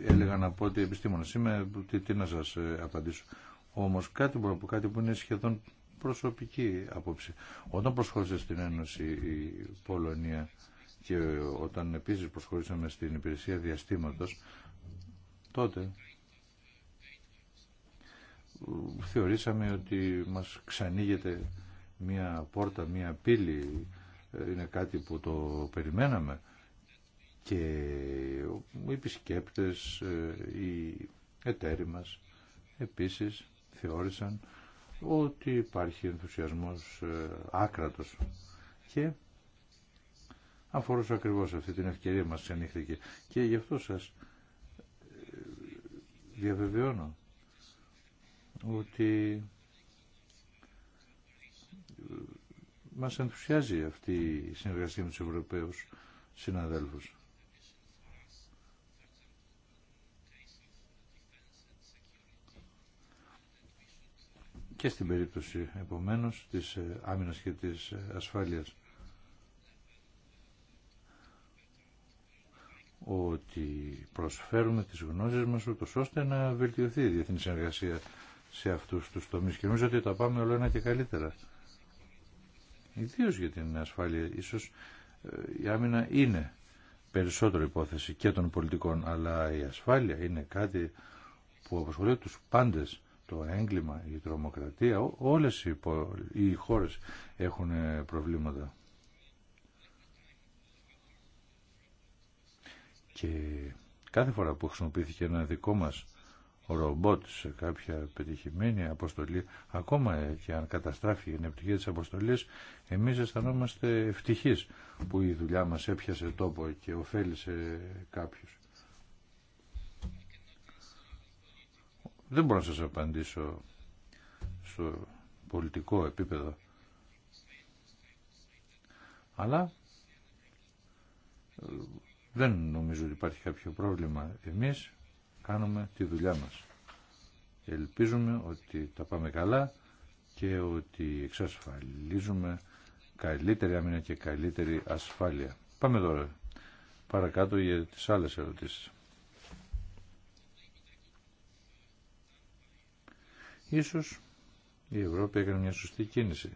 ε, έλεγα να πω ότι επιστήμονας είμαι, τι, τι να σας ε, απαντήσω. Όμως κάτι, που, κάτι που είναι σχεδόν προσωπική απόψη. Όταν προσχώρησε στην Ένωση η Πολωνία και όταν επίσης προσχωρήσαμε στην υπηρεσία διαστήματος, τότε θεωρήσαμε ότι μας ξανήγεται μία πόρτα, μία πύλη, ε, είναι κάτι που το περιμέναμε και οι επισκέπτες, ε, οι εταίροι μας επίσης θεώρησαν ότι υπάρχει ενθουσιασμός ε, άκρατος και αφορούσε ακριβώς αυτή την ευκαιρία μας και γι' αυτό σας διαβεβαιώνω ότι μας ενθουσιάζει αυτή η συνεργασία με τους Ευρωπαίους συναδέλφους. Και στην περίπτωση, επομένως, της ε, άμυνας και της ε, ασφάλειας. ότι προσφέρουμε τις γνώσεις μας ούτως ώστε να βελτιωθεί η διεθνή συνεργασία σε αυτούς τους τομείς και νομίζω ότι τα πάμε όλο ένα και καλύτερα. Ιδίως για την ασφάλεια. Ίσως ε, η άμυνα είναι περισσότερη υπόθεση και των πολιτικών, αλλά η ασφάλεια είναι κάτι που απασχολεί τους πάντες. Το έγκλημα, η τρομοκρατία, όλες οι, οι χώρες έχουν ε, προβλήματα. Και κάθε φορά που χρησιμοποιήθηκε ένα δικό μας ρομπότ σε κάποια πετυχημένη αποστολή, ακόμα και αν καταστράφει η επιτυχία της αποστολής, εμείς αισθανόμαστε ευτυχείς που η δουλειά μας έπιασε τόπο και ωφέλησε κάποιους. Δεν μπορώ να σας απαντήσω στο πολιτικό επίπεδο. Αλλά δεν νομίζω ότι υπάρχει κάποιο πρόβλημα. Εμείς κάνουμε τη δουλειά μας. Ελπίζουμε ότι τα πάμε καλά και ότι εξασφαλίζουμε καλύτερη άμυνα και καλύτερη ασφάλεια. Πάμε τώρα παρακάτω για τις άλλες ερωτήσεις. Ίσως η Ευρώπη έκανε μια σωστή κίνηση.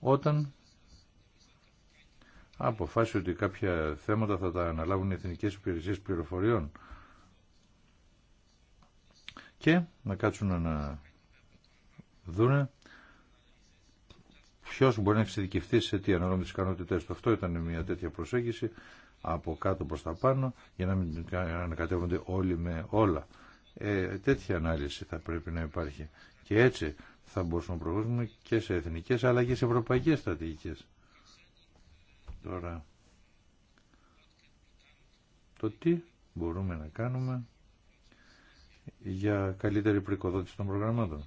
Όταν αποφάσισε ότι κάποια θέματα θα τα αναλάβουν οι εθνικές υπηρεσίες πληροφοριών και να κάτσουν να δούνε ποιο μπορεί να εξειδικευτεί σε τι ανάλογα με τι ικανότητέ του. Αυτό ήταν μια τέτοια προσέγγιση από κάτω προ τα πάνω για να μην ανακατεύονται όλοι με όλα. Ε, τέτοια ανάλυση θα πρέπει να υπάρχει. Και έτσι θα μπορούσαμε να προχωρήσουμε και σε εθνικέ αλλά και σε ευρωπαϊκέ στρατηγικές τώρα το τι μπορούμε να κάνουμε για καλύτερη πρικοδότηση των προγραμμάτων.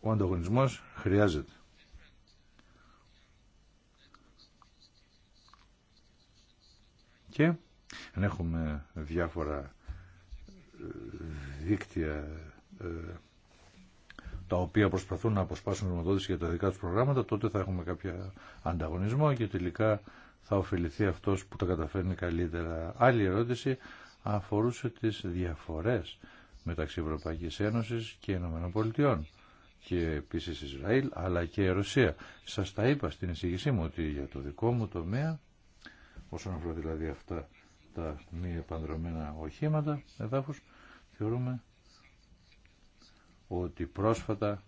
Ο ανταγωνισμός χρειάζεται. Και αν έχουμε διάφορα ε, δίκτυα ε, τα οποία προσπαθούν να αποσπάσουν γνωμοδότηση για τα δικά τους προγράμματα, τότε θα έχουμε κάποιο ανταγωνισμό και τελικά θα ωφεληθεί αυτός που τα καταφέρνει καλύτερα. Άλλη ερώτηση αφορούσε τις διαφορές μεταξύ Ευρωπαϊκής Ένωσης και Ηνωμένων Πολιτειών και επίσης Ισραήλ αλλά και Ρωσία. Σας τα είπα στην εισηγησή μου ότι για το δικό μου τομέα όσον αφορά δηλαδή αυτά τα μη επανδρομένα οχήματα εδάφους θεωρούμε ότι πρόσφατα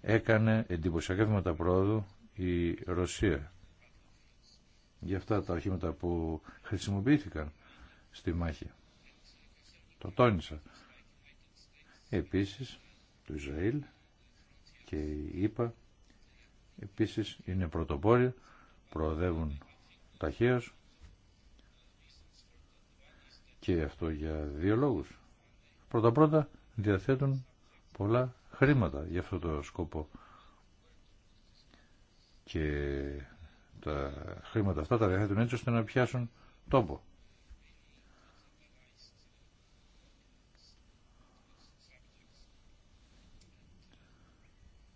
έκανε εντυπωσιακά βήματα πρόοδου η Ρωσία για αυτά τα οχήματα που χρησιμοποιήθηκαν στη μάχη. Το τόνισα. Επίσης, το Ισραήλ και η ΙΠΑ επίσης είναι πρωτοπόροι, προοδεύουν ταχαίως και αυτό για δύο λόγους. Πρώτα-πρώτα διαθέτουν πολλά χρήματα για αυτό το σκοπό. Και τα χρήματα αυτά τα διαθέτουν έτσι ώστε να πιάσουν τόπο.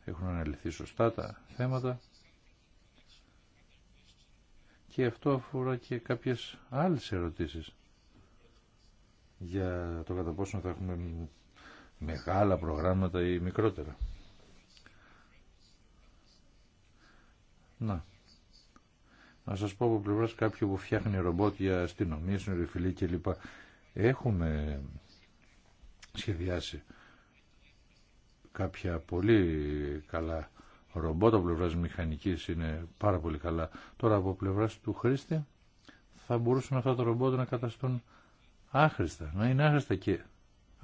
Έχουν αναλυθεί σωστά τα θέματα και αυτό αφορά και κάποιες άλλες ερωτήσεις για το κατά πόσο θα έχουμε μεγάλα προγράμματα ή μικρότερα. Να. Να σας πω από πλευράς κάποιου που φτιάχνει ρομπότ για αστυνομία, συνοριοφυλή κλπ. Έχουμε σχεδιάσει κάποια πολύ καλά ρομπότ από πλευράς μηχανικής είναι πάρα πολύ καλά. Τώρα από πλευράς του χρήστη θα μπορούσαν αυτά τα ρομπότ να καταστούν άχρηστα, να είναι άχρηστα και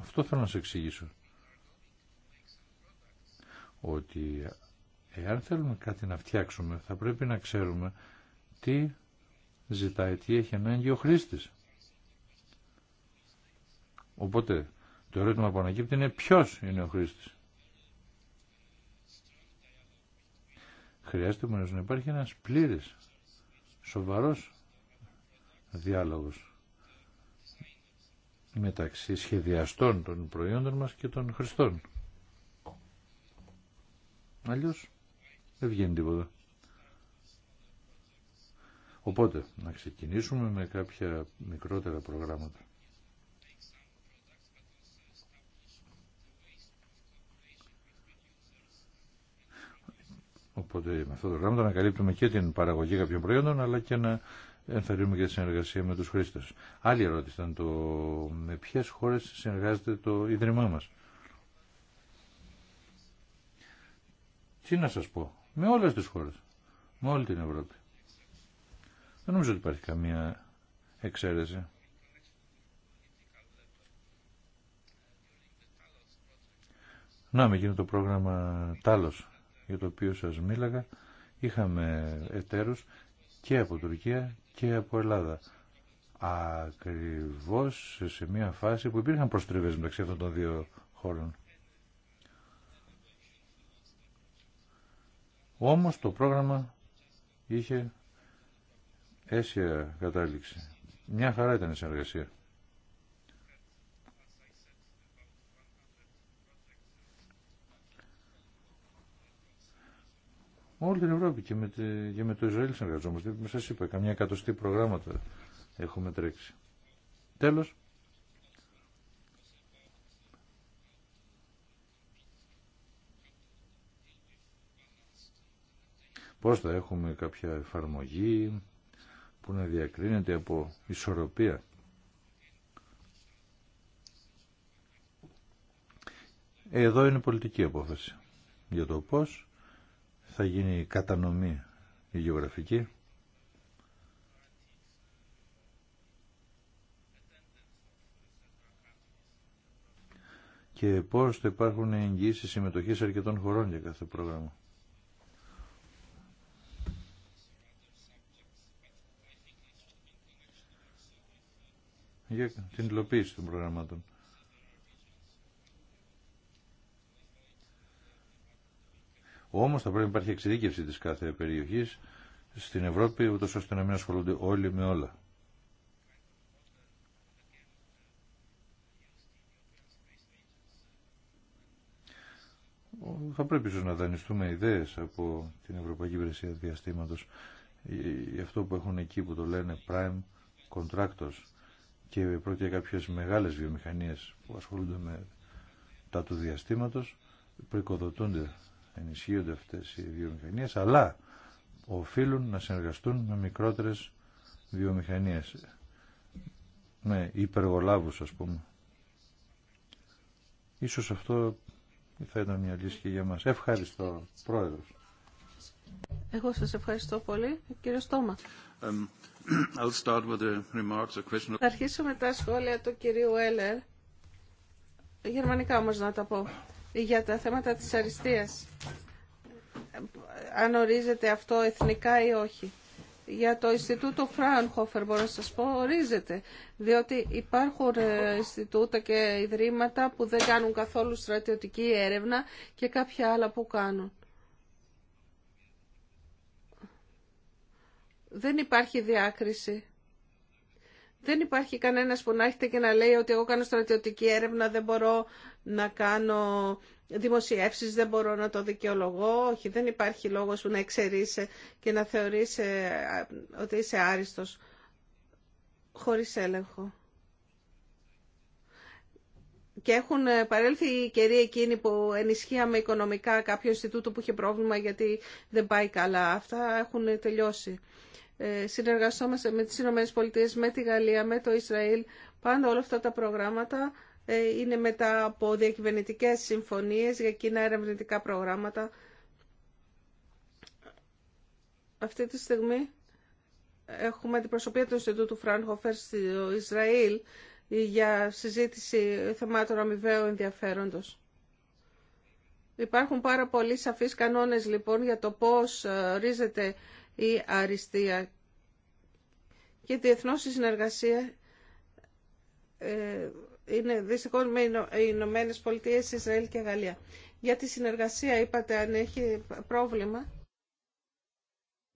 αυτό θέλω να σε εξηγήσω. Ότι εάν θέλουμε κάτι να φτιάξουμε θα πρέπει να ξέρουμε τι ζητάει, τι έχει ανάγκη ο χρήστης. Οπότε το ερώτημα που ανακύπτει είναι ποιος είναι ο χρήστης. Χρειάζεται μόνος να υπάρχει ένας πλήρης, σοβαρός διάλογος μεταξύ σχεδιαστών των προϊόντων μας και των χρηστών. Αλλιώς δεν βγαίνει τίποτα. Οπότε, να ξεκινήσουμε με κάποια μικρότερα προγράμματα. Οπότε με αυτό το προγράμμα να καλύπτουμε και την παραγωγή κάποιων προϊόντων αλλά και να ενθαρρύνουμε για τη συνεργασία με τους χρήστες. Άλλη ερώτηση ήταν το με ποιες χώρες συνεργάζεται το Ίδρυμά μας. Τι να σας πω, με όλες τις χώρες, με όλη την Ευρώπη. Δεν νομίζω ότι υπάρχει καμία εξαίρεση. Να, με γίνει το πρόγραμμα Τάλος, για το οποίο σας μίλαγα, είχαμε εταίρους και από Τουρκία και από Ελλάδα. Ακριβώς σε μια φάση που υπήρχαν προστριβές μεταξύ αυτών των δύο χώρων. Όμως το πρόγραμμα είχε αίσια κατάληξη. Μια χαρά ήταν η συνεργασία. όλη την Ευρώπη και με, το Ισραήλ συνεργαζόμαστε. Σα είπα, καμιά εκατοστή προγράμματα έχουμε τρέξει. Τέλο. Πώς θα έχουμε κάποια εφαρμογή που να διακρίνεται από ισορροπία. Εδώ είναι πολιτική απόφαση για το πώς θα γίνει η κατανομή η γεωγραφική. Και πώς θα υπάρχουν εγγύσεις συμμετοχής αρκετών χωρών για κάθε πρόγραμμα. Για την υλοποίηση των προγραμμάτων. Όμω θα πρέπει να υπάρχει εξειδίκευση τη κάθε περιοχής στην Ευρώπη, ούτω ώστε να μην ασχολούνται όλοι με όλα. θα πρέπει ίσως να δανειστούμε ιδέες από την Ευρωπαϊκή Υπηρεσία Διαστήματος για ε, ε, αυτό που έχουν εκεί που το λένε prime contractors και πρώτοι για κάποιες μεγάλες βιομηχανίες που ασχολούνται με τα του διαστήματος προοικοδοτούνται ενισχύονται αυτές οι βιομηχανίες, αλλά οφείλουν να συνεργαστούν με μικρότερες βιομηχανίες, με υπεργολάβους ας πούμε. Ίσως αυτό θα ήταν μια λύση και για μας. Ευχαριστώ, Πρόεδρος.
Εγώ σας ευχαριστώ πολύ, κύριε Στόμα. Θα αρχίσω με τα σχόλια του κυρίου Έλερ. Γερμανικά όμως να τα πω για τα θέματα της αριστείας. Αν ορίζεται αυτό εθνικά ή όχι. Για το Ινστιτούτο Φράνχοφερ μπορώ να σας πω ορίζεται, διότι υπάρχουν ε, Ινστιτούτα και Ιδρύματα που δεν κάνουν καθόλου στρατιωτική έρευνα και κάποια άλλα που κάνουν. Δεν υπάρχει διάκριση. Δεν υπάρχει κανένας που να έρχεται και να λέει ότι εγώ κάνω στρατιωτική έρευνα, δεν μπορώ να κάνω δημοσιεύσεις, δεν μπορώ να το δικαιολογώ, όχι, δεν υπάρχει λόγος που να εξαιρείσαι και να θεωρείς ότι είσαι άριστος χωρίς έλεγχο. Και έχουν παρέλθει οι καιροί εκείνοι που ενισχύαμε οικονομικά κάποιο Ινστιτούτο που είχε πρόβλημα γιατί δεν πάει καλά. Αυτά έχουν τελειώσει. Ε, συνεργαζόμαστε με τις ΗΠΑ με τη Γαλλία, με το Ισραήλ. Πάντα όλα αυτά τα προγράμματα ε, είναι μετά από διακυβερνητικές συμφωνίες για κοινά ερευνητικά προγράμματα. Αυτή τη στιγμή έχουμε προσωπία του Ινστιτούτου Φράνχοφερ στο Ισραήλ για συζήτηση θεμάτων αμοιβαίου ενδιαφέροντος. Υπάρχουν πάρα πολλοί σαφείς κανόνες λοιπόν για το πώς ε, ρίζεται η αριστεία και διεθνώς εθνόση συνεργασία ε, είναι δυστυχώς με οι Ηνωμένε Πολιτείε, Ισραήλ και Γαλλία. Για τη συνεργασία είπατε αν έχει πρόβλημα.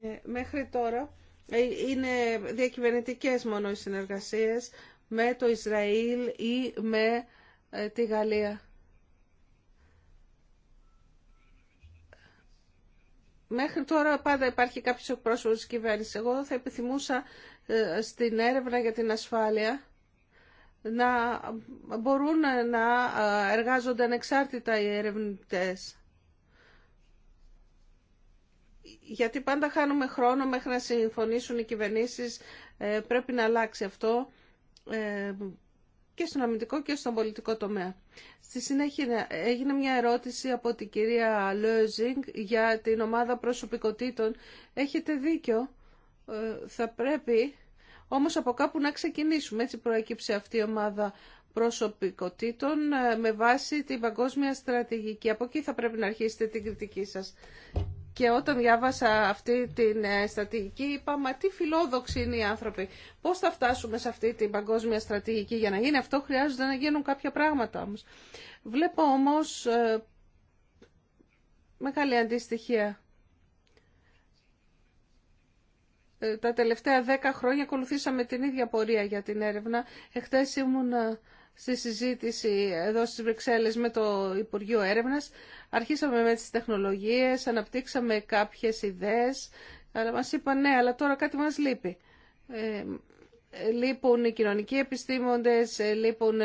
Ε, μέχρι τώρα ε, είναι διακυβερνητικές μόνο οι συνεργασίες με το Ισραήλ ή με ε, τη Γαλλία. Μέχρι τώρα πάντα υπάρχει κάποιος εκπρόσωπος της κυβέρνησης. Εγώ θα επιθυμούσα στην έρευνα για την ασφάλεια να μπορούν να εργάζονται ανεξάρτητα οι ερευνητές. Γιατί πάντα χάνουμε χρόνο μέχρι να συμφωνήσουν οι κυβερνήσεις. Ε, πρέπει να αλλάξει αυτό ε, και στον αμυντικό και στον πολιτικό τομέα. Στη συνέχεια έγινε μια ερώτηση από την κυρία Λόζινγκ για την ομάδα προσωπικότητων. Έχετε δίκιο. Ε, θα πρέπει όμως από κάπου να ξεκινήσουμε. Έτσι προέκυψε αυτή η ομάδα προσωπικότητων ε, με βάση την παγκόσμια στρατηγική. Από εκεί θα πρέπει να αρχίσετε την κριτική σας. Και όταν διάβασα αυτή την ε, στρατηγική είπα, μα τι φιλόδοξοι είναι οι άνθρωποι. Πώς θα φτάσουμε σε αυτή την παγκόσμια στρατηγική για να γίνει αυτό, χρειάζονται να γίνουν κάποια πράγματα όμως. Βλέπω όμως ε, μεγάλη αντιστοιχεία Ε, τα τελευταία δέκα χρόνια ακολουθήσαμε την ίδια πορεία για την έρευνα. Εχθές ήμουν ε, στη συζήτηση εδώ στις Βρυξέλλες με το Υπουργείο Έρευνας. Αρχίσαμε με τις τεχνολογίες, αναπτύξαμε κάποιες ιδέες, αλλά μας είπαν ναι, αλλά τώρα κάτι μας λείπει. Ε, λείπουν οι κοινωνικοί επιστήμοντες, λείπουν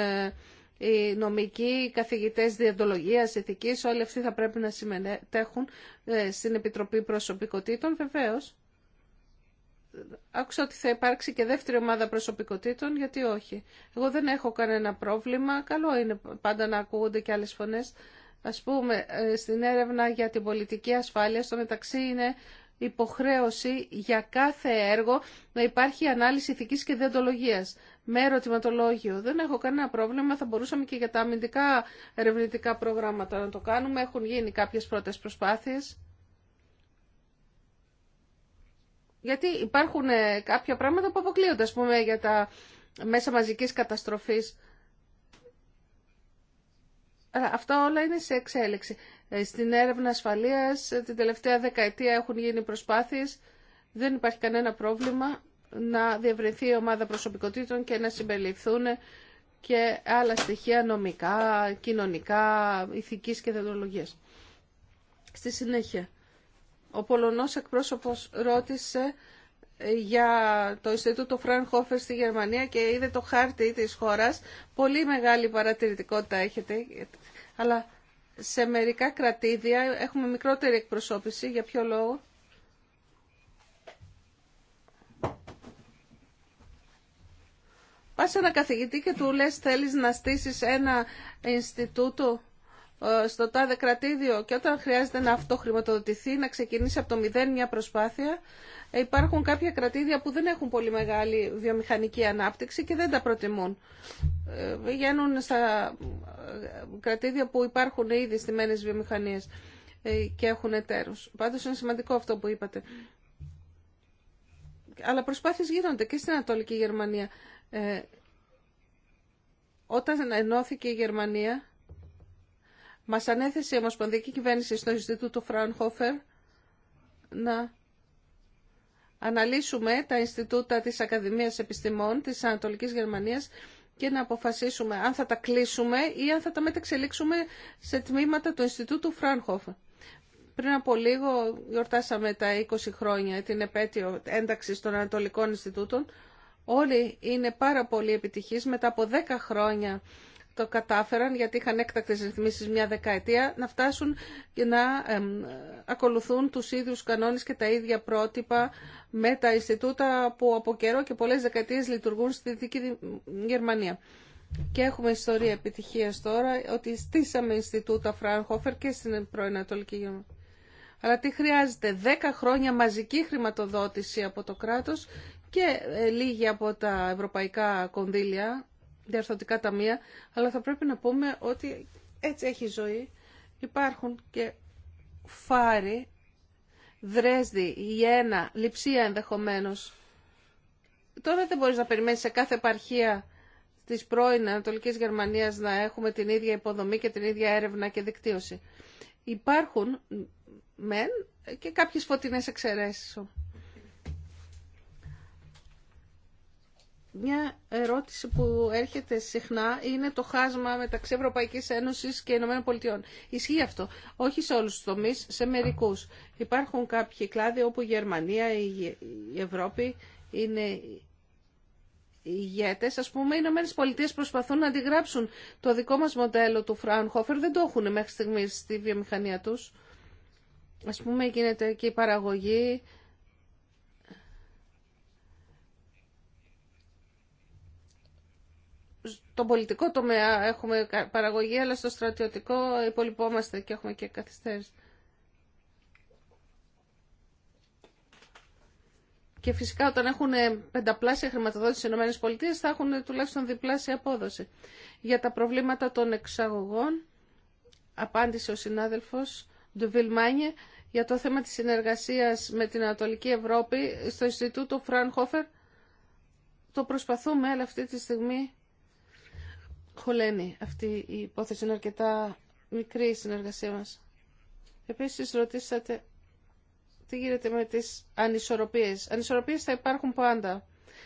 οι νομικοί, οι καθηγητές διεντολογίας, ηθικής, όλοι αυτοί θα πρέπει να συμμετέχουν στην Επιτροπή Προσωπικότητων, βεβαίως άκουσα ότι θα υπάρξει και δεύτερη ομάδα προσωπικότητων, γιατί όχι. Εγώ δεν έχω κανένα πρόβλημα. Καλό είναι πάντα να ακούγονται και άλλες φωνές. Ας πούμε, ε, στην έρευνα για την πολιτική ασφάλεια, στο μεταξύ είναι υποχρέωση για κάθε έργο να υπάρχει ανάλυση ηθικής και διοντολογίας με ερωτηματολόγιο. Δεν έχω κανένα πρόβλημα, θα μπορούσαμε και για τα αμυντικά ερευνητικά προγράμματα να το κάνουμε. Έχουν γίνει κάποιες πρώτες προσπάθειες. Γιατί υπάρχουν ε, κάποια πράγματα που αποκλείονται, α πούμε, για τα μέσα μαζικής καταστροφής. Αυτό αυτά όλα είναι σε εξέλιξη. Ε, στην έρευνα ασφαλείας ε, την τελευταία δεκαετία έχουν γίνει προσπάθειες. Δεν υπάρχει κανένα πρόβλημα να διευρυνθεί η ομάδα προσωπικότητων και να συμπεριληφθούν και άλλα στοιχεία νομικά, κοινωνικά, ηθικής και δεδολογίας. Στη συνέχεια, ο Πολωνός εκπρόσωπος ρώτησε ε, για το Ινστιτούτο Φρανχόφερ στη Γερμανία και είδε το χάρτη της χώρας. Πολύ μεγάλη παρατηρητικότητα έχετε, αλλά σε μερικά κρατήδια έχουμε μικρότερη εκπροσώπηση. Για ποιο λόγο? Πας σε ένα καθηγητή και του λες θέλεις να στήσεις ένα Ινστιτούτο ε, στο τάδε κρατήδιο και όταν χρειάζεται να αυτοχρηματοδοτηθεί, να ξεκινήσει από το μηδέν μια προσπάθεια, ε, υπάρχουν κάποια κρατήδια που δεν έχουν πολύ μεγάλη βιομηχανική ανάπτυξη και δεν τα προτιμούν. Ε, βγαίνουν στα κρατήδια που υπάρχουν ήδη στημένες βιομηχανίες και έχουν εταίρους. Πάντως είναι σημαντικό αυτό που είπατε. Αλλά προσπάθειες γίνονται και στην Ανατολική Γερμανία. όταν ενώθηκε η Γερμανία, Μα ανέθεσε η Ομοσπονδιακή Κυβέρνηση στο Ινστιτούτο Φρανχόφερ να αναλύσουμε τα Ινστιτούτα της Ακαδημίας Επιστημών της Ανατολικής Γερμανίας και να αποφασίσουμε αν θα τα κλείσουμε ή αν θα τα μεταξελίξουμε σε τμήματα του Ινστιτούτου Φρανχόφερ. Πριν από λίγο γιορτάσαμε τα 20 χρόνια την επέτειο ένταξης των Ανατολικών Ινστιτούτων. Όλοι είναι πάρα πολύ επιτυχείς μετά από 10 χρόνια το κατάφεραν γιατί είχαν έκτακτες ρυθμίσεις μια δεκαετία να φτάσουν και να ακολουθούν τους ίδιους κανόνες και τα ίδια πρότυπα με τα Ινστιτούτα που από καιρό και πολλές δεκαετίες λειτουργούν στη Δυτική Γερμανία. Και έχουμε ιστορία επιτυχίας τώρα ότι στήσαμε Ινστιτούτα Φρανχόφερ και στην προενατολική Γερμανία. Αλλά τι χρειάζεται, 10 χρόνια μαζική χρηματοδότηση από το κράτος και ε, λίγη από τα ευρωπαϊκά κονδύλια διαρθωτικά ταμεία, αλλά θα πρέπει να πούμε ότι έτσι έχει ζωή. Υπάρχουν και φάροι, δρέσδι, γένα, λειψία ενδεχομένω. Τώρα δεν μπορείς να περιμένεις σε κάθε επαρχία της πρώην Ανατολικής Γερμανίας να έχουμε την ίδια υποδομή και την ίδια έρευνα και δικτύωση. Υπάρχουν μεν και κάποιες φωτεινές εξαιρέσεις Μια ερώτηση που έρχεται συχνά είναι το χάσμα μεταξύ Ευρωπαϊκής Ένωσης και Ηνωμένων Πολιτειών. Ισχύει αυτό. Όχι σε όλους τους τομείς, σε μερικούς. Υπάρχουν κάποιοι κλάδοι όπου η Γερμανία, η Ευρώπη είναι ηγέτες, ας πούμε, οι Ηνωμένες Πολιτείες προσπαθούν να αντιγράψουν το δικό μας μοντέλο του Φραουνχόφερ, δεν το έχουν μέχρι στιγμή στη βιομηχανία τους. Ας πούμε, γίνεται και η παραγωγή στον πολιτικό τομέα έχουμε παραγωγή, αλλά στο στρατιωτικό υπολοιπόμαστε και έχουμε και καθυστέρηση. Και φυσικά όταν έχουν πενταπλάσια χρηματοδότηση στις ΗΠΑ θα έχουν τουλάχιστον διπλάσια απόδοση. Για τα προβλήματα των εξαγωγών, απάντησε ο συνάδελφος του Βιλμάνιε για το θέμα της συνεργασίας με την Ανατολική Ευρώπη στο Ινστιτούτο Φρανχόφερ. Το προσπαθούμε, αλλά αυτή τη στιγμή αυτή η υπόθεση. Είναι αρκετά μικρή η συνεργασία μας. Επίσης ρωτήσατε τι γίνεται με τις ανισορροπίες. Ανισορροπίες θα υπάρχουν πάντα.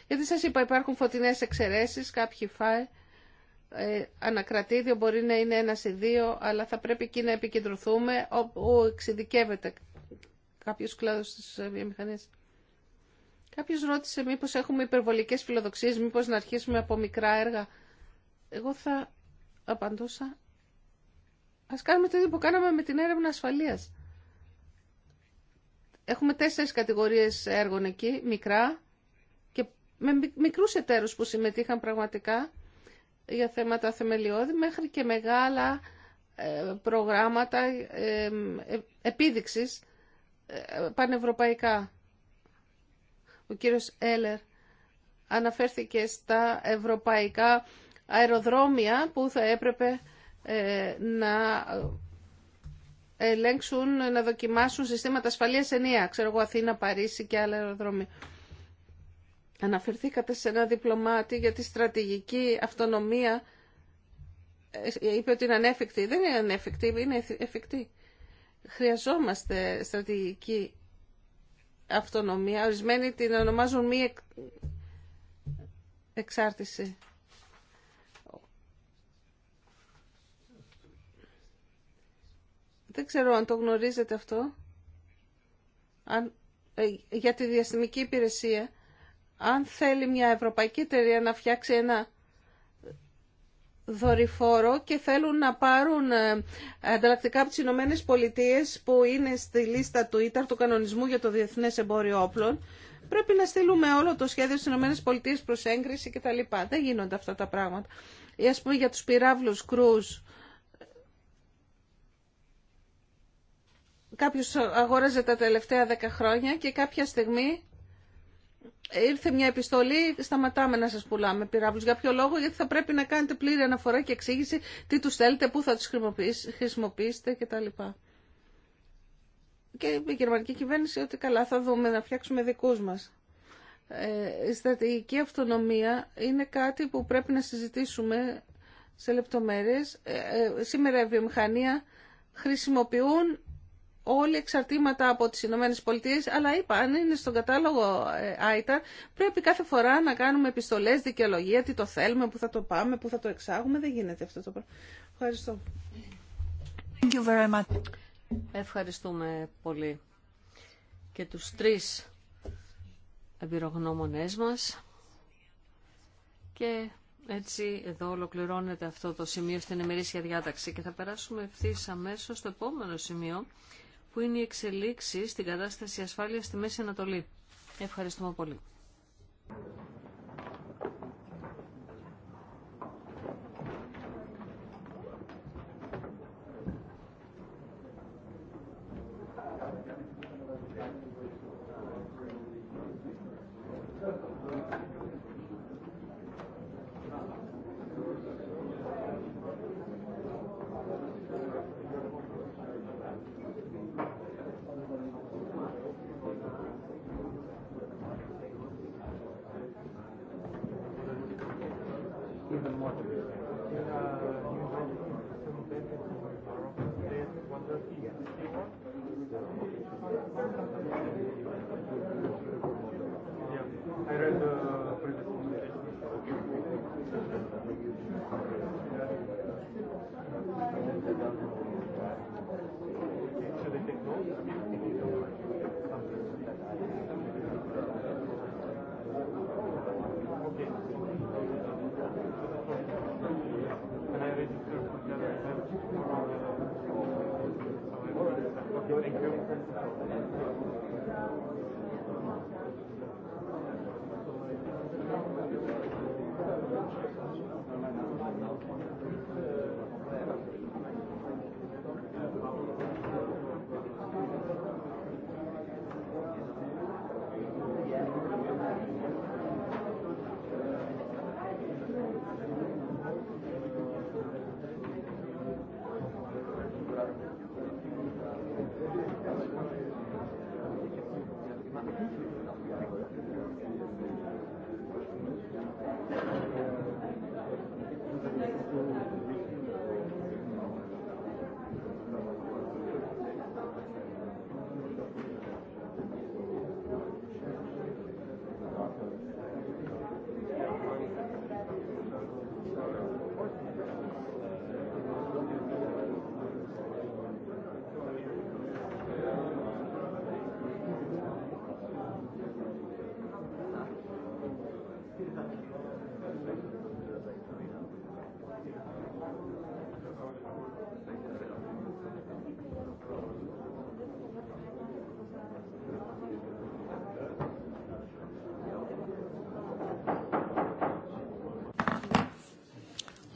Γιατί σας είπα υπάρχουν φωτεινές εξαιρέσεις, κάποιοι φάε, ε, ανακρατήδιο μπορεί να είναι ένας ή δύο, αλλά θα πρέπει εκεί να επικεντρωθούμε όπου εξειδικεύεται κάποιος κλάδος της ε, βιομηχανίας. Κάποιος ρώτησε μήπως έχουμε υπερβολικές φιλοδοξίες, μήπως να αρχίσουμε από μικρά έργα. Εγώ θα απαντούσα. Ας κάνουμε το ίδιο που κάναμε με την έρευνα ασφαλείας. Έχουμε τέσσερις κατηγορίες έργων εκεί, μικρά και με μικρούς εταίρους που συμμετείχαν πραγματικά για θέματα θεμελιώδη μέχρι και μεγάλα ε, προγράμματα ε, ε, επίδειξης πανευρωπαϊκά. Ο κύριος Έλερ αναφέρθηκε στα ευρωπαϊκά αεροδρόμια που θα έπρεπε ε, να ελέγξουν, να δοκιμάσουν συστήματα ασφαλείας ενία Ξέρω εγώ Αθήνα, Παρίσι και άλλα αεροδρόμια. Αναφερθήκατε σε ένα διπλωμάτη για τη στρατηγική αυτονομία. Ε, είπε ότι είναι ανέφικτη. Δεν είναι ανέφικτη, είναι εφικτή. Χρειαζόμαστε στρατηγική αυτονομία. Ορισμένοι την ονομάζουν μη εξάρτηση. Δεν ξέρω αν το γνωρίζετε αυτό. Ε, για τη διαστημική υπηρεσία. Αν θέλει μια ευρωπαϊκή εταιρεία να φτιάξει ένα δορυφόρο και θέλουν να πάρουν ε, ανταλλακτικά από τις Ηνωμένε Πολιτείε που είναι στη λίστα του ΙΤΑΡ του κανονισμού για το Διεθνές Εμπόριο Όπλων πρέπει να στείλουμε όλο το σχέδιο στις Ηνωμένες Πολιτείες προς έγκριση κτλ. Δεν γίνονται αυτά τα πράγματα. Ή πούμε για τους πυράβλους κρούς κάποιος αγόραζε τα τελευταία δέκα χρόνια και κάποια στιγμή ήρθε μια επιστολή, σταματάμε να σας πουλάμε πυράβλους. Για ποιο λόγο, γιατί θα πρέπει να κάνετε πλήρη αναφορά και εξήγηση τι τους θέλετε, πού θα τους χρησιμοποιήσετε κτλ. Και η γερμανική κυβέρνηση ότι καλά θα δούμε να φτιάξουμε δικούς μας. Ε, η στρατηγική αυτονομία είναι κάτι που πρέπει να συζητήσουμε σε λεπτομέρειες. Ε, ε, σήμερα η βιομηχανία χρησιμοποιούν όλοι εξαρτήματα από τις Ηνωμένες Πολιτείες, αλλά είπα, αν είναι στον κατάλογο ε, ΆΙΤΑ, πρέπει κάθε φορά να κάνουμε επιστολές, δικαιολογία, τι το θέλουμε, πού θα το πάμε, πού θα το εξάγουμε. Δεν γίνεται αυτό το πράγμα. Ευχαριστώ.
Thank you very much.
Ευχαριστούμε
πολύ και τους τρεις εμπειρογνώμονές μας και έτσι εδώ ολοκληρώνεται αυτό το σημείο στην εμερήσια διάταξη και θα περάσουμε ευθύ αμέσως στο επόμενο σημείο που είναι οι εξελίξεις στην κατάσταση ασφάλειας στη Μέση Ανατολή. Ευχαριστούμε πολύ. Thank you.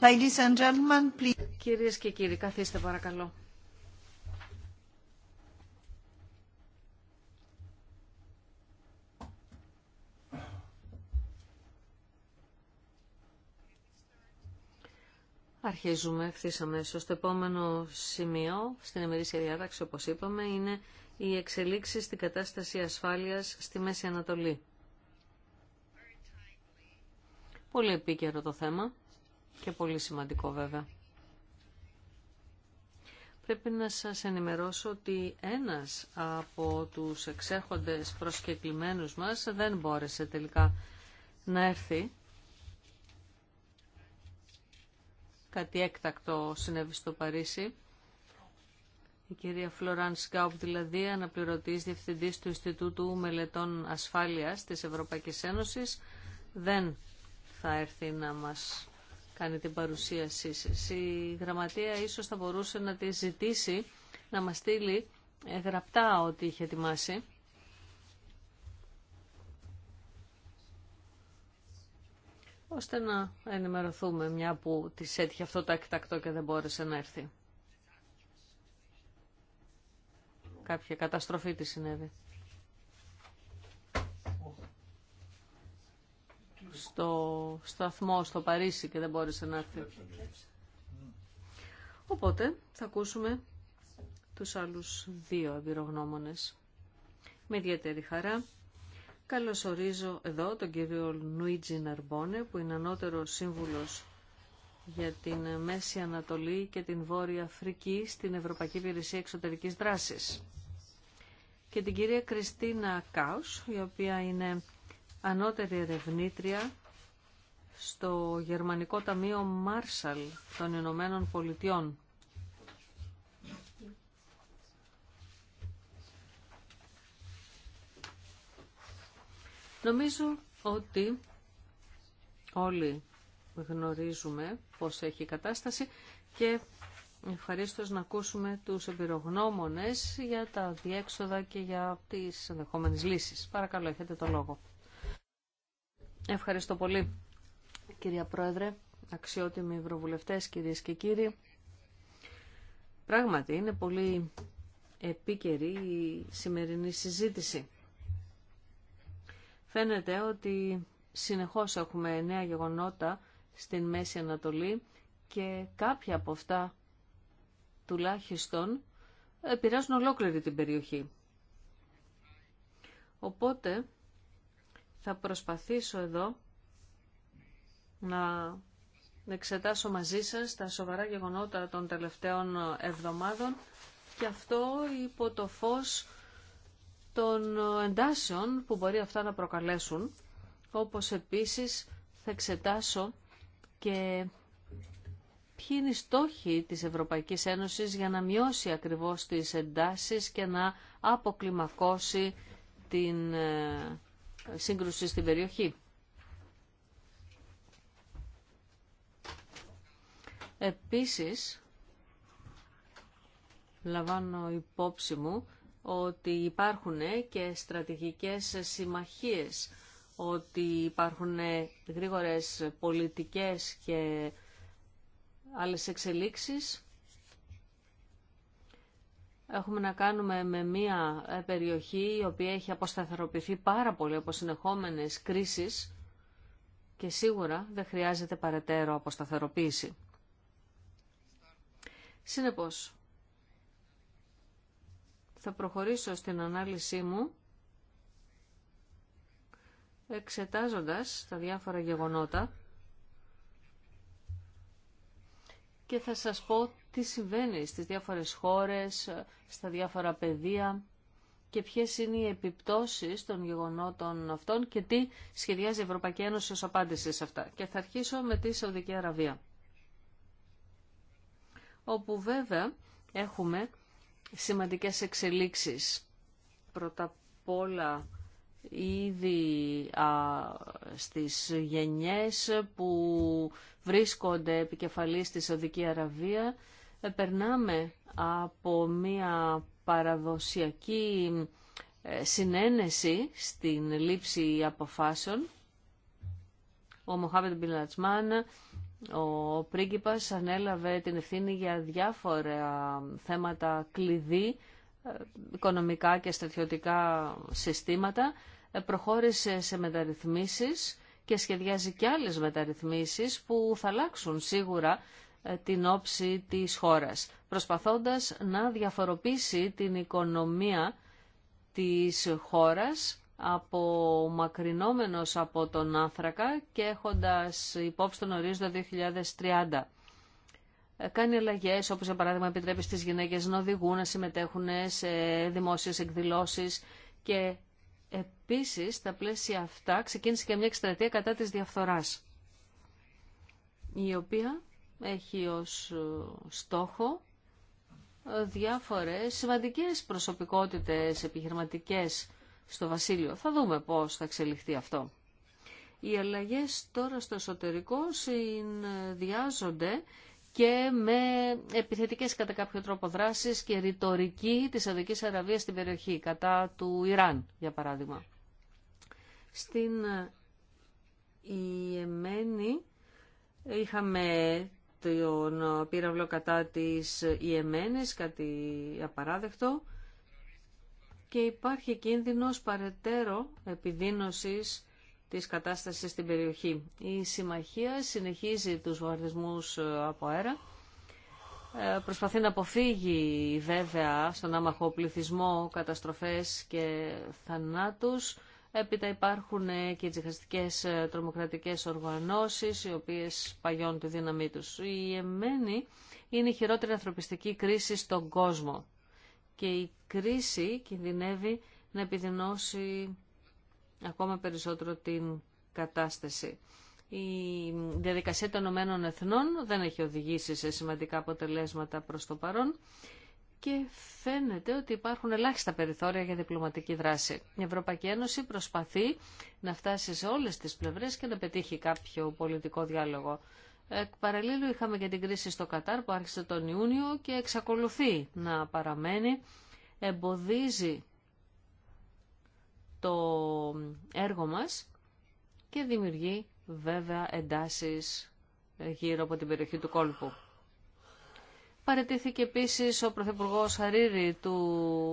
Ladies Κυρίες και κύριοι, καθίστε παρακαλώ. Αρχίζουμε ευθύ αμέσω. Το επόμενο σημείο στην ημερήσια διάταξη, όπω είπαμε, είναι οι εξελίξει στην κατάσταση ασφάλεια στη Μέση Ανατολή. Πολύ επίκαιρο το θέμα και πολύ σημαντικό βέβαια. Πρέπει να σας ενημερώσω ότι ένας από τους εξέχοντες προσκεκλημένους μας δεν μπόρεσε τελικά να έρθει. Κάτι έκτακτο συνέβη στο Παρίσι. Η κυρία Φλωράν Σκάουπ, δηλαδή αναπληρωτής διευθυντής του Ινστιτούτου Μελετών Ασφάλειας της Ευρωπαϊκής Ένωσης, δεν θα έρθει να μας κάνει την παρουσίασή σα. Η γραμματεία ίσως θα μπορούσε να τη ζητήσει να μας στείλει ε, γραπτά ό,τι είχε ετοιμάσει. ώστε να ενημερωθούμε μια που τη έτυχε αυτό το εκτακτό και δεν μπόρεσε να έρθει. Κάποια καταστροφή τη συνέβη. στο σταθμό στο Παρίσι και δεν μπόρεσε να έρθει. Οπότε θα ακούσουμε τους άλλους δύο εμπειρογνώμονες. Με ιδιαίτερη χαρά καλωσορίζω εδώ τον κύριο Νουίτζι Ναρμπόνε που είναι ανώτερο σύμβουλος για την Μέση Ανατολή και την Βόρεια Αφρική στην Ευρωπαϊκή Υπηρεσία Εξωτερικής Δράσης και την κυρία Κριστίνα Κάους, η οποία είναι ανώτερη ερευνήτρια στο Γερμανικό Ταμείο Μάρσαλ των Ηνωμένων Πολιτειών. Νομίζω ότι όλοι γνωρίζουμε πώς έχει η κατάσταση και ευχαρίστω να ακούσουμε τους εμπειρογνώμονες για τα διέξοδα και για τις ενδεχόμενες λύσεις. Παρακαλώ, έχετε το λόγο. Ευχαριστώ πολύ, κυρία Πρόεδρε, αξιότιμοι ευρωβουλευτές, κυρίες και κύριοι. Πράγματι, είναι πολύ επίκαιρη η σημερινή συζήτηση. Φαίνεται ότι συνεχώς έχουμε νέα γεγονότα στην Μέση Ανατολή και κάποια από αυτά τουλάχιστον επηρεάζουν ολόκληρη την περιοχή. Οπότε θα προσπαθήσω εδώ να εξετάσω μαζί σας τα σοβαρά γεγονότα των τελευταίων εβδομάδων και αυτό υπό το φως των εντάσεων που μπορεί αυτά να προκαλέσουν, όπως επίσης θα εξετάσω και ποιοι είναι οι στόχοι της Ευρωπαϊκής Ένωσης για να μειώσει ακριβώς τις εντάσεις και να αποκλιμακώσει την ε, σύγκρουση στην περιοχή. Επίσης, λαμβάνω υπόψη μου ότι υπάρχουν και στρατηγικές συμμαχίες, ότι υπάρχουν γρήγορες πολιτικές και άλλες εξελίξεις Έχουμε να κάνουμε με μια ε, περιοχή η οποία έχει αποσταθεροποιηθεί πάρα πολύ από συνεχόμενες κρίσεις και σίγουρα δεν χρειάζεται παρετέρω αποσταθεροποίηση. Συνεπώς, θα προχωρήσω στην ανάλυση μου εξετάζοντας τα διάφορα γεγονότα και θα σας πω τι συμβαίνει στις διάφορες χώρες, στα διάφορα πεδία και ποιες είναι οι επιπτώσεις των γεγονότων αυτών και τι σχεδιάζει η Ευρωπαϊκή Ένωση ως απάντηση σε αυτά. Και θα αρχίσω με τη Σαουδική Αραβία, όπου βέβαια έχουμε σημαντικές εξελίξεις. Πρώτα απ' όλα ήδη α, στις γενιές που βρίσκονται επικεφαλής στη Σαουδική Αραβία ε, περνάμε από μια παραδοσιακή ε, συνένεση στην λήψη αποφάσεων. Ο Μοχάμεντ Μπιλατσμάν, ο πρίγκιπας, ανέλαβε την ευθύνη για διάφορα θέματα κλειδί οικονομικά και στρατιωτικά συστήματα, ε, προχώρησε σε μεταρρυθμίσεις και σχεδιάζει και άλλες μεταρρυθμίσεις που θα αλλάξουν σίγουρα ε, την όψη της χώρας, προσπαθώντας να διαφοροποιήσει την οικονομία της χώρας απομακρυνόμενος από τον άνθρακα και έχοντας υπόψη τον ορίζοντα 2030. Ε, κάνει αλλαγέ, όπω για παράδειγμα επιτρέπει στι γυναίκε να οδηγούν, να συμμετέχουν σε δημόσιε εκδηλώσει. Και επίση, στα πλαίσια αυτά, ξεκίνησε και μια εκστρατεία κατά τη διαφθορά, η οποία έχει ω ε, στόχο ε, διάφορε σημαντικές προσωπικότητες επιχειρηματικέ στο Βασίλειο. Θα δούμε πώς θα εξελιχθεί αυτό. Οι αλλαγές τώρα στο εσωτερικό συνδυάζονται και με επιθετικές κατά κάποιο τρόπο δράσεις και ρητορική της Σαουδικής Αραβίας στην περιοχή, κατά του Ιράν, για παράδειγμα. Στην Ιεμένη είχαμε τον πύραυλο κατά της Ιεμένης, κάτι απαράδεκτο, και υπάρχει κίνδυνος παρετέρω επιδίνωσης της κατάστασης στην περιοχή. Η Συμμαχία συνεχίζει τους βομβαρδισμούς ε, από αέρα. Ε, προσπαθεί να αποφύγει βέβαια στον άμαχο πληθυσμό καταστροφές και θανάτους. Έπειτα υπάρχουν ε, και τζιχαστικές τρομοκρατικές οργανώσεις οι οποίες παγιώνουν τη δύναμή τους. Η Εμένη είναι η χειρότερη ανθρωπιστική κρίση στον κόσμο και η κρίση κινδυνεύει να επιδεινώσει ακόμα περισσότερο την κατάσταση. Η διαδικασία των Ηνωμένων Εθνών δεν έχει οδηγήσει σε σημαντικά αποτελέσματα προς το παρόν και φαίνεται ότι υπάρχουν ελάχιστα περιθώρια για διπλωματική δράση. Η Ευρωπαϊκή Ένωση προσπαθεί να φτάσει σε όλες τις πλευρές και να πετύχει κάποιο πολιτικό διάλογο. Εκ παραλλήλου είχαμε και την κρίση στο Κατάρ που άρχισε τον Ιούνιο και εξακολουθεί να παραμένει, εμποδίζει το έργο μας και δημιουργεί βέβαια εντάσεις γύρω από την περιοχή του κόλπου. Παρετήθηκε επίσης ο Πρωθυπουργό Χαρίρη του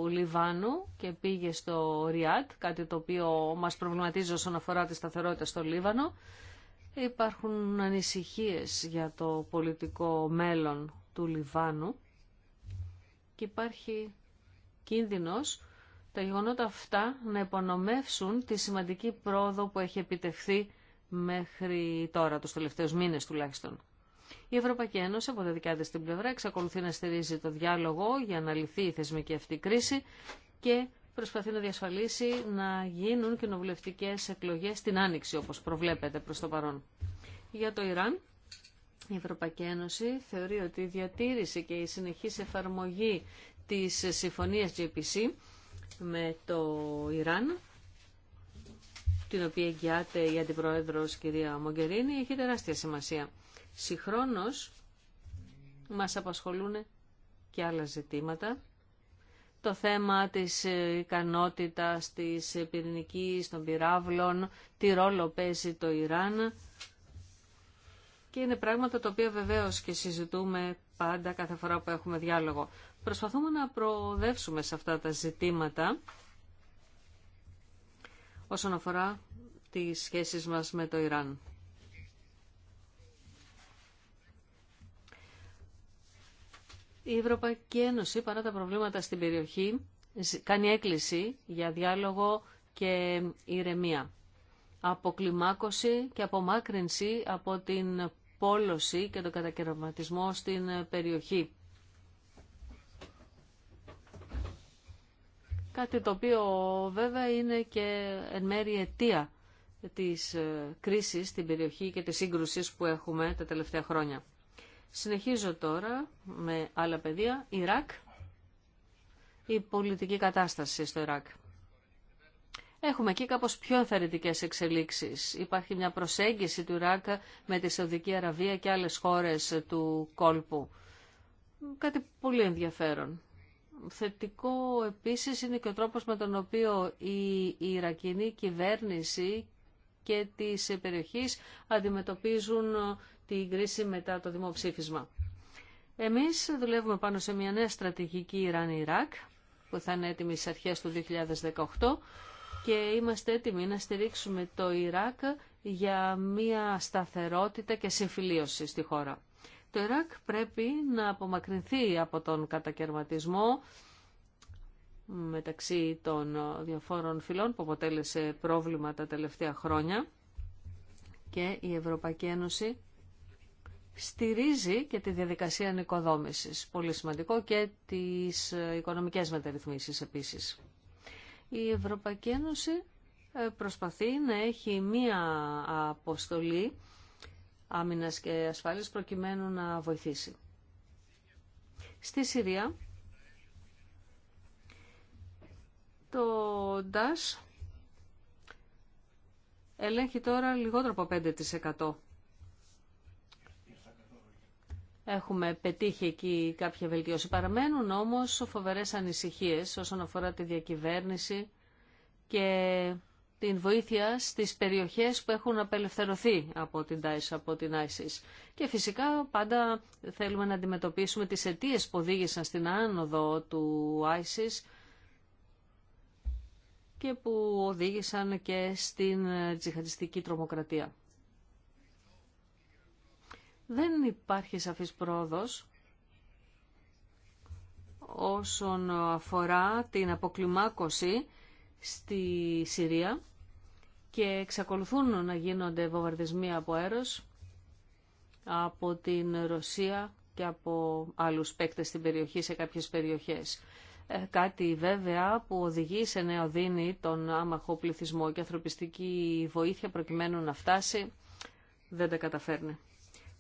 Λιβάνου και πήγε στο Ριάτ, κάτι το οποίο μας προβληματίζει όσον αφορά τη σταθερότητα στο Λίβανο. Υπάρχουν ανησυχίες για το πολιτικό μέλλον του Λιβάνου και υπάρχει κίνδυνος τα γεγονότα αυτά να υπονομεύσουν τη σημαντική πρόοδο που έχει επιτευχθεί μέχρι τώρα, τους τελευταίους μήνες τουλάχιστον. Η Ευρωπαϊκή Ένωση από τα δικιά της την πλευρά εξακολουθεί να στηρίζει το διάλογο για να λυθεί η θεσμική αυτή κρίση και προσπαθεί να διασφαλίσει να γίνουν κοινοβουλευτικέ εκλογές την Άνοιξη όπως προβλέπεται προς το παρόν. Για το Ιράν, η Ευρωπαϊκή Ένωση θεωρεί ότι η διατήρηση και η συνεχής εφαρμογή της συμφωνίας GPC με το Ιράν, την οποία εγγυάται η Αντιπρόεδρος κυρία Μογκερίνη, έχει τεράστια σημασία. Συγχρόνως μας απασχολούν και άλλα ζητήματα. Το θέμα της ικανότητας της πυρηνικής, των πυράβλων, τι ρόλο παίζει το Ιράν. Και είναι πράγματα τα οποία βεβαίως και συζητούμε πάντα κάθε φορά που έχουμε διάλογο. Προσπαθούμε να προοδεύσουμε σε αυτά τα ζητήματα όσον αφορά τις σχέσεις μας με το Ιράν. Η Ευρωπαϊκή Ένωση, παρά τα προβλήματα στην περιοχή, κάνει έκκληση για διάλογο και ηρεμία. Αποκλιμάκωση και απομάκρυνση από την πόλωση και τον κατακαιρματισμό στην περιοχή. Κάτι το οποίο βέβαια είναι και εν μέρη αιτία της ε, κρίσης στην περιοχή και της σύγκρουσης που έχουμε τα τελευταία χρόνια. Συνεχίζω τώρα με άλλα πεδία. Ιράκ, η πολιτική κατάσταση στο Ιράκ. Έχουμε εκεί κάπως πιο ενθαρρυντικές εξελίξεις. Υπάρχει μια προσέγγιση του Ιράκ με τη Σαουδική Αραβία και άλλες χώρες του κόλπου. Κάτι πολύ ενδιαφέρον. Θετικό επίσης είναι και ο τρόπος με τον οποίο η Ιρακινή κυβέρνηση και της περιοχής αντιμετωπίζουν την κρίση μετά το δημοψήφισμα. Εμείς δουλεύουμε πάνω σε μια νέα στρατηγική Ιράν-Ιράκ που θα είναι έτοιμη στις αρχές του 2018 και είμαστε έτοιμοι να στηρίξουμε το Ιράκ για μια σταθερότητα και συμφιλίωση στη χώρα. Το Ιράκ πρέπει να απομακρυνθεί από τον κατακαιρματισμό μεταξύ των διαφόρων φυλών που αποτέλεσε πρόβλημα τα τελευταία χρόνια και η Ευρωπαϊκή Ένωση στηρίζει και τη διαδικασία νοικοδόμησης. Πολύ σημαντικό και τις οικονομικές μεταρρυθμίσεις επίσης. Η Ευρωπαϊκή Ένωση ε, προσπαθεί να έχει μία αποστολή άμυνας και ασφάλειας προκειμένου να βοηθήσει. Στη Συρία το ΝΤΑΣ ελέγχει τώρα λιγότερο από 5%. Έχουμε πετύχει εκεί κάποια βελτίωση. Παραμένουν όμως φοβερές ανησυχίες όσον αφορά τη διακυβέρνηση και την βοήθεια στις περιοχές που έχουν απελευθερωθεί από την ΤΑΕΣ, από την ISIS. Και φυσικά πάντα θέλουμε να αντιμετωπίσουμε τις αιτίε που οδήγησαν στην άνοδο του ISIS και που οδήγησαν και στην τζιχαντιστική τρομοκρατία. Δεν υπάρχει σαφής πρόοδος όσον αφορά την αποκλιμάκωση στη Συρία και εξακολουθούν να γίνονται βομβαρδισμοί από αέρος από την Ρωσία και από άλλους παίκτες στην περιοχή, σε κάποιες περιοχές. Ε, κάτι βέβαια που οδηγεί σε δίνει τον άμαχο πληθυσμό και ανθρωπιστική βοήθεια προκειμένου να φτάσει δεν τα καταφέρνει.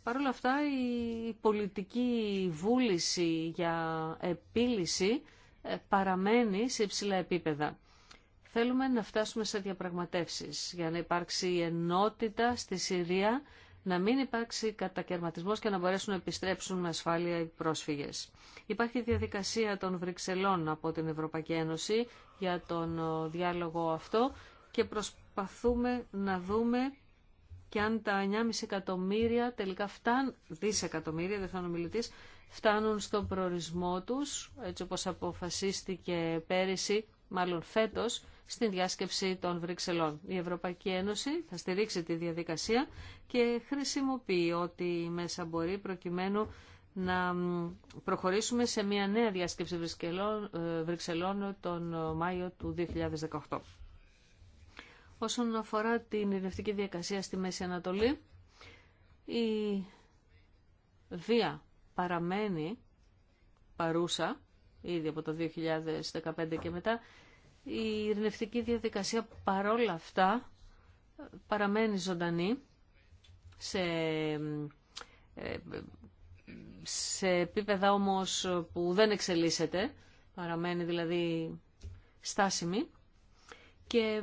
Παρ' όλα αυτά η πολιτική βούληση για επίλυση ε, παραμένει σε υψηλά επίπεδα. Θέλουμε να φτάσουμε σε διαπραγματεύσεις για να υπάρξει ενότητα στη Συρία, να μην υπάρξει κατακαιρματισμός και να μπορέσουν να επιστρέψουν με ασφάλεια οι πρόσφυγες. Υπάρχει διαδικασία των Βρυξελών από την Ευρωπαϊκή Ένωση για τον διάλογο αυτό και προσπαθούμε να δούμε και αν τα 9,5 εκατομμύρια τελικά φτάνουν, δισεκατομμύρια, δεν φτάνουν στον προορισμό τους, έτσι όπως αποφασίστηκε πέρυσι μάλλον φέτο στην διάσκεψη των Βρυξελών. Η Ευρωπαϊκή Ένωση θα στηρίξει τη διαδικασία και χρησιμοποιεί ό,τι μέσα μπορεί προκειμένου να προχωρήσουμε σε μια νέα διάσκεψη ε, Βρυξελών τον Μάιο του 2018. Όσον αφορά την ειρηνευτική διακασία στη Μέση Ανατολή, η βία παραμένει παρούσα ήδη από το 2015 και μετά, η ειρηνευτική διαδικασία παρόλα αυτά παραμένει ζωντανή σε, ε, σε επίπεδα όμως που δεν εξελίσσεται, παραμένει δηλαδή στάσιμη και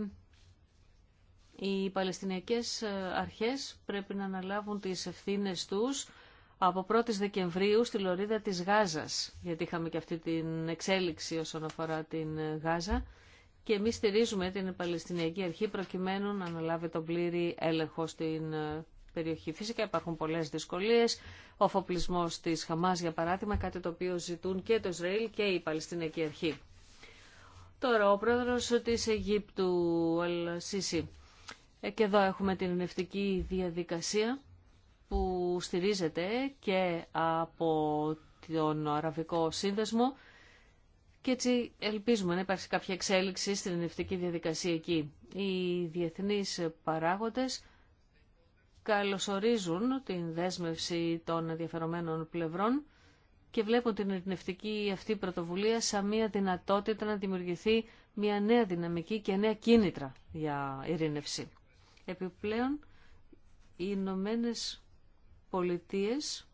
οι Παλαιστινιακές αρχές πρέπει να αναλάβουν τις ευθύνες τους από 1η Δεκεμβρίου στη Λωρίδα της Γάζας, γιατί είχαμε και αυτή την εξέλιξη όσον αφορά την Γάζα και εμείς στηρίζουμε την Παλαιστινιακή Αρχή προκειμένου να αναλάβει τον πλήρη έλεγχο στην ε, περιοχή. Φυσικά υπάρχουν πολλές δυσκολίες, ο φοπλισμός της Χαμάς για παράδειγμα, κάτι το οποίο ζητούν και το Ισραήλ και η Παλαιστινιακή Αρχή. Τώρα ο πρόεδρος της Αιγύπτου, Αλ Σίση. Ε, και εδώ έχουμε την ενευτική διαδικασία που στηρίζεται και από τον Αραβικό Σύνδεσμο και έτσι ελπίζουμε να υπάρξει κάποια εξέλιξη στην ενευτική διαδικασία εκεί. Οι διεθνείς παράγοντες καλωσορίζουν την δέσμευση των ενδιαφερομένων πλευρών και βλέπουν την ειρηνευτική αυτή πρωτοβουλία σαν μια δυνατότητα να δημιουργηθεί μια νέα δυναμική και νέα κίνητρα για ειρήνευση. Επιπλέον, οι Ηνωμένε Πολιτείες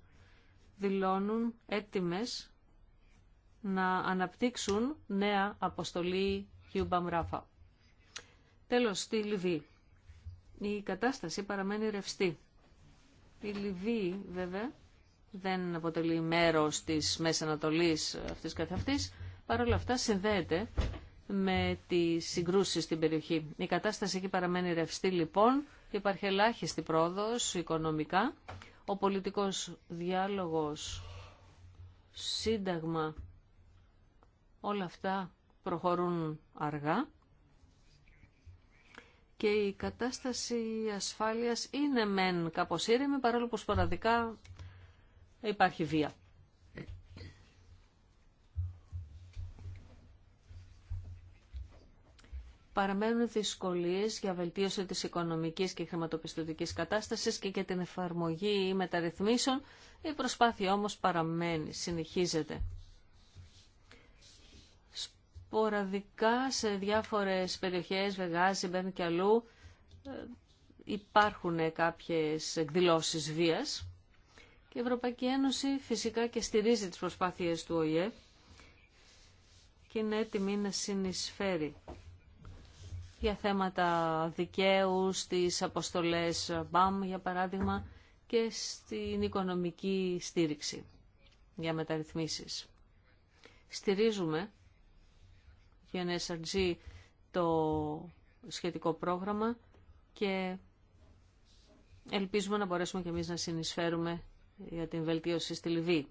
δηλώνουν έτοιμες να αναπτύξουν νέα αποστολή Χιούμπαμ Ράφα. Τέλος, στη Λιβύη. Η κατάσταση παραμένει ρευστή. Η Λιβύη βέβαια δεν αποτελεί μέρος της Μέση Ανατολής αυτής καθ' αυτής, παρόλα αυτά συνδέεται με τις συγκρούσεις στην περιοχή. Η κατάσταση εκεί παραμένει ρευστή λοιπόν, υπάρχει ελάχιστη πρόοδος οικονομικά, ο πολιτικός διάλογος, σύνταγμα, όλα αυτά προχωρούν αργά και η κατάσταση ασφάλειας είναι μεν κάπως ήρεμη παρόλο που σποραδικά υπάρχει βία. παραμένουν δυσκολίες για βελτίωση της οικονομικής και χρηματοπιστωτικής κατάστασης και για την εφαρμογή μεταρρυθμίσεων. Η προσπάθεια όμως παραμένει, συνεχίζεται. Σποραδικά σε διάφορες περιοχές, Βεγάζη, Μπέν και αλλού, ε, υπάρχουν κάποιες εκδηλώσεις βίας. Και η Ευρωπαϊκή Ένωση φυσικά και στηρίζει τις προσπάθειες του ΟΗΕ και είναι έτοιμη να συνεισφέρει για θέματα δικαίου, στις αποστολές BAM για παράδειγμα και στην οικονομική στήριξη για μεταρρυθμίσεις. Στηρίζουμε για NSRG το σχετικό πρόγραμμα και ελπίζουμε να μπορέσουμε και εμείς να συνεισφέρουμε για την βελτίωση στη Λιβύη.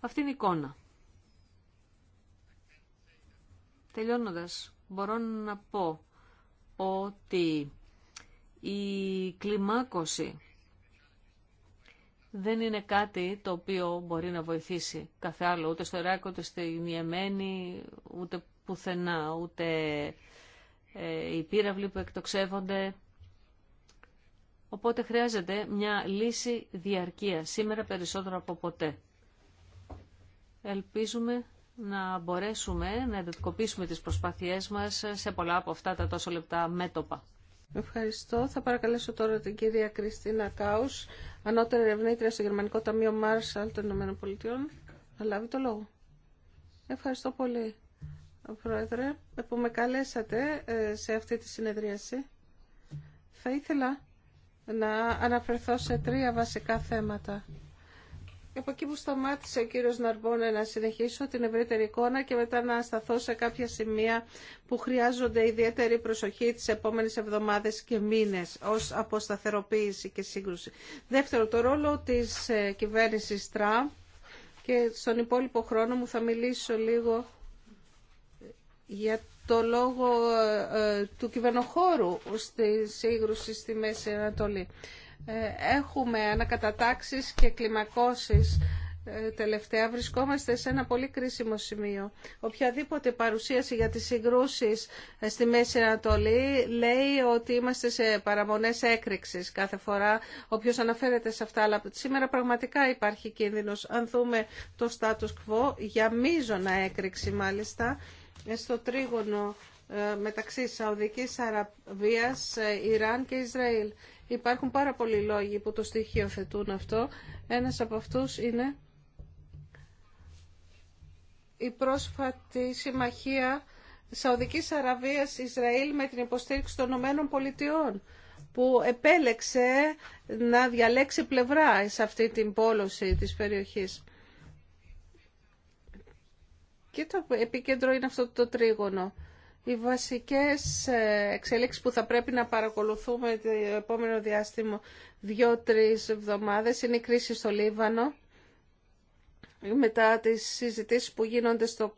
Αυτή είναι η εικόνα. Τελειώνοντας, μπορώ να πω ότι η κλιμάκωση δεν είναι κάτι το οποίο μπορεί να βοηθήσει κάθε άλλο, ούτε στο Ιράκ, ούτε στη Ιεμένη, ούτε πουθενά, ούτε ε, οι πύραυλοι που εκτοξεύονται. Οπότε χρειάζεται μια λύση διαρκεία, σήμερα περισσότερο από ποτέ. Ελπίζουμε να μπορέσουμε να εντατικοποιήσουμε τις προσπάθειές μας σε πολλά από αυτά τα τόσο λεπτά μέτωπα.
Ευχαριστώ. Θα παρακαλέσω τώρα την κυρία Κριστίνα Κάους, ανώτερη ερευνήτρια στο Γερμανικό Ταμείο Μάρσαλ των Πολιτειών, να λάβει το λόγο. Ευχαριστώ πολύ, Πρόεδρε, που με καλέσατε ε, σε αυτή τη συνεδρίαση. Θα ήθελα να αναφερθώ σε τρία βασικά θέματα. Από εκεί που σταμάτησε ο κύριος Ναρμπόνε να συνεχίσω την ευρύτερη εικόνα και μετά να σταθώ σε κάποια σημεία που χρειάζονται ιδιαίτερη προσοχή τις επόμενες εβδομάδες και μήνες ως αποσταθεροποίηση και σύγκρουση. Δεύτερο, το ρόλο της ε, κυβέρνησης Τραμπ και στον υπόλοιπο χρόνο μου θα μιλήσω λίγο για το λόγο ε, ε, του κυβερνοχώρου στη σύγκρουση στη Μέση Ανατολή. Ε, έχουμε ανακατατάξεις και κλιμακώσεις ε, τελευταία βρισκόμαστε σε ένα πολύ κρίσιμο σημείο. Οποιαδήποτε παρουσίαση για τις συγκρούσεις ε, στη Μέση Ανατολή λέει ότι είμαστε σε παραμονές έκρηξης κάθε φορά όποιος αναφέρεται σε αυτά. Αλλά σήμερα πραγματικά υπάρχει κίνδυνος. Αν δούμε το status quo για μείζωνα έκρηξη μάλιστα στο τρίγωνο μεταξύ Σαουδικής Αραβίας, Ιράν και Ισραήλ. Υπάρχουν πάρα πολλοί λόγοι που το θετούν αυτό. Ένας από αυτούς είναι η πρόσφατη συμμαχία Σαουδικής Αραβίας Ισραήλ με την υποστήριξη των Ηνωμένων Πολιτειών που επέλεξε να διαλέξει πλευρά σε αυτή την πόλωση της περιοχής. Και το επίκεντρο είναι αυτό το τρίγωνο οι βασικές ε, εξελίξεις που θα πρέπει να παρακολουθούμε το επόμενο διάστημα δύο-τρεις εβδομάδες είναι η κρίση στο Λίβανο μετά τις συζητήσεις που γίνονται στο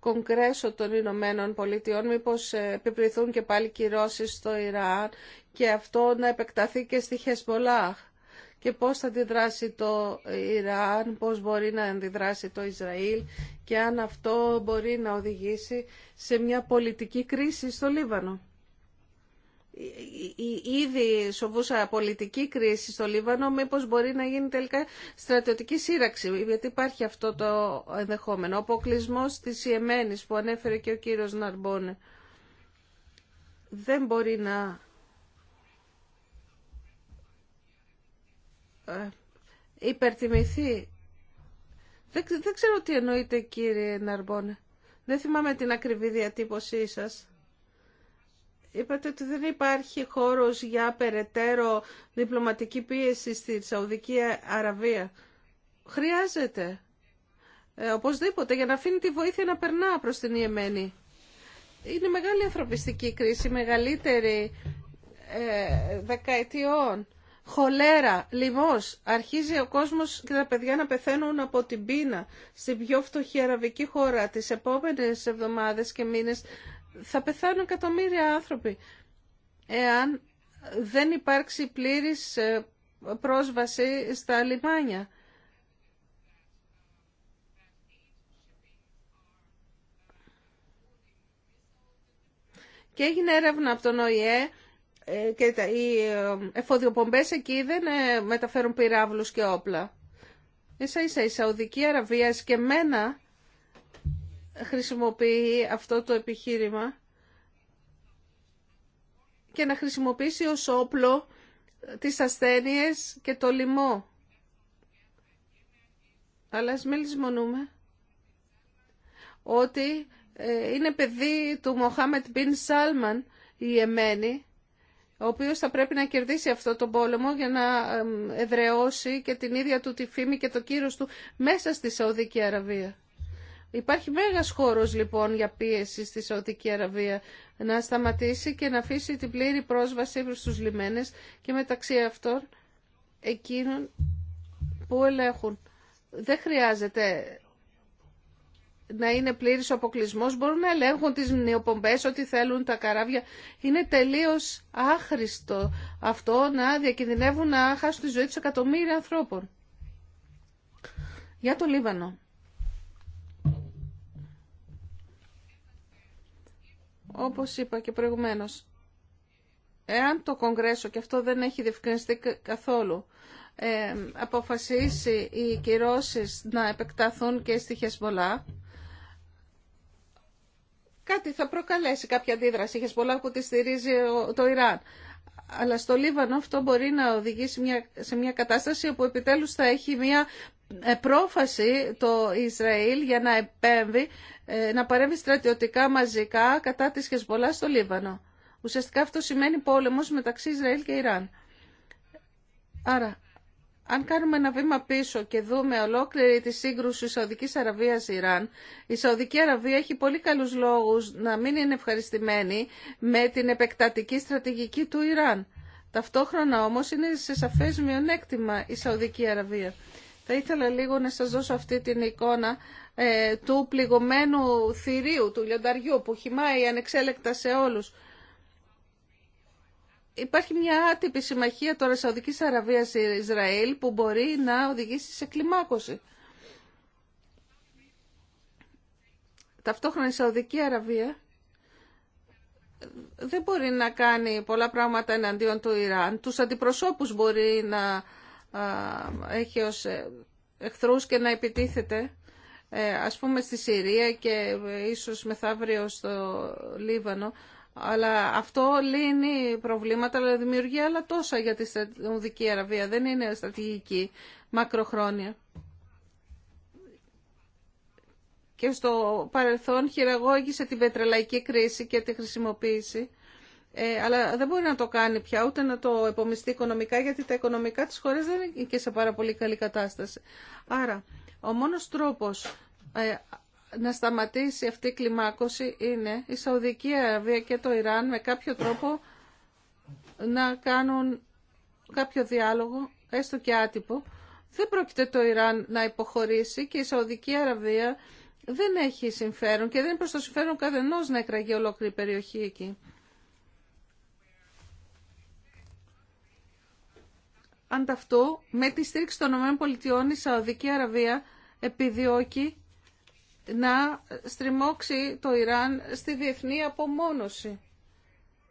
Κογκρέσο των Ηνωμένων Πολιτειών μήπως ε, επιπληθούν και πάλι κυρώσεις στο Ιράν και αυτό να επεκταθεί και στη Χεσμολάχ και πώς θα αντιδράσει το Ιράν, πώς μπορεί να αντιδράσει το Ισραήλ και αν αυτό μπορεί να οδηγήσει σε μια πολιτική κρίση στο Λίβανο. Η ήδη σοβούσα πολιτική κρίση στο Λίβανο, μήπως μπορεί να γίνει τελικά στρατιωτική σύραξη, γιατί υπάρχει αυτό το ενδεχόμενο. Ο αποκλεισμό της Ιεμένης που ανέφερε και ο κύριος Ναρμπόνε δεν μπορεί να Ε, υπερτιμηθεί. Δεν, δεν ξέρω τι εννοείτε κύριε Ναρμπόνε. Δεν θυμάμαι την ακριβή διατύπωσή σας. Είπατε ότι δεν υπάρχει χώρος για περαιτέρω διπλωματική πίεση στη Σαουδική Αραβία. Χρειάζεται. Ε, οπωσδήποτε για να αφήνει τη βοήθεια να περνά προς την Ιεμένη. Είναι μεγάλη ανθρωπιστική κρίση, μεγαλύτερη ε, δεκαετιών χολέρα, λοιμός. Αρχίζει ο κόσμος και τα παιδιά να πεθαίνουν από την πείνα στην πιο φτωχή αραβική χώρα. Τις επόμενες εβδομάδες και μήνες θα πεθάνουν εκατομμύρια άνθρωποι. Εάν δεν υπάρξει πλήρης ε, πρόσβαση στα λιμάνια. Και έγινε έρευνα από τον ΟΗΕ ε, και τα, οι ε, εφοδιοπομπές εκεί δεν ε, μεταφέρουν πυράβλους και όπλα. Ίσα ίσα η Σαουδική Αραβία και μένα χρησιμοποιεί αυτό το επιχείρημα και να χρησιμοποιήσει ως όπλο τις ασθένειες και το λοιμό. Αλλά ας μην λησμονούμε ότι είναι παιδί του Μοχάμετ Μπιν Σάλμαν η Εμένη ο οποίος θα πρέπει να κερδίσει αυτό τον πόλεμο για να εδρεώσει και την ίδια του τη φήμη και το κύρος του μέσα στη Σαουδική Αραβία. Υπάρχει μέγας χώρος λοιπόν για πίεση στη Σαουδική Αραβία να σταματήσει και να αφήσει την πλήρη πρόσβαση προ τους λιμένες και μεταξύ αυτών εκείνων που ελέγχουν. Δεν χρειάζεται να είναι πλήρης ο αποκλεισμός, μπορούν να ελέγχουν τις νεοπομπές, ό,τι θέλουν τα καράβια. Είναι τελείως άχρηστο αυτό να διακινδυνεύουν να χάσουν τη ζωή τους εκατομμύρια ανθρώπων. Για το Λίβανο. Όπως είπα και προηγουμένως, εάν το Κογκρέσο, και αυτό δεν έχει διευκρινιστεί καθόλου, ε, αποφασίσει οι κυρώσεις να επεκταθούν και στη Χεσμολά, κάτι θα προκαλέσει κάποια αντίδραση. Είχε πολλά που τη στηρίζει το Ιράν. Αλλά στο Λίβανο αυτό μπορεί να οδηγήσει μια, σε μια κατάσταση όπου επιτέλους θα έχει μια ε, πρόφαση το Ισραήλ για να επέμβει, ε, να παρέμβει στρατιωτικά μαζικά κατά της Χεσμολά στο Λίβανο. Ουσιαστικά αυτό σημαίνει πόλεμος μεταξύ Ισραήλ και Ιράν. Άρα αν κάνουμε ένα βήμα πίσω και δούμε ολόκληρη τη σύγκρουση Σαουδικής Αραβίας-Ιράν, η Σαουδική Αραβία έχει πολύ καλούς λόγους να μην είναι ευχαριστημένη με την επεκτατική στρατηγική του Ιράν. Ταυτόχρονα όμως είναι σε σαφές μειονέκτημα η Σαουδική Αραβία. Θα ήθελα λίγο να σας δώσω αυτή την εικόνα ε, του πληγωμένου θηρίου, του λιονταριού που χυμάει ανεξέλεκτα σε όλους. Υπάρχει μια άτυπη συμμαχία τώρα Αραβία σε Ισραήλ που μπορεί να οδηγήσει σε κλιμάκωση. Ταυτόχρονα η Σαουδική Αραβία δεν μπορεί να κάνει πολλά πράγματα εναντίον του Ιράν. Τους αντιπροσώπους μπορεί να έχει ως ε, εχθρούς και να επιτίθεται ε, ας πούμε στη Συρία και ε, ίσως μεθαύριο στο Λίβανο αλλά αυτό λύνει προβλήματα, αλλά δημιουργεί άλλα τόσα για τη Σαουδική Αραβία. Δεν είναι στρατηγική μακροχρόνια. Και στο παρελθόν χειραγώγησε την πετρελαϊκή κρίση και τη χρησιμοποίηση. Ε, αλλά δεν μπορεί να το κάνει πια, ούτε να το επομιστεί οικονομικά, γιατί τα οικονομικά της χώρας δεν είναι και σε πάρα πολύ καλή κατάσταση. Άρα, ο μόνος τρόπος ε, να σταματήσει αυτή η κλιμάκωση είναι η Σαουδική Αραβία και το Ιράν με κάποιο τρόπο να κάνουν κάποιο διάλογο, έστω και άτυπο. Δεν πρόκειται το Ιράν να υποχωρήσει και η Σαουδική Αραβία δεν έχει συμφέρον και δεν είναι προς το συμφέρον καθενός να εκραγεί ολόκληρη η περιοχή εκεί. Ανταυτού, με τη στήριξη των ΗΠΑ η Σαουδική Αραβία επιδιώκει να στριμώξει το Ιράν στη διεθνή απομόνωση.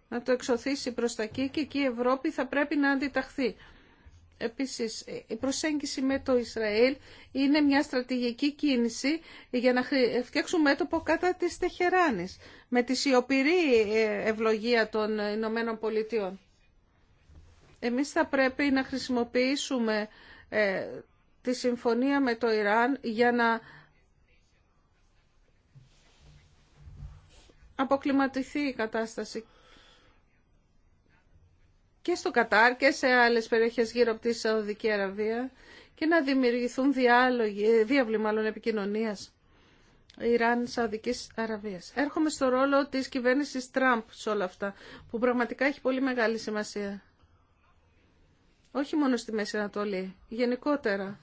Να το εξωθήσει προς τα εκεί και εκεί η Ευρώπη θα πρέπει να αντιταχθεί. Επίσης, η προσέγγιση με το Ισραήλ είναι μια στρατηγική κίνηση για να φτιάξουμε μέτωπο κατά της Τεχεράνης, με τη σιωπηρή ε, ευλογία των Ηνωμένων Πολιτειών. Εμείς θα πρέπει να χρησιμοποιήσουμε ε, τη συμφωνία με το Ιράν για να αποκλιματιθεί η κατάσταση και στο Κατάρ και σε άλλες περιοχές γύρω από τη Σαουδική Αραβία και να δημιουργηθούν διάλογοι, διάβλη μάλλον επικοινωνίας Ιράν-Σαουδικής Αραβίας. Έρχομαι στο ρόλο της κυβέρνησης Τραμπ σε όλα αυτά, που πραγματικά έχει πολύ μεγάλη σημασία. Όχι μόνο στη Μέση Ανατολή, γενικότερα.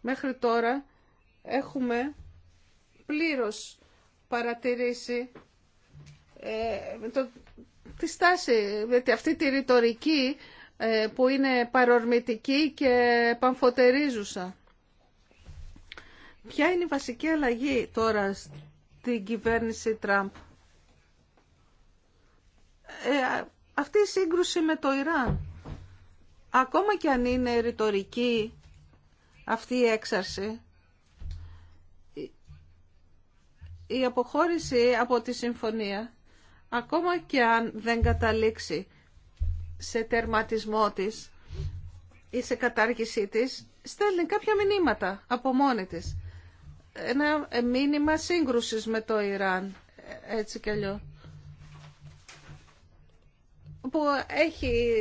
Μέχρι τώρα έχουμε πλήρως παρατηρήσει ε, το, τη στάση, αυτή τη ρητορική ε, που είναι παρορμητική και παμφωτερίζουσα. Ποια είναι η βασική αλλαγή τώρα στην κυβέρνηση Τραμπ. Ε, αυτή η σύγκρουση με το Ιράν. Ακόμα και αν είναι ρητορική αυτή η έξαρση, η αποχώρηση από τη συμφωνία, ακόμα και αν δεν καταλήξει σε τερματισμό της ή σε κατάργησή της, στέλνει κάποια μηνύματα από μόνη της. Ένα μήνυμα σύγκρουσης με το Ιράν, έτσι κι αλλιώς που έχει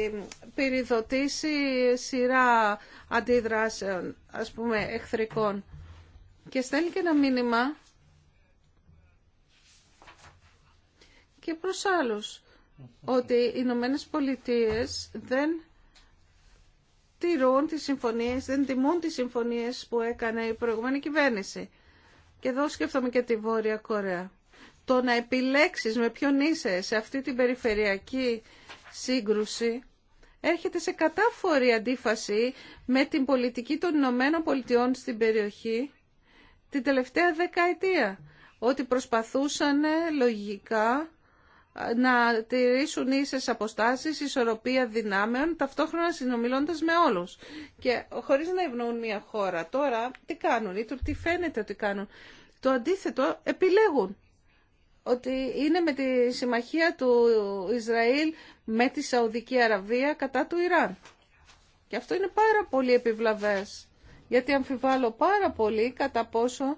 περιδοτήσει σειρά αντίδρασεων, ας πούμε, εχθρικών. Και στέλνει και ένα μήνυμα και προς άλλους ότι οι Ηνωμένε Πολιτείε δεν τηρούν τις συμφωνίες, δεν τιμούν τις συμφωνίες που έκανε η προηγούμενη κυβέρνηση. Και εδώ σκέφτομαι και τη Βόρεια Κορέα. Το να επιλέξεις με ποιον είσαι σε αυτή την περιφερειακή σύγκρουση έρχεται σε κατάφορη αντίφαση με την πολιτική των Ηνωμένων Πολιτειών στην περιοχή την τελευταία δεκαετία. Ότι προσπαθούσαν λογικά να τηρήσουν ίσες αποστάσεις, ισορροπία δυνάμεων, ταυτόχρονα συνομιλώντας με όλους. Και χωρίς να ευνοούν μια χώρα. Τώρα τι κάνουν ή τι φαίνεται ότι κάνουν. Το αντίθετο επιλέγουν ότι είναι με τη συμμαχία του Ισραήλ με τη Σαουδική Αραβία κατά του Ιράν. Και αυτό είναι πάρα πολύ επιβλαβές, γιατί αμφιβάλλω πάρα πολύ κατά πόσο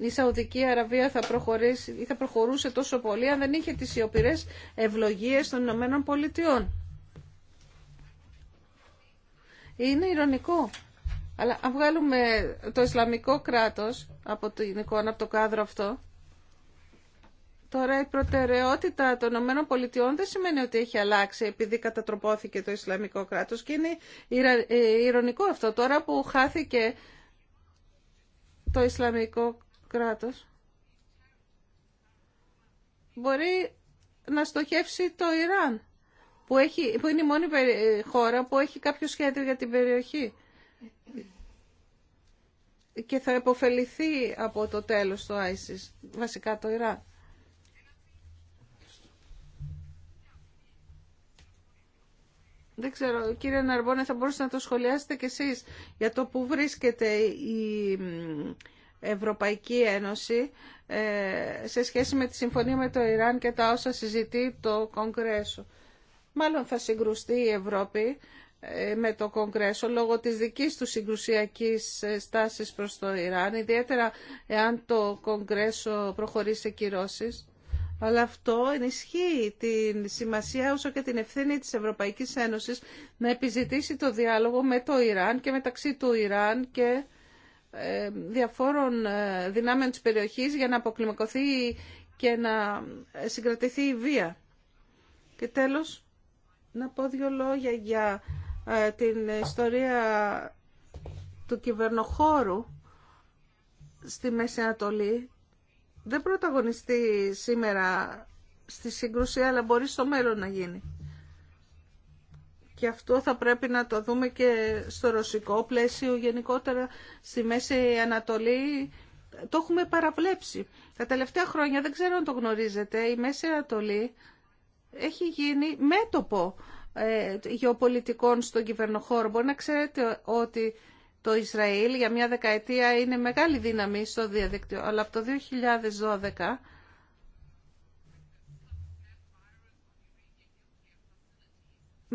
η Σαουδική Αραβία θα, προχωρήσει, ή θα προχωρούσε τόσο πολύ αν δεν είχε τις ιοπηρές ευλογίες των Ηνωμένων Πολιτειών. Είναι ηρωνικό. Αλλά αν βγάλουμε το Ισλαμικό κράτος από την εικόνα, από το κάδρο αυτό, τώρα η προτεραιότητα των Ηνωμένων Πολιτειών δεν σημαίνει ότι έχει αλλάξει επειδή κατατροπώθηκε το Ισλαμικό κράτος και είναι ε, ηρωνικό αυτό. Τώρα που χάθηκε το Ισλαμικό κράτος μπορεί να στοχεύσει το Ιράν, που, έχει, που είναι η μόνη χώρα που έχει κάποιο σχέδιο για την περιοχή και θα επωφεληθεί από το τέλος το ISIS, βασικά το Ιράν. Δεν ξέρω, κύριε Ναρμπόνε, θα μπορούσατε να το σχολιάσετε κι εσείς για το που βρίσκεται η Ευρωπαϊκή Ένωση ε, σε σχέση με τη συμφωνία με το Ιράν και τα όσα συζητεί το Κογκρέσο. Μάλλον θα συγκρουστεί η Ευρώπη ε, με το Κογκρέσο λόγω της δικής του συγκρουσιακής ε, στάσης προς το Ιράν, ιδιαίτερα εάν το Κογκρέσο προχωρήσει σε κυρώσεις. Αλλά αυτό ενισχύει την σημασία όσο και την ευθύνη της Ευρωπαϊκής Ένωσης να επιζητήσει το διάλογο με το Ιράν και μεταξύ του Ιράν και ε, διαφόρων ε, δυνάμεων της περιοχής για να αποκλιμακωθεί και να ε, συγκρατηθεί η βία. Και τέλος, να πω δύο λόγια για την ιστορία του κυβερνοχώρου στη Μέση Ανατολή. Δεν πρωταγωνιστεί σήμερα στη σύγκρουση, αλλά μπορεί στο μέλλον να γίνει. Και αυτό θα πρέπει να το δούμε και στο ρωσικό πλαίσιο, γενικότερα στη Μέση Ανατολή. Το έχουμε παραβλέψει. Τα τελευταία χρόνια, δεν ξέρω αν το γνωρίζετε, η Μέση Ανατολή έχει γίνει μέτωπο ε, γεωπολιτικών στον κυβερνοχώρο. Μπορεί να ξέρετε ότι το Ισραήλ για μια δεκαετία είναι μεγάλη δύναμη στο διαδικτύο, αλλά από το 2012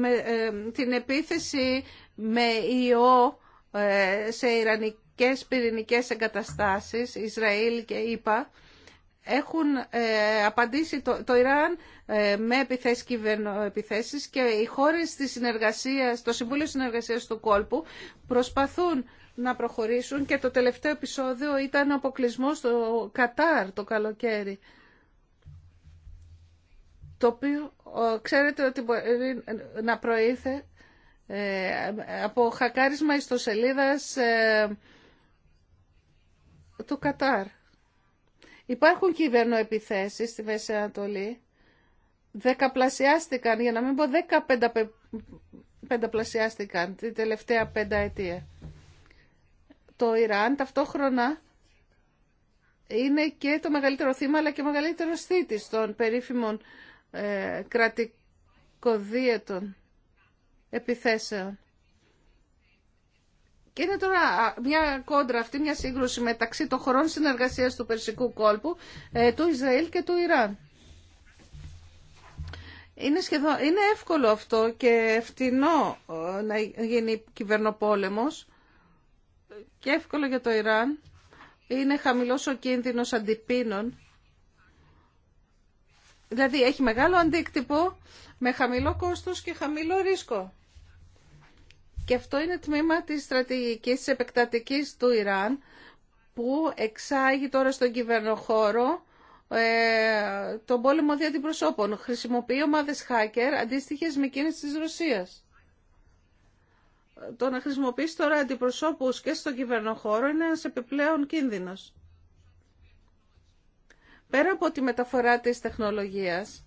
Ε, την επίθεση με ιό ε, σε ιρανικές πυρηνικές εγκαταστάσεις, Ισραήλ και ΙΠΑ, έχουν ε, απαντήσει το, Ιράν με επιθέσεις κυβερνοεπιθέσεις και οι χώρες της συνεργασίας, το Συμβούλιο Συνεργασίας του Κόλπου προσπαθούν να προχωρήσουν και το τελευταίο επεισόδιο ήταν ο αποκλεισμός στο Κατάρ το καλοκαίρι το οποίο ξέρετε ότι μπορεί να προήλθε ε, από χακάρισμα ιστοσελίδας ε, του Κατάρ. Υπάρχουν κυβερνοεπιθέσεις στη Μέση Ανατολή. Δεκαπλασιάστηκαν, για να μην πω δέκα, πενταπλασιάστηκαν την τελευταία πενταετία. Το Ιράν ταυτόχρονα είναι και το μεγαλύτερο θύμα αλλά και ο μεγαλύτερος θήτης των περίφημων ε, κρατικοδίαιτων επιθέσεων. Και είναι τώρα μια κόντρα αυτή, μια σύγκρουση μεταξύ των χωρών συνεργασίας του Περσικού κόλπου, ε, του Ισραήλ και του Ιράν. Είναι, σχεδόν, είναι εύκολο αυτό και φτηνό ε, να γίνει κυβερνοπόλεμος και εύκολο για το Ιράν. Είναι χαμηλός ο κίνδυνος αντιπίνων Δηλαδή έχει μεγάλο αντίκτυπο με χαμηλό κόστος και χαμηλό ρίσκο. Και αυτό είναι τμήμα της στρατηγικής της επεκτατικής του Ιράν που εξάγει τώρα στον κυβερνοχώρο ε, τον πόλεμο δια αντιπροσώπων. Χρησιμοποιεί ομάδες hacker αντίστοιχες με κίνηση της Ρωσίας. Το να χρησιμοποιήσει τώρα αντιπροσώπους και στον κυβερνοχώρο είναι ένας επιπλέον κίνδυνος. Πέρα από τη μεταφορά της τεχνολογίας,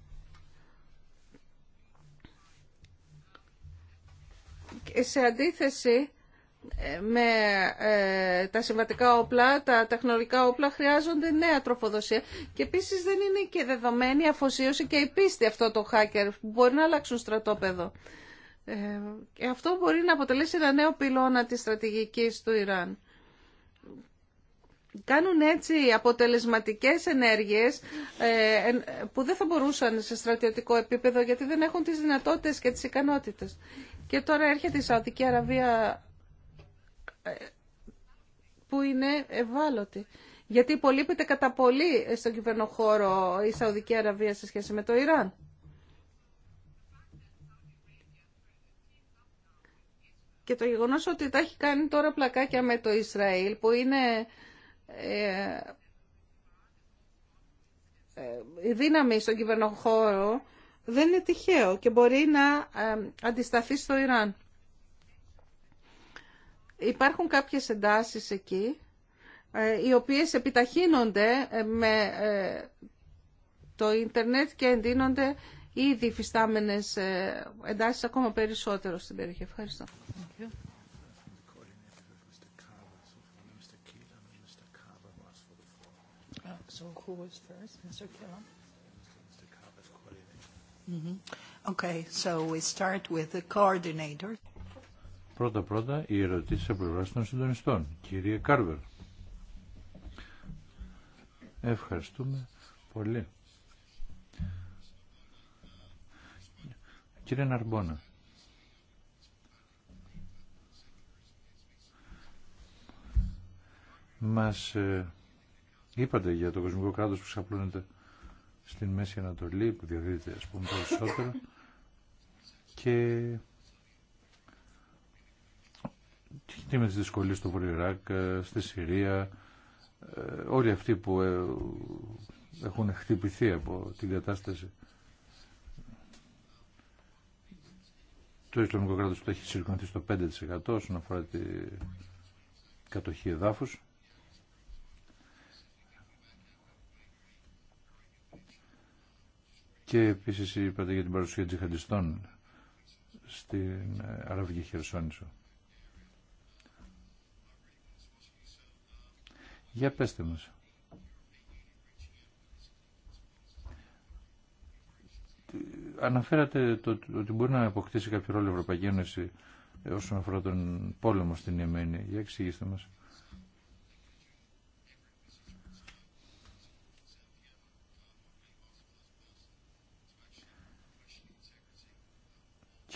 σε αντίθεση ε, με ε, τα συμβατικά όπλα, τα τεχνολογικά όπλα χρειάζονται νέα τροφοδοσία και επίσης δεν είναι και δεδομένη η αφοσίωση και η πίστη αυτό το hacker που μπορεί να αλλάξουν στρατόπεδο. Ε, και αυτό μπορεί να αποτελέσει ένα νέο πυλώνα της στρατηγικής του Ιράν κάνουν έτσι αποτελεσματικές ενέργειες ε, που δεν θα μπορούσαν σε στρατιωτικό επίπεδο γιατί δεν έχουν τις δυνατότητες και τις ικανότητες. Και τώρα έρχεται η Σαουδική Αραβία ε, που είναι ευάλωτη. Γιατί υπολείπεται κατά πολύ στον κυβερνοχώρο η Σαουδική Αραβία σε σχέση με το Ιράν. Και το γεγονός ότι τα έχει κάνει τώρα πλακάκια με το Ισραήλ που είναι ε, ε, ε, η δύναμη στον κυβερνοχώρο δεν είναι τυχαίο και μπορεί να αντισταθεί στο Ιράν. Υπάρχουν κάποιες εντάσεις εκεί, οι οποίες επιταχύνονται με το ίντερνετ και εντείνονται ήδη φυστάμενες εντάσεις ακόμα περισσότερο στην περιοχή. Ευχαριστώ. So who was first? Mr. Killam? Mr. Carver's coordinator. Mm-hmm. Okay, so we start with the coordinator.
Πρώτα-πρώτα η ερωτήση από πλευρά των συντονιστών. Κύριε Κάρβερ. Ευχαριστούμε πολύ. Κύριε Ναρμπόνα. Μας ε, Είπατε για το κοσμικό κράτο που ξαπλώνεται στην Μέση Ανατολή, που διαδίδεται ας πούμε περισσότερο και τι με τις δυσκολίες στο Βόρειο Ιράκ, ε, στη Συρία, ε, όλοι αυτοί που ε, έχουν χτυπηθεί από την κατάσταση. Το Ισλαμικό κράτο που έχει συρρικνωθεί στο 5% όσον αφορά την κατοχή εδάφου. Και επίση είπατε για την παρουσία τζιχαντιστών στην ε, Αραβική Χερσόνησο. Για πέστε μας. Αναφέρατε το, ότι μπορεί να αποκτήσει κάποιο ρόλο η Ευρωπαϊκή Ένωση ε, όσον αφορά τον πόλεμο στην Ιεμένη. Για εξηγήστε μας.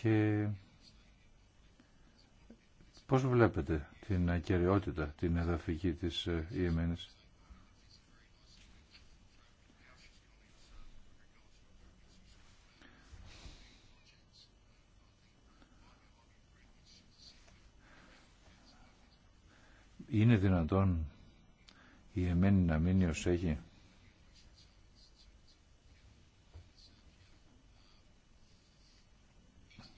Και πώς βλέπετε την ακεραιότητα, την εδαφική της ε, Ιεμένης. Είναι δυνατόν η Εμένη να μείνει ως έχει.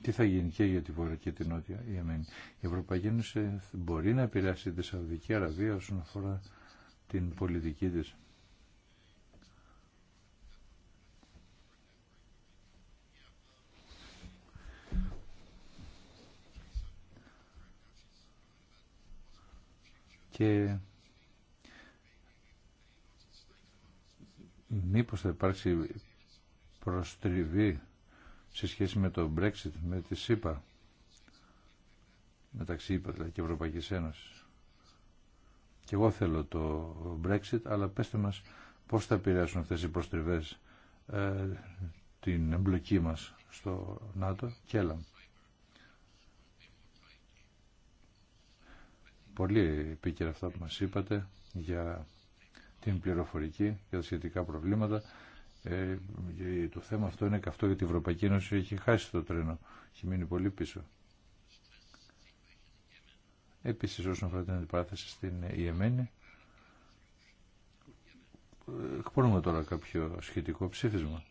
τι θα γίνει και για τη Βόρεια και τη Νότια Η Ευρωπαϊκή Ένωση μπορεί να επηρεάσει τη Σαουδική Αραβία όσον αφορά την πολιτική της. Και μήπως θα υπάρξει προστριβή σε σχέση με το Brexit, με τη ΣΥΠΑ, μεταξύ ΥΠΑ δηλαδή, και Ευρωπαϊκής Και εγώ θέλω το Brexit, αλλά πέστε μας πώς θα επηρεάσουν αυτές οι προστριβές ε, την εμπλοκή μας στο ΝΑΤΟ και έλα. Πολύ επίκαιρα αυτά που μας είπατε για την πληροφορική, και τα σχετικά προβλήματα. Ε, το θέμα αυτό είναι καυτό γιατί η Ευρωπαϊκή Ένωση έχει χάσει το τρένο. Έχει μείνει πολύ πίσω. Επίσης όσον αφορά την αντιπαράθεση στην Ιεμένη, εκπονούμε τώρα κάποιο σχετικό ψήφισμα.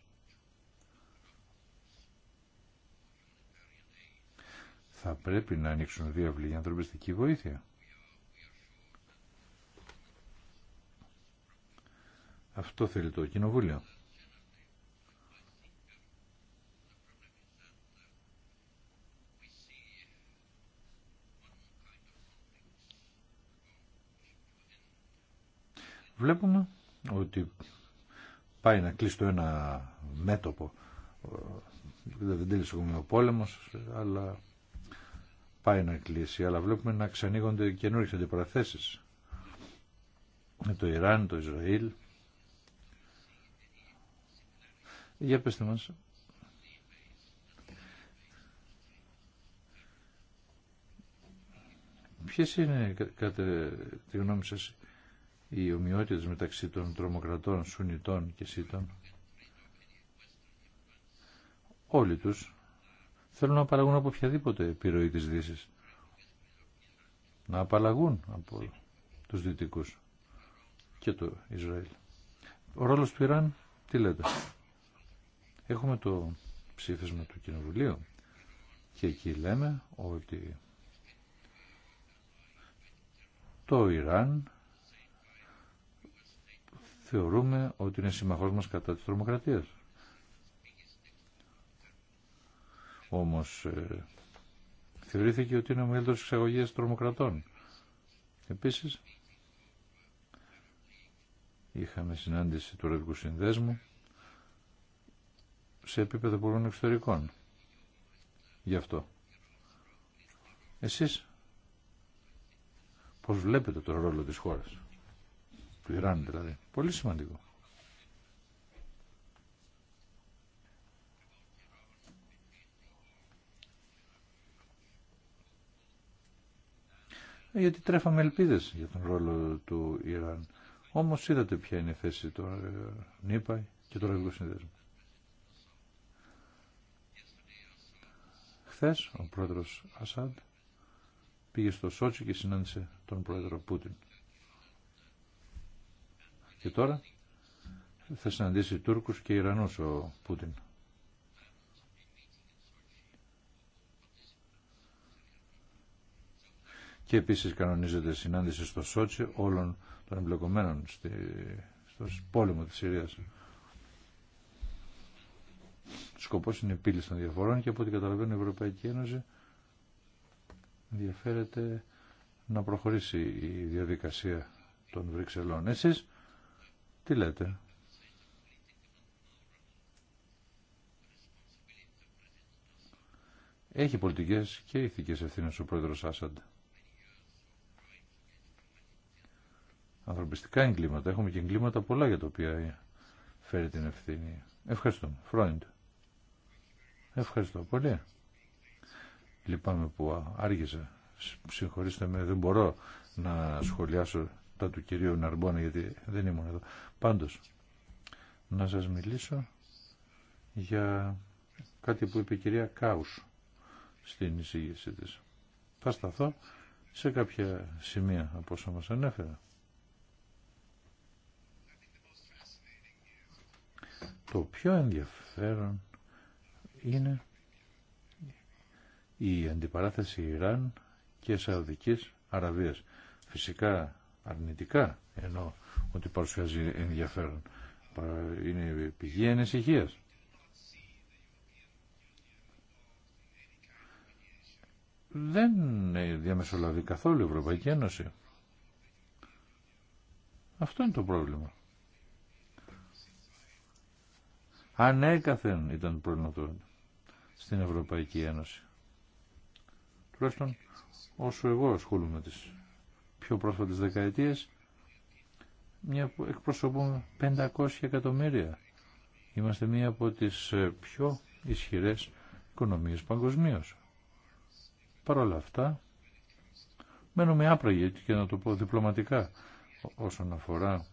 Θα πρέπει να ανοίξουν διάβλη για ανθρωπιστική βοήθεια. Αυτό θέλει το Κοινοβούλιο. βλέπουμε ότι πάει να κλείσει το ένα μέτωπο. Ε, δεν τέλειωσε ο πόλεμος, αλλά πάει να κλείσει. Αλλά βλέπουμε να ξανοίγονται καινούριες αντιπαραθέσεις. Με το Ιράν, το Ισραήλ. Για πέστε μας. Ποιες είναι κατά τη γνώμη σας οι ομοιότητες μεταξύ των τρομοκρατών, Σουνιτών και Σίτων όλοι τους θέλουν να απαλλαγούν από οποιαδήποτε επιρροή της Δύσης. Να απαλλαγούν από τους Δυτικούς και το Ισραήλ. Ο ρόλος του Ιράν, τι λέτε. Έχουμε το ψήφισμα του Κοινοβουλίου και εκεί λέμε ότι το Ιράν θεωρούμε ότι είναι συμμαχός μας κατά της τρομοκρατίας. Όμως ε, θεωρήθηκε ότι είναι ο μεγαλύτερος εξαγωγής τρομοκρατών. Επίσης, είχαμε συνάντηση του Ρευγού Συνδέσμου σε επίπεδο πολλών εξωτερικών. Γι' αυτό. Εσείς πώς βλέπετε τον ρόλο της χώρας του Ιράν δηλαδή. Πολύ σημαντικό. Ε, γιατί τρέφαμε ελπίδες για τον ρόλο του Ιράν. Όμως είδατε ποια είναι η θέση του ε, ΝΥΠΑ και του Ραβικού Συνδέσμου. Χθες ο πρόεδρος Ασάντ πήγε στο Σότσι και συνάντησε τον πρόεδρο Πούτιν. Και τώρα θα συναντήσει Τούρκους και Ιρανούς ο Πούτιν. Και επίσης κανονίζεται συνάντηση στο Σότσι όλων των εμπλεκομένων στη, στο πόλεμο της Συρίας. Σκοπός είναι η πύλη των διαφορών και από ό,τι καταλαβαίνω η Ευρωπαϊκή Ένωση ενδιαφέρεται να προχωρήσει η διαδικασία των Βρυξελών. Εσείς τι λέτε. Έχει πολιτικές και ηθικές ευθύνες ο πρόεδρος Άσαντ. Ανθρωπιστικά εγκλήματα. Έχουμε και εγκλήματα πολλά για τα οποία φέρει την ευθύνη. Ευχαριστώ. Φρόνιντ. Ευχαριστώ πολύ. Λυπάμαι που άργησα. Συγχωρήστε με, δεν μπορώ να σχολιάσω τα του κυρίου Ναρμπόνη, γιατί δεν ήμουν εδώ. Πάντως, να σας μιλήσω για κάτι που είπε η κυρία Κάους στην εισήγησή της. Θα σταθώ σε κάποια σημεία από όσα μας ανέφερα. Το πιο ενδιαφέρον είναι η αντιπαράθεση Ιράν και Σαουδικής Αραβίας. Φυσικά αρνητικά ενώ ότι παρουσιάζει ενδιαφέρον είναι πηγή ανησυχία. Δεν διαμεσολαβεί καθόλου η Ευρωπαϊκή Ένωση. Αυτό είναι το πρόβλημα. Ανέκαθεν ήταν το πρόβλημα στην Ευρωπαϊκή Ένωση. Τουλάχιστον όσο εγώ ασχολούμαι τις πιο πρόσφατες δεκαετίες, μια που εκπροσωπούμε 500 εκατομμύρια. Είμαστε μία από τις ε, πιο ισχυρές οικονομίες παγκοσμίω. Παρ' όλα αυτά, μένουμε άπραγοι και να το πω διπλωματικά όσον αφορά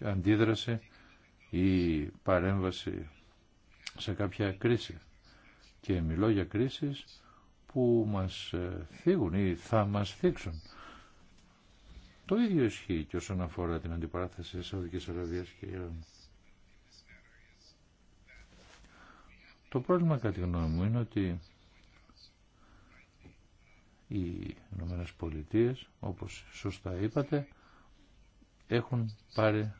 αντίδραση ή παρέμβαση σε κάποια κρίση. Και μιλώ για κρίσεις που μας ε, θίγουν ή θα μας θίξουν. Το ίδιο ισχύει και όσον αφορά την αντιπαράθεση της Σαουδικής Αραβίας και Ιράν. Το πρόβλημα κατά τη γνώμη μου είναι ότι οι Ηνωμένες Πολιτείες, όπως σωστά είπατε, έχουν πάρει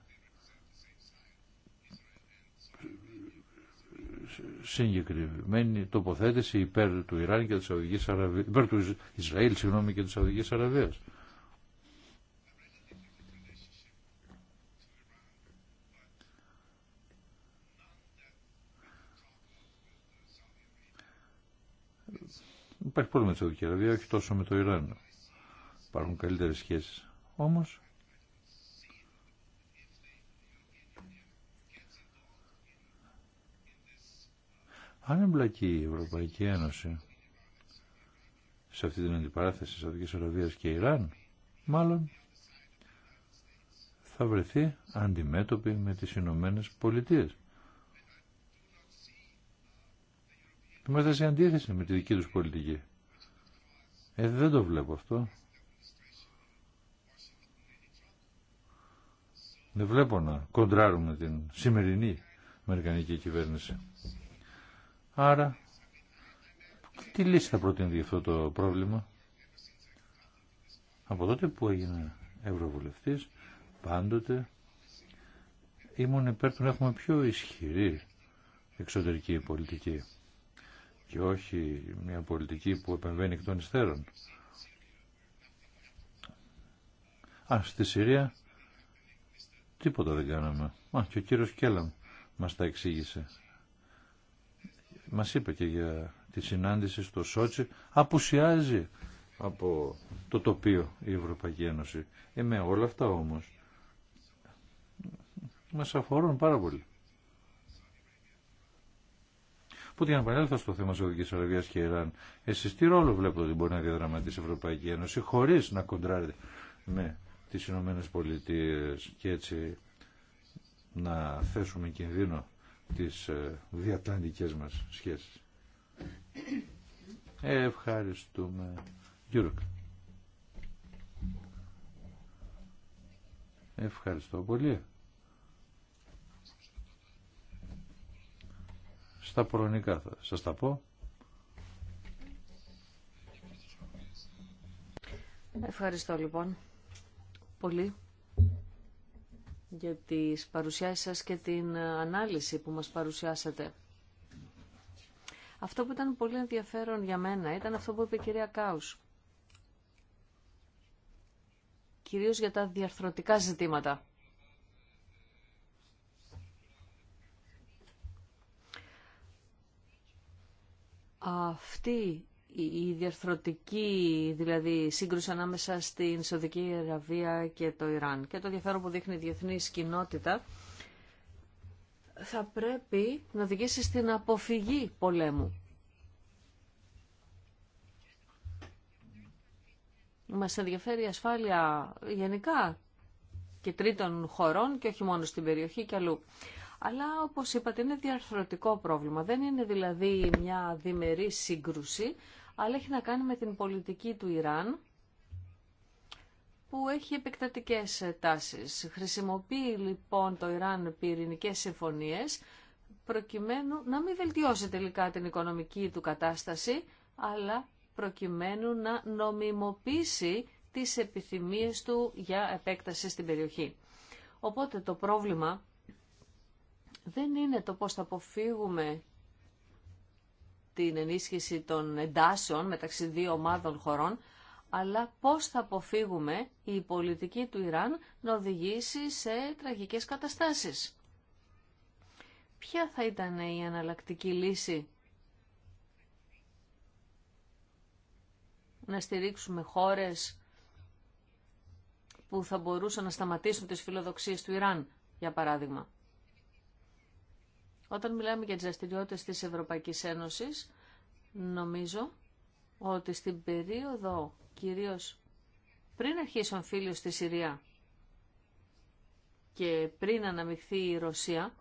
συγκεκριμένη τοποθέτηση υπέρ του Ισραήλ, και της Σαουδικής Αραβίας. Υπάρχει πρόβλημα με τη Σαουδική όχι τόσο με το Ιράν. Υπάρχουν καλύτερε σχέσει. Όμω. Αν εμπλακεί η Ευρωπαϊκή Ένωση σε αυτή την αντιπαράθεση Σαουδικής Αραβίας και Ιράν, μάλλον θα βρεθεί αντιμέτωπη με τις Ηνωμένε Πολιτείες. Είμαστε σε αντίθεση με τη δική τους πολιτική. Ε, δεν το βλέπω αυτό. Δεν βλέπω να κοντράρουμε την σημερινή Αμερικανική κυβέρνηση. Άρα, τι λύση θα προτείνει για αυτό το πρόβλημα. Από τότε που έγινα ευρωβουλευτής, πάντοτε ήμουν υπέρ του να έχουμε πιο ισχυρή εξωτερική πολιτική και όχι μια πολιτική που επεμβαίνει εκ των υστέρων. Α, στη Συρία τίποτα δεν κάναμε. Α, και ο κύριος Κέλαμ μας τα εξήγησε. Μας είπε και για τη συνάντηση στο Σότσι. Απουσιάζει από το τοπίο η Ευρωπαϊκή Ένωση. Ε, με όλα αυτά όμως μας αφορούν πάρα πολύ που για να παρέλθω στο θέμα τη Σαουδική Αραβία και Ιράν, εσεί τι ρόλο βλέπετε ότι μπορεί να διαδραματίσει η Ευρωπαϊκή Ένωση χωρί να κοντράρετε με τι Ηνωμένε Πολιτείε και έτσι να θέσουμε κινδύνο τις ε, διατλαντικές μας σχέσεις. Ευχαριστούμε. Ευχαριστώ πολύ. στα πολωνικά θα σας τα πω.
Ευχαριστώ λοιπόν πολύ για τις παρουσιάσεις σας και την ανάλυση που μας παρουσιάσατε. Αυτό που ήταν πολύ ενδιαφέρον για μένα ήταν αυτό που είπε η κυρία Κάους. Κυρίως για τα διαρθρωτικά ζητήματα. Αυτή η διαρθρωτική δηλαδή σύγκρουση ανάμεσα στην Σαουδική Αραβία και το Ιράν και το ενδιαφέρον που δείχνει η διεθνή κοινότητα θα πρέπει να οδηγήσει στην αποφυγή πολέμου. Μας ενδιαφέρει η ασφάλεια γενικά και τρίτων χωρών και όχι μόνο στην περιοχή και αλλού. Αλλά όπως είπατε είναι διαρθρωτικό πρόβλημα. Δεν είναι δηλαδή μια διμερή σύγκρουση, αλλά έχει να κάνει με την πολιτική του Ιράν που έχει επεκτατικές τάσεις. Χρησιμοποιεί λοιπόν το Ιράν πυρηνικές συμφωνίες προκειμένου να μην βελτιώσει τελικά την οικονομική του κατάσταση, αλλά προκειμένου να νομιμοποιήσει τις επιθυμίες του για επέκταση στην περιοχή. Οπότε το πρόβλημα δεν είναι το πώς θα αποφύγουμε την ενίσχυση των εντάσεων μεταξύ δύο ομάδων χωρών, αλλά πώς θα αποφύγουμε η πολιτική του Ιράν να οδηγήσει σε τραγικές καταστάσεις. Ποια θα ήταν η αναλλακτική λύση να στηρίξουμε χώρες που θα μπορούσαν να σταματήσουν τις φιλοδοξίες του Ιράν, για παράδειγμα. Όταν μιλάμε για τις δραστηριότητε της Ευρωπαϊκής Ένωσης, νομίζω ότι στην περίοδο κυρίως πριν αρχίσει ο στη Συρία και πριν αναμειχθεί η Ρωσία,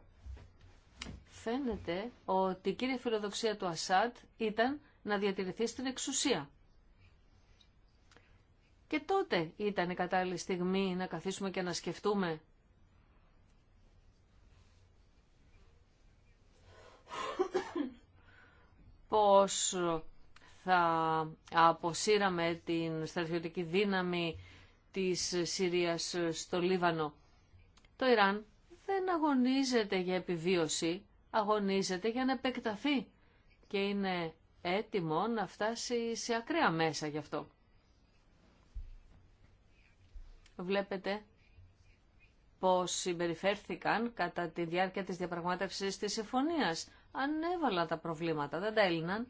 φαίνεται ότι η κύρια φιλοδοξία του Ασάντ ήταν να διατηρηθεί στην εξουσία. Και τότε ήταν η κατάλληλη στιγμή να καθίσουμε και να σκεφτούμε πώς θα αποσύραμε την στρατιωτική δύναμη της Συρίας στο Λίβανο. Το Ιράν δεν αγωνίζεται για επιβίωση, αγωνίζεται για να επεκταθεί και είναι έτοιμο να φτάσει σε ακραία μέσα γι' αυτό. Βλέπετε πώς συμπεριφέρθηκαν κατά τη διάρκεια της διαπραγμάτευσης της συμφωνίας ανέβαλα τα προβλήματα, δεν τα έλυναν.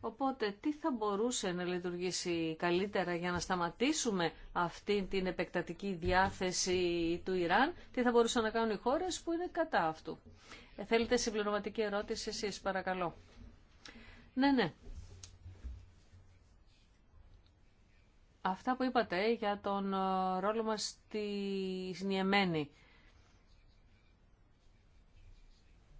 Οπότε τι θα μπορούσε να λειτουργήσει καλύτερα για να σταματήσουμε αυτή την επεκτατική διάθεση του Ιράν, τι θα μπορούσαν να κάνουν οι χώρες που είναι κατά αυτού. Ε, θέλετε συμπληρωματική ερώτηση εσείς παρακαλώ. Ναι, ναι. Αυτά που είπατε για τον ε, ρόλο μας στη Ιεμένη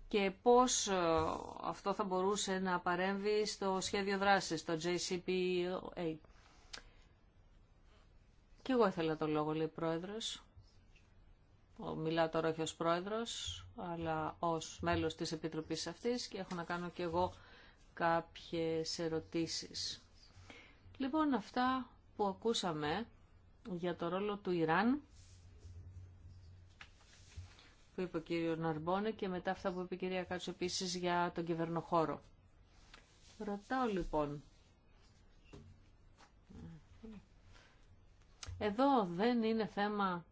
και πώς ε, αυτό θα μπορούσε να παρέμβει στο σχέδιο δράσης, το JCPOA. Και εγώ ήθελα τον λόγο, λέει πρόεδρος. Μιλάω τώρα όχι ως πρόεδρος, αλλά ως μέλος της Επιτροπής αυτής και έχω να κάνω και εγώ κάποιες ερωτήσεις. Λοιπόν, αυτά που ακούσαμε για το ρόλο του Ιράν που είπε ο κύριο Ναρμπόνε και μετά αυτά που είπε η κυρία Κάτσο επίση για τον κυβερνοχώρο. Ρωτάω λοιπόν. Εδώ δεν είναι θέμα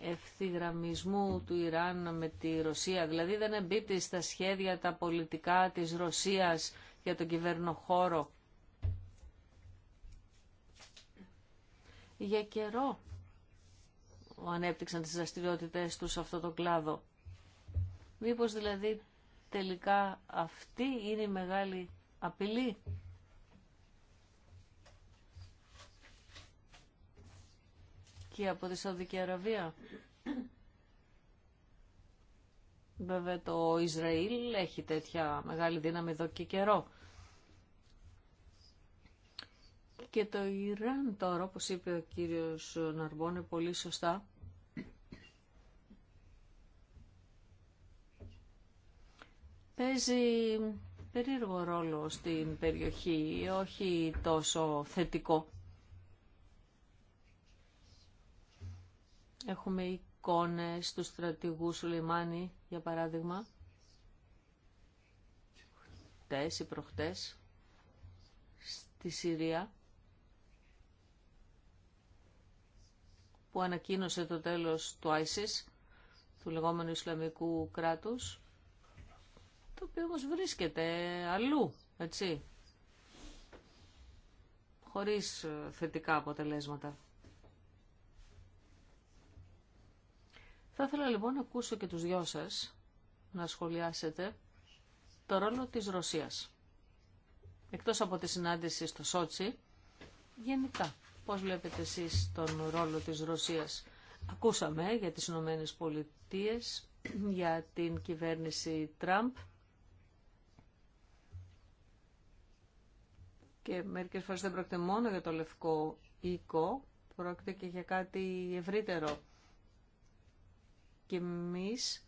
ευθυγραμμισμού του Ιράν με τη Ρωσία, δηλαδή δεν εμπίπτει στα σχέδια τα πολιτικά της Ρωσίας για τον κυβερνοχώρο. Για καιρό ανέπτυξαν τις δραστηριότητε τους σε αυτό το κλάδο. Μήπως δηλαδή τελικά αυτή είναι η μεγάλη απειλή. Και από τη Σαουδική Αραβία. Βέβαια το Ισραήλ έχει τέτοια μεγάλη δύναμη εδώ και καιρό. Και το Ιράν τώρα, όπως είπε ο κύριος Ναρμπόνε πολύ σωστά, παίζει περίεργο ρόλο στην περιοχή, όχι τόσο θετικό. Έχουμε εικόνες του στρατηγού Σουλεϊμάνη, για παράδειγμα, χτες ή προχτές, στη Συρία, που ανακοίνωσε το τέλος του ISIS, του λεγόμενου Ισλαμικού κράτους, το οποίο όμως βρίσκεται αλλού, έτσι, χωρίς ε, θετικά αποτελέσματα. Θα ήθελα λοιπόν να ακούσω και τους δυο σας να σχολιάσετε το ρόλο της Ρωσίας. Εκτός από τη συνάντηση στο Σότσι, γενικά Πώς βλέπετε εσείς τον ρόλο της Ρωσίας. Ακούσαμε για τις Ηνωμένε Πολιτείε, για την κυβέρνηση Τραμπ και μερικές φορές δεν πρόκειται μόνο για το λευκό οίκο, πρόκειται και για κάτι ευρύτερο. Και εμείς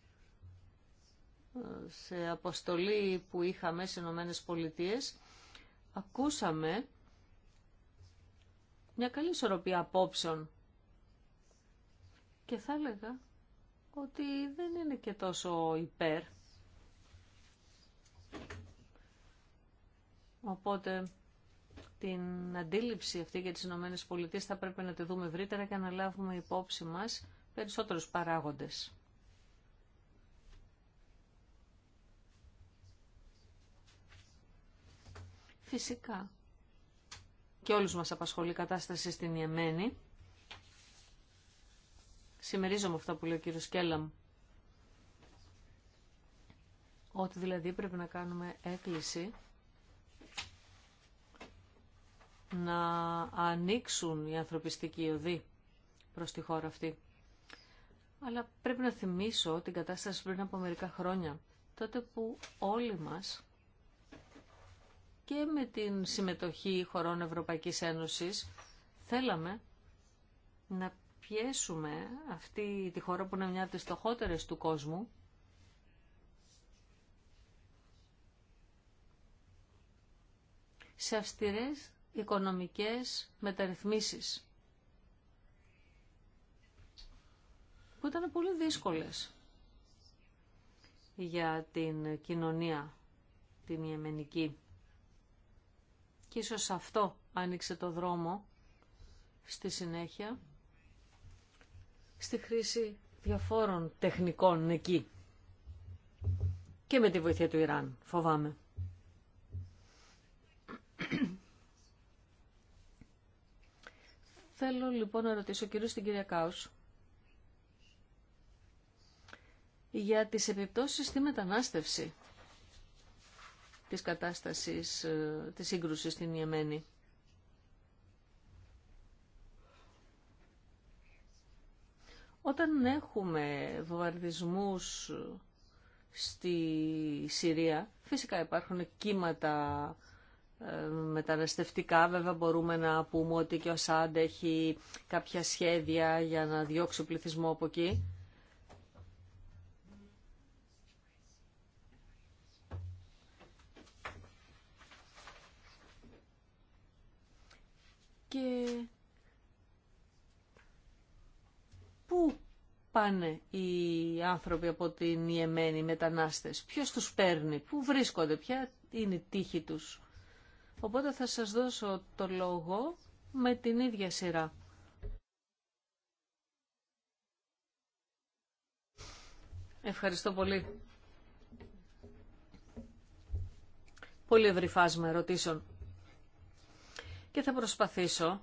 ε, σε αποστολή που είχαμε στι Ηνωμένε Πολιτείε, ακούσαμε μια καλή ισορροπία απόψεων. Και θα έλεγα ότι δεν είναι και τόσο υπέρ. Οπότε την αντίληψη αυτή για τις Ηνωμένες Πολιτείες θα πρέπει να τη δούμε ευρύτερα και να λάβουμε υπόψη μας περισσότερους παράγοντες. Φυσικά και όλους μας απασχολεί η κατάσταση στην Ιεμένη. Συμμερίζομαι αυτά που λέει ο κύριος Κέλλαμ. Ότι δηλαδή πρέπει να κάνουμε έκκληση να ανοίξουν οι ανθρωπιστικοί οδοί προς τη χώρα αυτή. Αλλά πρέπει να θυμίσω την κατάσταση πριν από μερικά χρόνια, τότε που όλοι μας και με την συμμετοχή χωρών Ευρωπαϊκής Ένωσης θέλαμε να πιέσουμε αυτή τη χώρα που είναι μια από τις στοχότερες του κόσμου σε αυστηρές οικονομικές μεταρρυθμίσεις που ήταν πολύ δύσκολες για την κοινωνία την Ιεμενική και ίσως αυτό άνοιξε το δρόμο στη συνέχεια στη χρήση διαφόρων τεχνικών εκεί και με τη βοήθεια του Ιράν, φοβάμαι. Θέλω λοιπόν να ρωτήσω κυρίως την κυρία Κάους για τις επιπτώσεις στη μετανάστευση της κατάστασης ε, της σύγκρουσης στην Ιεμένη. Όταν έχουμε βομβαρδισμούς στη Συρία, φυσικά υπάρχουν κύματα ε, μεταναστευτικά. Βέβαια μπορούμε να πούμε ότι και ο Σάντ έχει κάποια σχέδια για να διώξει ο πληθυσμό από εκεί. και πού πάνε οι άνθρωποι από την Ιεμένη, οι μετανάστες, ποιος τους παίρνει, πού βρίσκονται, ποια είναι η τύχη τους. Οπότε θα σας δώσω το λόγο με την ίδια σειρά. Ευχαριστώ πολύ. Πολύ ευρυφάσμα ερωτήσεων και θα προσπαθήσω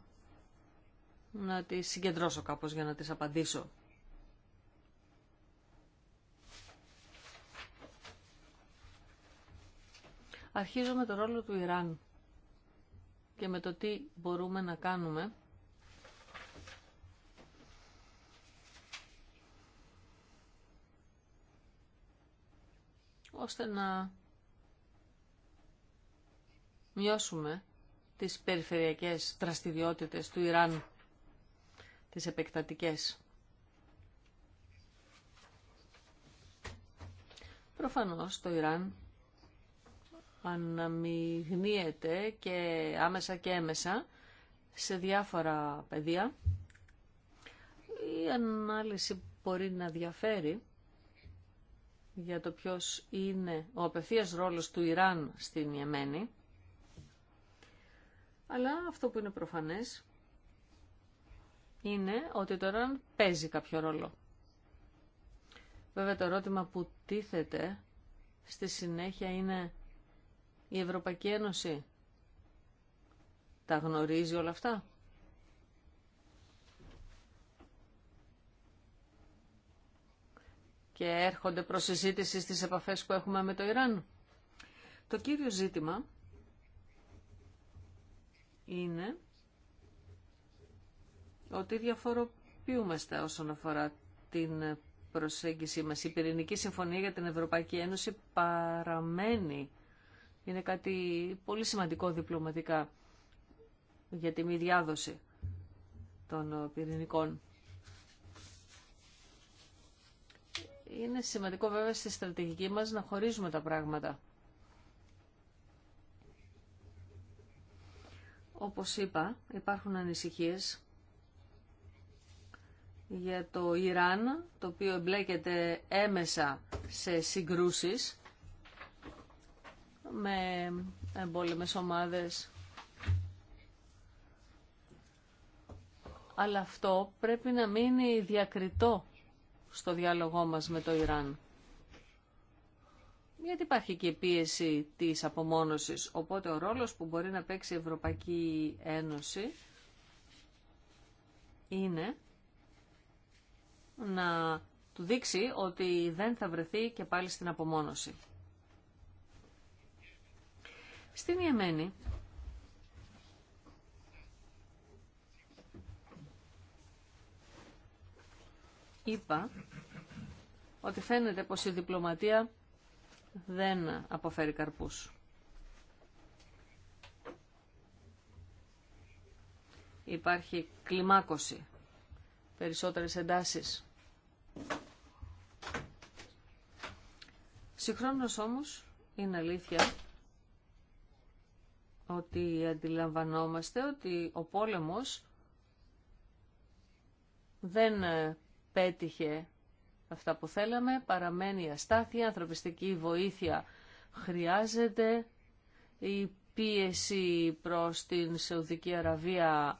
να τις συγκεντρώσω κάπως για να τις απαντήσω. Αρχίζω με το ρόλο του Ιράν και με το τι μπορούμε να κάνουμε ώστε να μειώσουμε τις περιφερειακές δραστηριότητες του Ιράν, τις επεκτατικές. Προφανώς το Ιράν αναμειγνύεται και άμεσα και έμεσα σε διάφορα πεδία. Η ανάλυση μπορεί να διαφέρει για το ποιος είναι ο απευθείας ρόλος του Ιράν στην Ιεμένη αλλά αυτό που είναι προφανές είναι ότι το ΡΑΝ παίζει κάποιο ρόλο. Βέβαια το ερώτημα που τίθεται στη συνέχεια είναι η Ευρωπαϊκή Ένωση τα γνωρίζει όλα αυτά. Και έρχονται προς συζήτηση στις επαφές που έχουμε με το Ιράν. Το κύριο ζήτημα είναι ότι διαφοροποιούμαστε όσον αφορά την προσέγγιση μας. Η Πυρηνική Συμφωνία για την Ευρωπαϊκή Ένωση παραμένει. Είναι κάτι πολύ σημαντικό διπλωματικά για τη μη διάδοση των πυρηνικών. Είναι σημαντικό βέβαια στη στρατηγική μας να χωρίζουμε τα πράγματα. Όπως είπα, υπάρχουν ανησυχίες για το Ιράν, το οποίο εμπλέκεται έμεσα σε συγκρούσεις με εμπόλεμες ομάδες. Αλλά αυτό πρέπει να μείνει διακριτό στο διάλογό μας με το Ιράν γιατί υπάρχει και η πίεση της απομόνωσης. Οπότε ο ρόλος που μπορεί να παίξει η Ευρωπαϊκή Ένωση είναι να του δείξει ότι δεν θα βρεθεί και πάλι στην απομόνωση. Στην Ιεμένη είπα ότι φαίνεται πως η διπλωματία δεν αποφέρει καρπούς. Υπάρχει κλιμάκωση, περισσότερες εντάσεις. Συγχρόνως όμως είναι αλήθεια ότι αντιλαμβανόμαστε ότι ο πόλεμος δεν ε, πέτυχε αυτά που θέλαμε, παραμένει αστάθεια, ανθρωπιστική βοήθεια χρειάζεται, η πίεση προς την Σεουδική Αραβία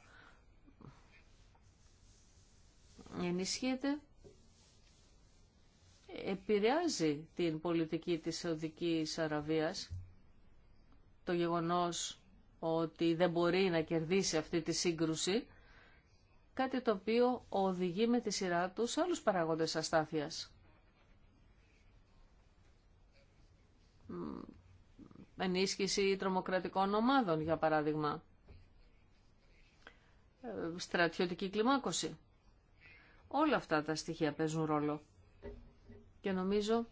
ενισχύεται, επηρεάζει την πολιτική της Σεουδικής Αραβίας το γεγονός ότι δεν μπορεί να κερδίσει αυτή τη σύγκρουση κάτι το οποίο οδηγεί με τη σειρά του σε άλλους παραγόντες αστάθειας. Ενίσχυση τρομοκρατικών ομάδων, για παράδειγμα. Ε, στρατιωτική κλιμάκωση. Όλα αυτά τα στοιχεία παίζουν ρόλο. Και νομίζω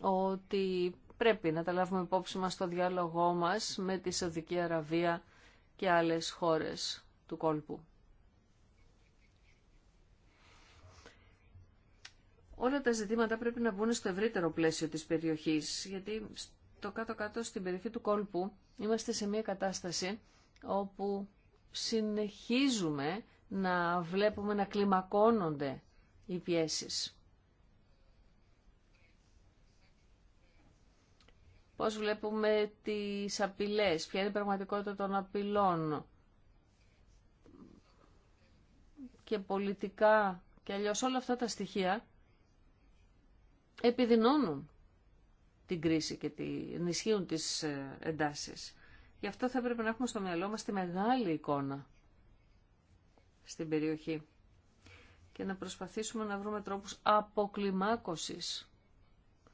ότι πρέπει να τα λάβουμε υπόψη μας στο διάλογό μας με τη Σαουδική Αραβία και άλλες χώρες του κόλπου. όλα τα ζητήματα πρέπει να μπουν στο ευρύτερο πλαίσιο της περιοχής, γιατί στο κάτω-κάτω στην περιοχή του κόλπου είμαστε σε μια κατάσταση όπου συνεχίζουμε να βλέπουμε να κλιμακώνονται οι πιέσεις. Πώς βλέπουμε τις απειλές, ποια είναι η πραγματικότητα των απειλών και πολιτικά και αλλιώς όλα αυτά τα στοιχεία επιδεινώνουν την κρίση και τη, ενισχύουν τις ε, εντάσεις. Γι' αυτό θα πρέπει να έχουμε στο μυαλό μας τη μεγάλη εικόνα στην περιοχή και να προσπαθήσουμε να βρούμε τρόπους αποκλιμάκωσης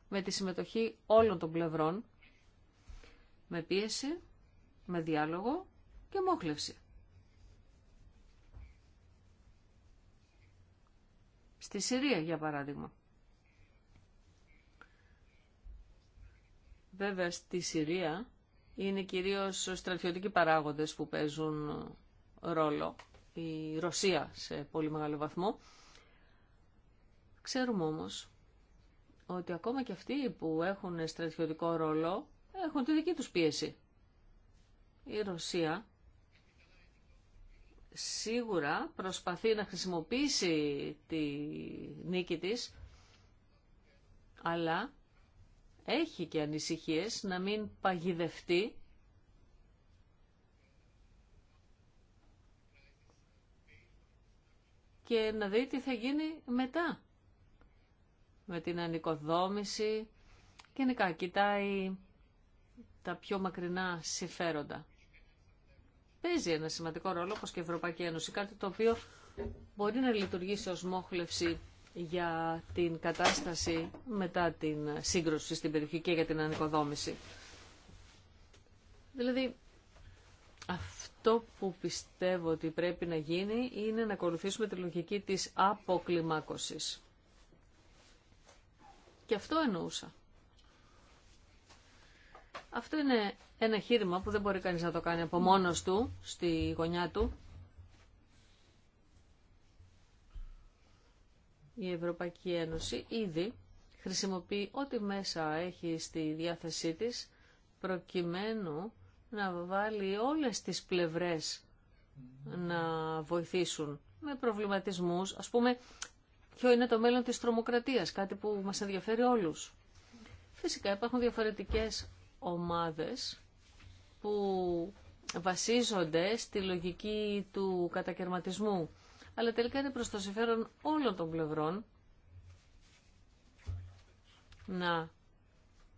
με τη συμμετοχή όλων των πλευρών, με πίεση, με διάλογο και μόχλευση. Στη Συρία, για παράδειγμα. Βέβαια στη Συρία είναι κυρίως στρατιωτικοί παράγοντες που παίζουν ρόλο. Η Ρωσία σε πολύ μεγάλο βαθμό. Ξέρουμε όμως ότι ακόμα και αυτοί που έχουν στρατιωτικό ρόλο έχουν τη δική τους πίεση. Η Ρωσία σίγουρα προσπαθεί να χρησιμοποιήσει τη νίκη της, αλλά έχει και ανησυχίες να μην παγιδευτεί και να δει τι θα γίνει μετά με την ανοικοδόμηση. Γενικά κοιτάει τα πιο μακρινά συμφέροντα. Παίζει ένα σημαντικό ρόλο, όπως και η Ευρωπαϊκή Ένωση, κάτι το οποίο μπορεί να λειτουργήσει ως μόχλευση για την κατάσταση μετά την σύγκρουση στην περιοχή και για την ανοικοδόμηση. Δηλαδή, αυτό που πιστεύω ότι πρέπει να γίνει είναι να ακολουθήσουμε τη λογική της αποκλιμάκωσης. Και αυτό εννοούσα. Αυτό είναι ένα χείρημα που δεν μπορεί κανείς να το κάνει από μόνος του, στη γωνιά του. η Ευρωπαϊκή Ένωση ήδη χρησιμοποιεί ό,τι μέσα έχει στη διάθεσή της προκειμένου να βάλει όλες τις πλευρές να βοηθήσουν με προβληματισμούς. Ας πούμε, ποιο είναι το μέλλον της τρομοκρατίας, κάτι που μας ενδιαφέρει όλους. Φυσικά υπάρχουν διαφορετικές ομάδες που βασίζονται στη λογική του κατακαιρματισμού αλλά τελικά είναι προς το συμφέρον όλων των πλευρών να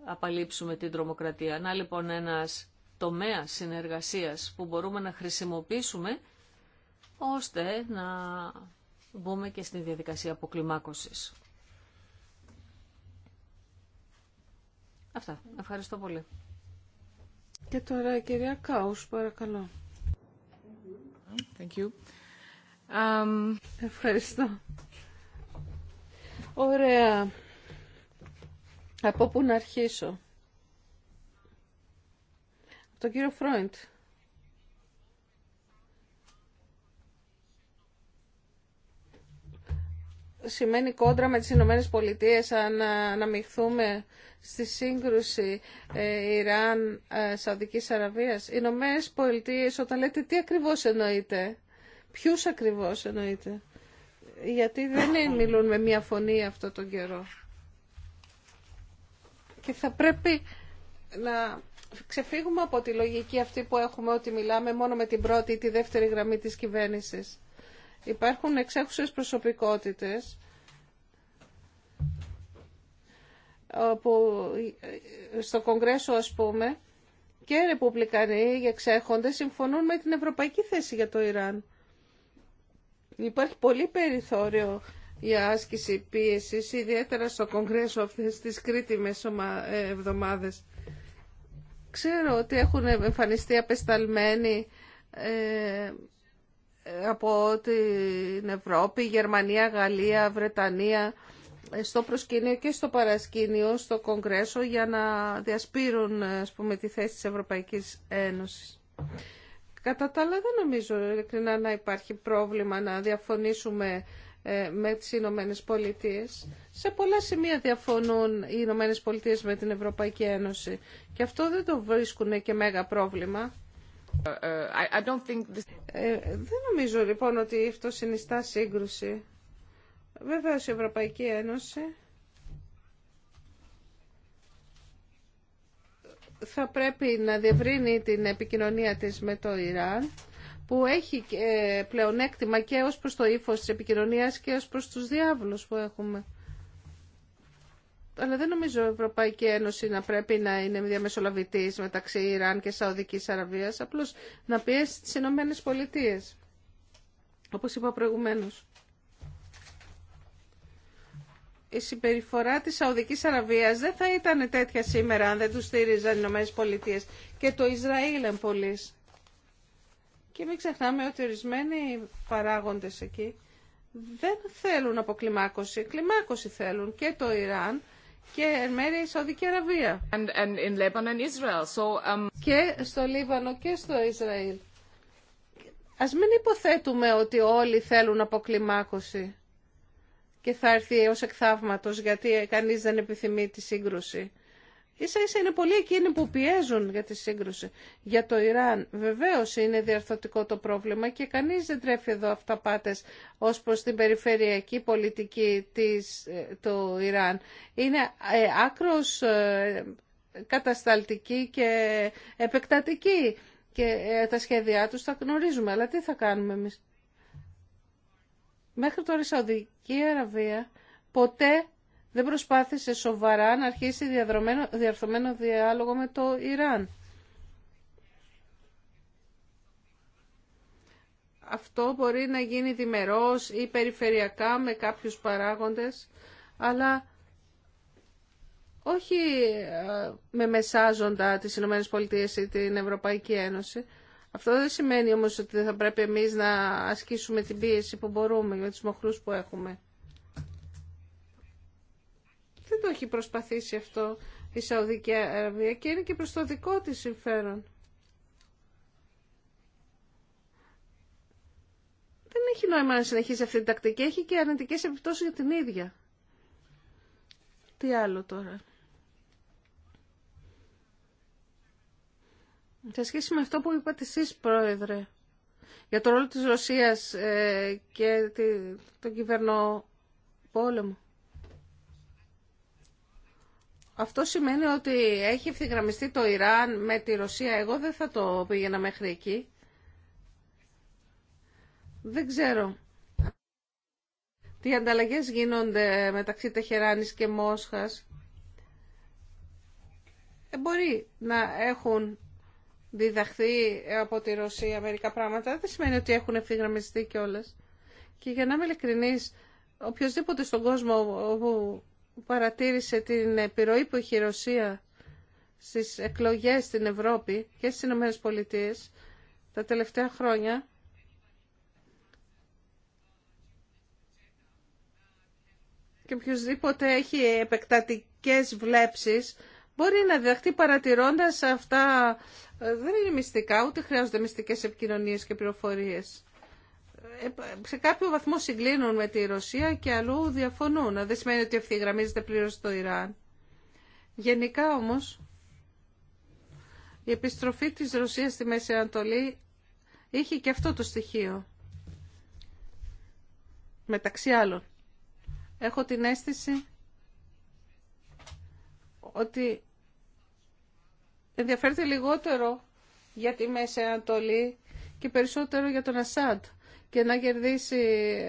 απαλείψουμε την τρομοκρατία. Να λοιπόν ένας τομέα συνεργασίας που μπορούμε να χρησιμοποιήσουμε ώστε να μπούμε και στη διαδικασία αποκλιμάκωσης.
Αυτά. Ευχαριστώ πολύ. Και τώρα κυρία Κάους, παρακαλώ. Thank you. Ευχαριστώ. Ωραία. Από πού να αρχίσω. Από τον κύριο Φρόιντ. Σημαίνει κόντρα με τις Ηνωμένε Πολιτείε αν αναμειχθούμε ε, στη σύγκρουση ε, Ιράν-Σαουδικής ε, Αραβίας. Οι Ηνωμένε Πολιτείε όταν λέτε τι ακριβώς εννοείτε Ποιου ακριβώ εννοείται. Γιατί δεν μιλούν με μία φωνή αυτό τον καιρό. Και θα πρέπει να ξεφύγουμε από τη λογική αυτή που έχουμε ότι μιλάμε μόνο με την πρώτη ή τη δεύτερη γραμμή της κυβέρνησης. Υπάρχουν εξέχουσες προσωπικότητες που στο Κογκρέσο ας πούμε και ρεπουμπλικανοί εξέχονται συμφωνούν με την ευρωπαϊκή θέση για το Ιράν. Υπάρχει πολύ περιθώριο για άσκηση πίεσης, ιδιαίτερα στο Κογκρέσο αυτές τις κρίτιμες ε, εβδομάδες. Ξέρω ότι έχουν εμφανιστεί απεσταλμένοι ε, από την Ευρώπη, Γερμανία, Γαλλία, Βρετανία, ε, στο προσκήνιο και στο παρασκήνιο, στο Κογκρέσο, για να διασπείρουν πούμε, τη θέση της Ευρωπαϊκής Ένωσης. Κατά τα άλλα δεν νομίζω ειλικρινά να υπάρχει πρόβλημα να διαφωνήσουμε ε, με τις Ηνωμένε Πολιτείε. Σε πολλά σημεία διαφωνούν οι Ηνωμένε Πολιτείε με την Ευρωπαϊκή Ένωση και αυτό δεν το βρίσκουν και μέγα πρόβλημα. Ε, ε, I don't think δεν νομίζω λοιπόν ότι αυτό συνιστά σύγκρουση. Βεβαίως η Ευρωπαϊκή Ένωση θα πρέπει να διευρύνει την επικοινωνία της με το Ιράν που έχει ε, πλεονέκτημα και ως προς το ύφος της επικοινωνίας και ως προς τους διάβλους που έχουμε. Αλλά δεν νομίζω η Ευρωπαϊκή Ένωση να πρέπει να είναι διαμεσολαβητής μεταξύ Ιράν και Σαουδικής Αραβίας, απλώς να πιέσει τις Ηνωμένε Πολιτείες, όπως είπα προηγουμένως η συμπεριφορά της Σαουδικής Αραβίας δεν θα ήταν τέτοια σήμερα αν δεν του στήριζαν οι Ηνωμένες Πολιτείες και το Ισραήλ εν Και μην ξεχνάμε ότι ορισμένοι παράγοντες εκεί δεν θέλουν αποκλιμάκωση. Κλιμάκωση θέλουν και το Ιράν και εν μέρει η Σαουδική Αραβία. and in Lebanon, Israel. So, um... Και στο Λίβανο και στο Ισραήλ. Ας μην υποθέτουμε ότι όλοι θέλουν αποκλιμάκωση και θα έρθει ως εκθαύματος γιατί κανείς δεν επιθυμεί τη σύγκρουση. Ίσα ίσα είναι πολλοί εκείνοι που πιέζουν για τη σύγκρουση. Για το Ιράν βεβαίως είναι διαρθωτικό το πρόβλημα και κανείς δεν τρέφει εδώ αυταπάτες ως προς την περιφερειακή πολιτική της, ε, του Ιράν. Είναι ε, άκρος ε, κατασταλτική και επεκτατική και τα σχέδιά τους τα γνωρίζουμε. Αλλά τι θα κάνουμε εμείς. Μέχρι τώρα η Σαουδική Αραβία ποτέ δεν προσπάθησε σοβαρά να αρχίσει διαρθωμένο διάλογο με το Ιράν. Αυτό μπορεί να γίνει διμερός ή περιφερειακά με κάποιους παράγοντες, αλλά όχι ε, με μεσάζοντα τις ΗΠΑ ή την Ευρωπαϊκή Ένωση. Αυτό δεν σημαίνει όμως ότι δεν θα πρέπει εμείς να ασκήσουμε την πίεση που μπορούμε με τους μοχλούς που έχουμε. Δεν το έχει προσπαθήσει αυτό η Σαουδική Αραβία και είναι και προς το δικό της συμφέρον. Δεν έχει νόημα να συνεχίσει αυτή την τακτική. Έχει και αρνητικές επιπτώσεις για την ίδια. Τι άλλο τώρα. Σε σχέση με αυτό που είπατε εσείς, Πρόεδρε, για το ρόλο της Ρωσίας ε, και τον κυβερνό πόλεμο. Αυτό σημαίνει ότι έχει ευθυγραμμιστεί το Ιράν με τη Ρωσία. Εγώ δεν θα το πήγαινα μέχρι εκεί. Δεν ξέρω. Τι ανταλλαγές γίνονται μεταξύ Τεχεράνης και Μόσχας. Ε, μπορεί να έχουν διδαχθεί από τη Ρωσία μερικά πράγματα, δεν σημαίνει ότι έχουν ευθυγραμμιστεί κιόλα. Και για να είμαι ειλικρινή, οποιοδήποτε στον κόσμο που παρατήρησε την επιρροή που έχει η Ρωσία στις εκλογές στην Ευρώπη και στις Ηνωμένε Πολιτείες τα τελευταία χρόνια, και οποιοδήποτε έχει επεκτατικές βλέψεις μπορεί να διδαχτεί παρατηρώντας αυτά. Ε, δεν είναι μυστικά, ούτε χρειάζονται μυστικές επικοινωνίες και πληροφορίες. Ε, σε κάποιο βαθμό συγκλίνουν με τη Ρωσία και αλλού διαφωνούν. Δεν σημαίνει ότι ευθυγραμμίζεται πλήρως το Ιράν. Γενικά όμως, η επιστροφή της Ρωσίας στη Μέση Ανατολή είχε και αυτό το στοιχείο. Μεταξύ άλλων. Έχω την αίσθηση ότι ενδιαφέρεται λιγότερο για τη Μέση Ανατολή και περισσότερο για τον Ασάντ και να κερδίσει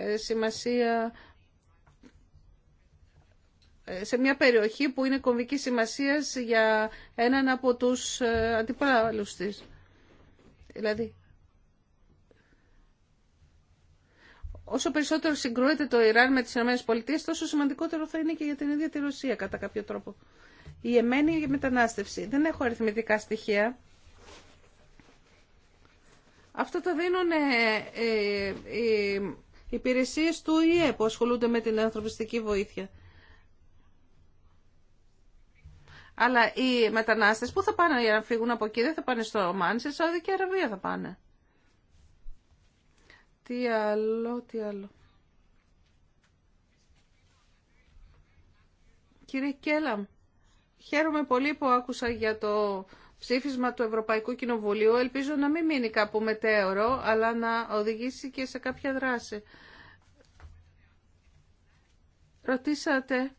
ε, σημασία ε, σε μια περιοχή που είναι κομβική σημασία για έναν από τους ε, αντιπάλους της. Δηλαδή, όσο περισσότερο συγκρούεται το Ιράν με τις ΗΠΑ, τόσο σημαντικότερο θα είναι και για την ίδια τη Ρωσία κατά κάποιο τρόπο. Η εμένη μετανάστευση. Δεν έχω αριθμητικά στοιχεία. Αυτό το δίνουν ε, ε, οι υπηρεσίες του ΙΕ που ασχολούνται με την ανθρωπιστική βοήθεια. Αλλά οι μετανάστες που θα πάνε για να φύγουν από εκεί δεν θα πάνε στο Ρωμάν, στη Σαουδική Αραβία θα πάνε. Τι άλλο, τι άλλο. Κύριε Κέλαμ, Χαίρομαι πολύ που άκουσα για το ψήφισμα του Ευρωπαϊκού Κοινοβουλίου. Ελπίζω να μην μείνει κάπου μετέωρο, αλλά να οδηγήσει και σε κάποια δράση. Ρωτήσατε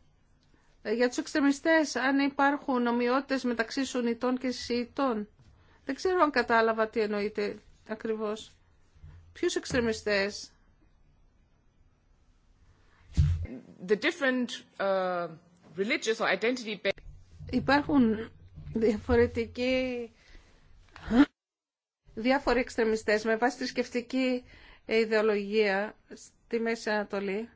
ε, για τους εξτρεμιστές αν υπάρχουν ομοιότητες μεταξύ Σουνιτών και Σιητών. Δεν ξέρω αν κατάλαβα τι εννοείται ακριβώς. Ποιους εξτρεμιστές. The different, uh, religious or identity... Υπάρχουν διαφορετικοί διάφοροι εξτρεμιστές με βάση τη σκεφτική ιδεολογία στη Μέση Ανατολή.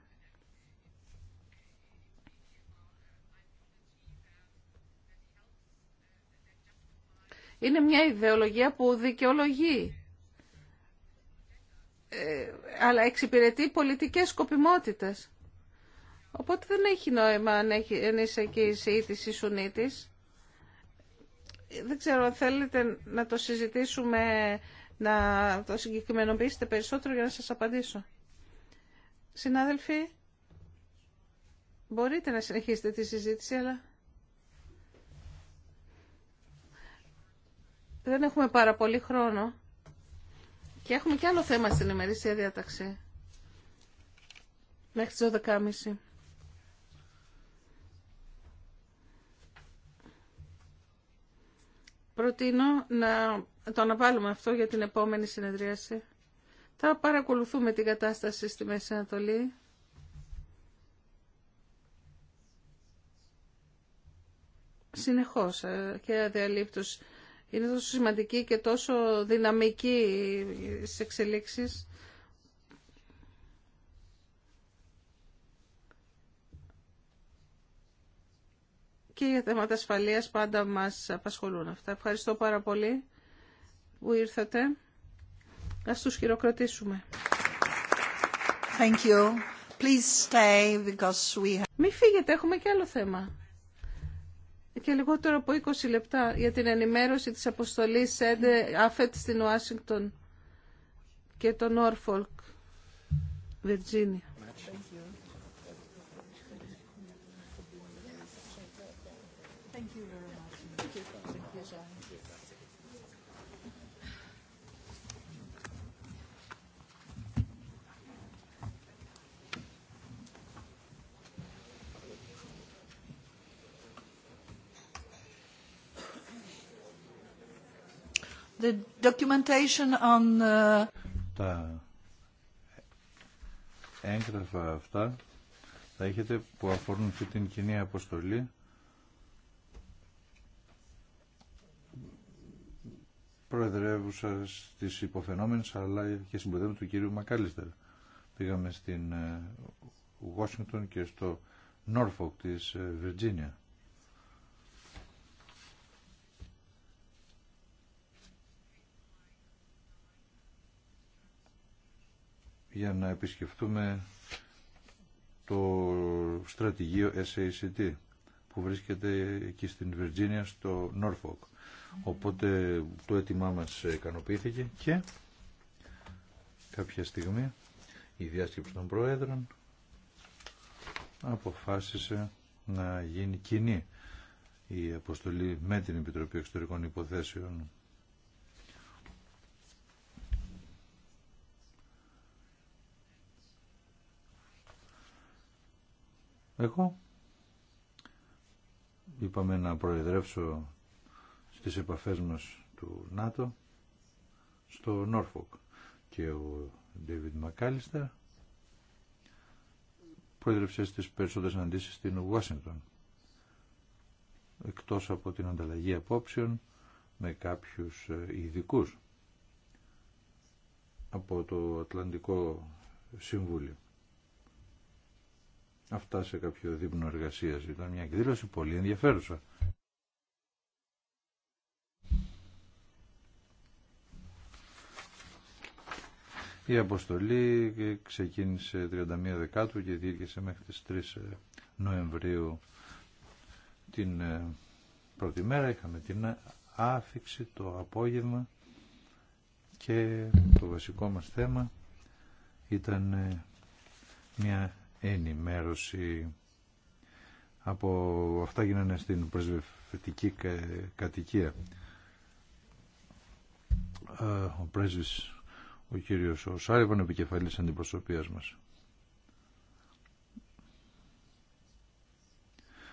Είναι μια ιδεολογία που δικαιολογεί, ε, αλλά εξυπηρετεί πολιτικές σκοπιμότητες. Οπότε δεν έχει νόημα αν, έχει, αν είσαι εκεί Σιήτης ή Σουνίτης. Δεν ξέρω αν θέλετε να το συζητήσουμε, να το συγκεκριμενοποιήσετε περισσότερο για να σας απαντήσω. Συνάδελφοι, μπορείτε να συνεχίσετε τη συζήτηση, αλλά... Δεν έχουμε πάρα πολύ χρόνο και έχουμε και άλλο θέμα στην ημερήσια διάταξη μέχρι τις 12.30. Προτείνω να το αναβάλουμε αυτό για την επόμενη συνεδρίαση. Θα παρακολουθούμε την κατάσταση στη Μέση Ανατολή. Συνεχώς ε, και αδιαλείπτως. Είναι τόσο σημαντική και τόσο δυναμική στις εξελίξεις και για θέματα ασφαλείας πάντα μας απασχολούν αυτά. Ευχαριστώ πάρα πολύ που ήρθατε. Ας τους χειροκροτήσουμε. Μην Μη φύγετε, έχουμε και άλλο θέμα. Και λιγότερο από 20 λεπτά για την ενημέρωση της αποστολής ΕΝΤΕ ΑΦΕΤ στην Ουάσιγκτον και το Νόρφολκ, Βιρτζίνια. Uh,
τα έγγραφα αυτά θα έχετε που αφορούν αυτή την κοινή αποστολή. Προεδρεύουσα στις υποφαινόμενες αλλά και συμποδέμου του κύριου Μακάλιστερ. Πήγαμε στην Ουάσιγκτον ε, και στο Νόρφοκ της Βιρτζίνια. Ε, για να επισκεφτούμε το στρατηγείο SACT που βρίσκεται εκεί στην Βιρτζίνια στο Νόρφοκ. Οπότε το έτοιμά μας ικανοποιήθηκε και κάποια στιγμή η διάσκεψη των Προέδρων αποφάσισε να γίνει κοινή η αποστολή με την Επιτροπή Εξωτερικών Υποθέσεων Εγώ είπαμε να προεδρεύσω στις επαφές μας του ΝΑΤΟ στο Νόρφοκ και ο Ντέιβιντ Μακάλιστα προεδρεύσε στις περισσότερες αντίσεις στην Ουάσινγκτον εκτός από την ανταλλαγή απόψεων με κάποιους ε, ειδικού από το Ατλαντικό Συμβούλιο αυτά σε κάποιο δείπνο εργασία. Ήταν μια εκδήλωση πολύ ενδιαφέρουσα. Η αποστολή ξεκίνησε 31 Δεκάτου και διήρκεσε μέχρι τις 3 ε, Νοεμβρίου την ε, πρώτη μέρα. Είχαμε την άφηξη το απόγευμα και το βασικό μας θέμα ήταν ε, μια ενημέρωση από αυτά γίνανε στην πρεσβευτική κατοικία. Ο πρέσβης, ο κύριος ο Σάριβαν, επικεφαλής αντιπροσωπείας μας.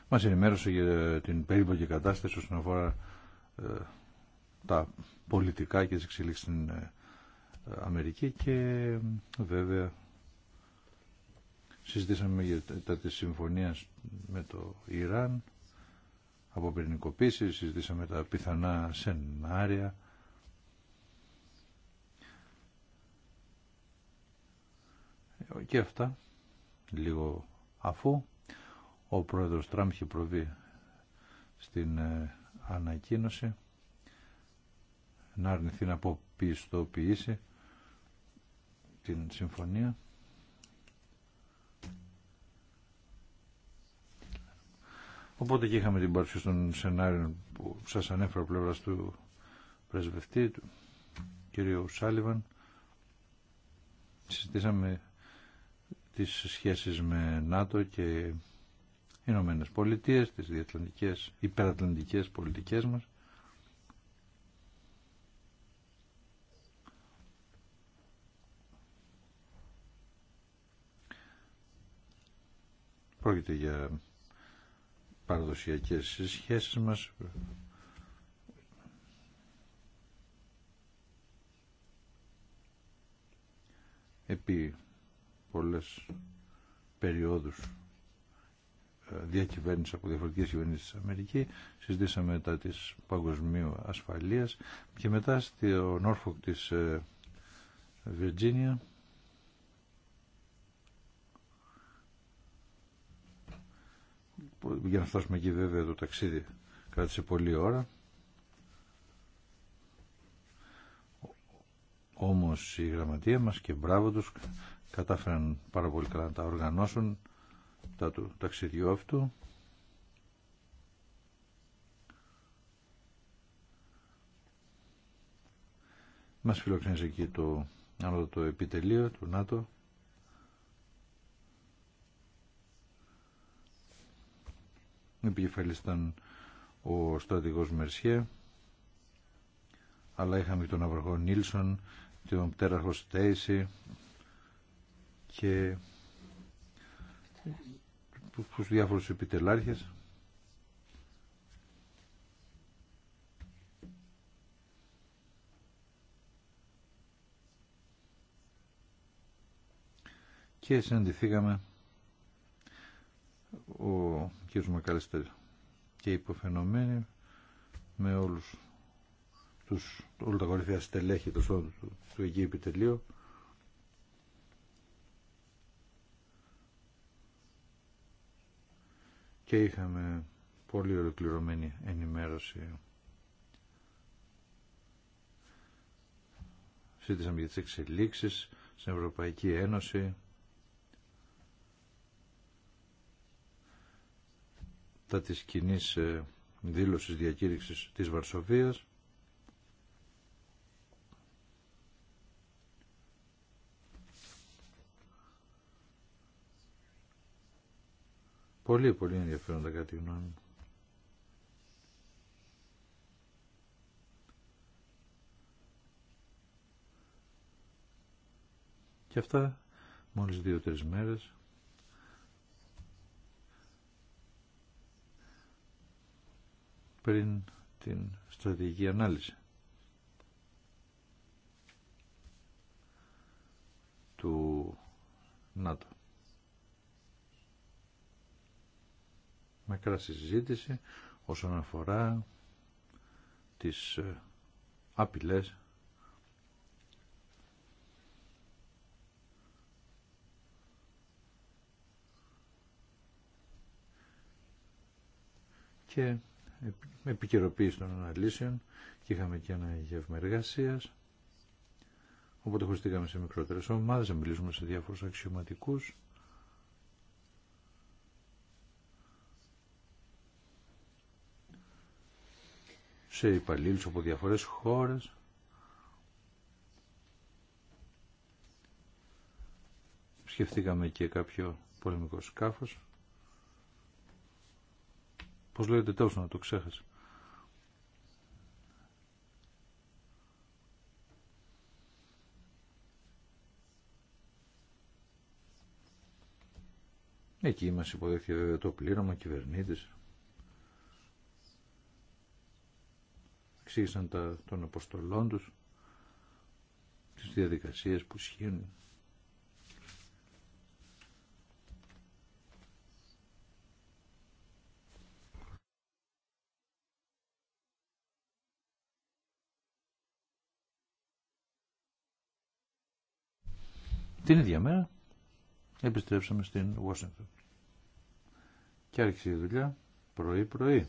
Μας ενημέρωσε για την περίπλοκη κατάσταση όσον αφορά ε, τα πολιτικά και τις εξελίξεις στην ε, Αμερική και βέβαια Συζητήσαμε για τα τη συμφωνίας με το Ιράν, από πυρηνικοποίηση, συζητήσαμε τα πιθανά σενάρια. Και αυτά, λίγο αφού ο πρόεδρος Τραμπ είχε προβεί στην ε, ανακοίνωση να αρνηθεί να αποπιστοποιήσει την συμφωνία Οπότε και είχαμε την παρουσίαση των σενάριων που σας ανέφερα πλευράς του πρεσβευτή, του κ. Σάλιβαν. Συζητήσαμε τις σχέσεις με ΝΑΤΟ και Ηνωμένες Πολιτείες, τις διατλαντικές, υπερατλαντικές πολιτικές μας. Πρόκειται για παραδοσιακές σχέσεις μας επί πολλές περιόδους ε, διακυβέρνηση από διαφορετικές κυβερνήσεις της Αμερική συζητήσαμε μετά της παγκοσμίου ασφαλείας και μετά στο Νόρφοκ της ε, Βιρτζίνια για να φτάσουμε εκεί βέβαια το ταξίδι κράτησε πολλή ώρα. Όμως η γραμματεία μας και μπράβο τους κατάφεραν πάρα πολύ καλά να τα οργανώσουν τα του ταξιδιού αυτού. Μας φιλοξένησε εκεί το, το επιτελείο του ΝΑΤΟ επικεφαλής ήταν ο στρατηγός Μερσιέ, αλλά είχαμε τον Αβραχό Νίλσον, τον πτέραρχο Στέισι και τους διάφορους επιτελάρχες. Και συναντηθήκαμε ο κ. Μακαλιστέρ και υποφαινομένη με όλους τους, όλα τα κορυφαία στελέχη του, του, του επιτελείου και είχαμε πολύ ολοκληρωμένη ενημέρωση συζήτησαμε για τις εξελίξεις στην Ευρωπαϊκή Ένωση τα της κοινή ε, δήλωσης διακήρυξης της Βαρσοβίας Πολύ πολύ ενδιαφέροντα κάτι γνώμη μου. Και αυτά μόλις δύο-τρεις μέρες πριν την στρατηγική ανάλυση του ΝΑΤΟ. Μακρά συζήτηση όσον αφορά τις ε, απειλές και επικαιροποίηση των αναλύσεων και είχαμε και ένα γεύμα εργασία. Οπότε χωριστήκαμε σε μικρότερες ομάδες, να μιλήσουμε σε διάφορους αξιωματικούς. Σε υπαλλήλους από διαφορές χώρες. Σκεφτήκαμε και κάποιο πολεμικό σκάφος. Πώς λέγεται τόσο να το ξέχασα. Εκεί μας υποδέχθηκε βέβαια το πλήρωμα κυβερνήτης. Εξήγησαν τα, των αποστολών τους, τις διαδικασίες που ισχύουν Την ίδια μέρα επιστρέψαμε στην Washington. Και άρχισε η δουλειά πρωί-πρωί.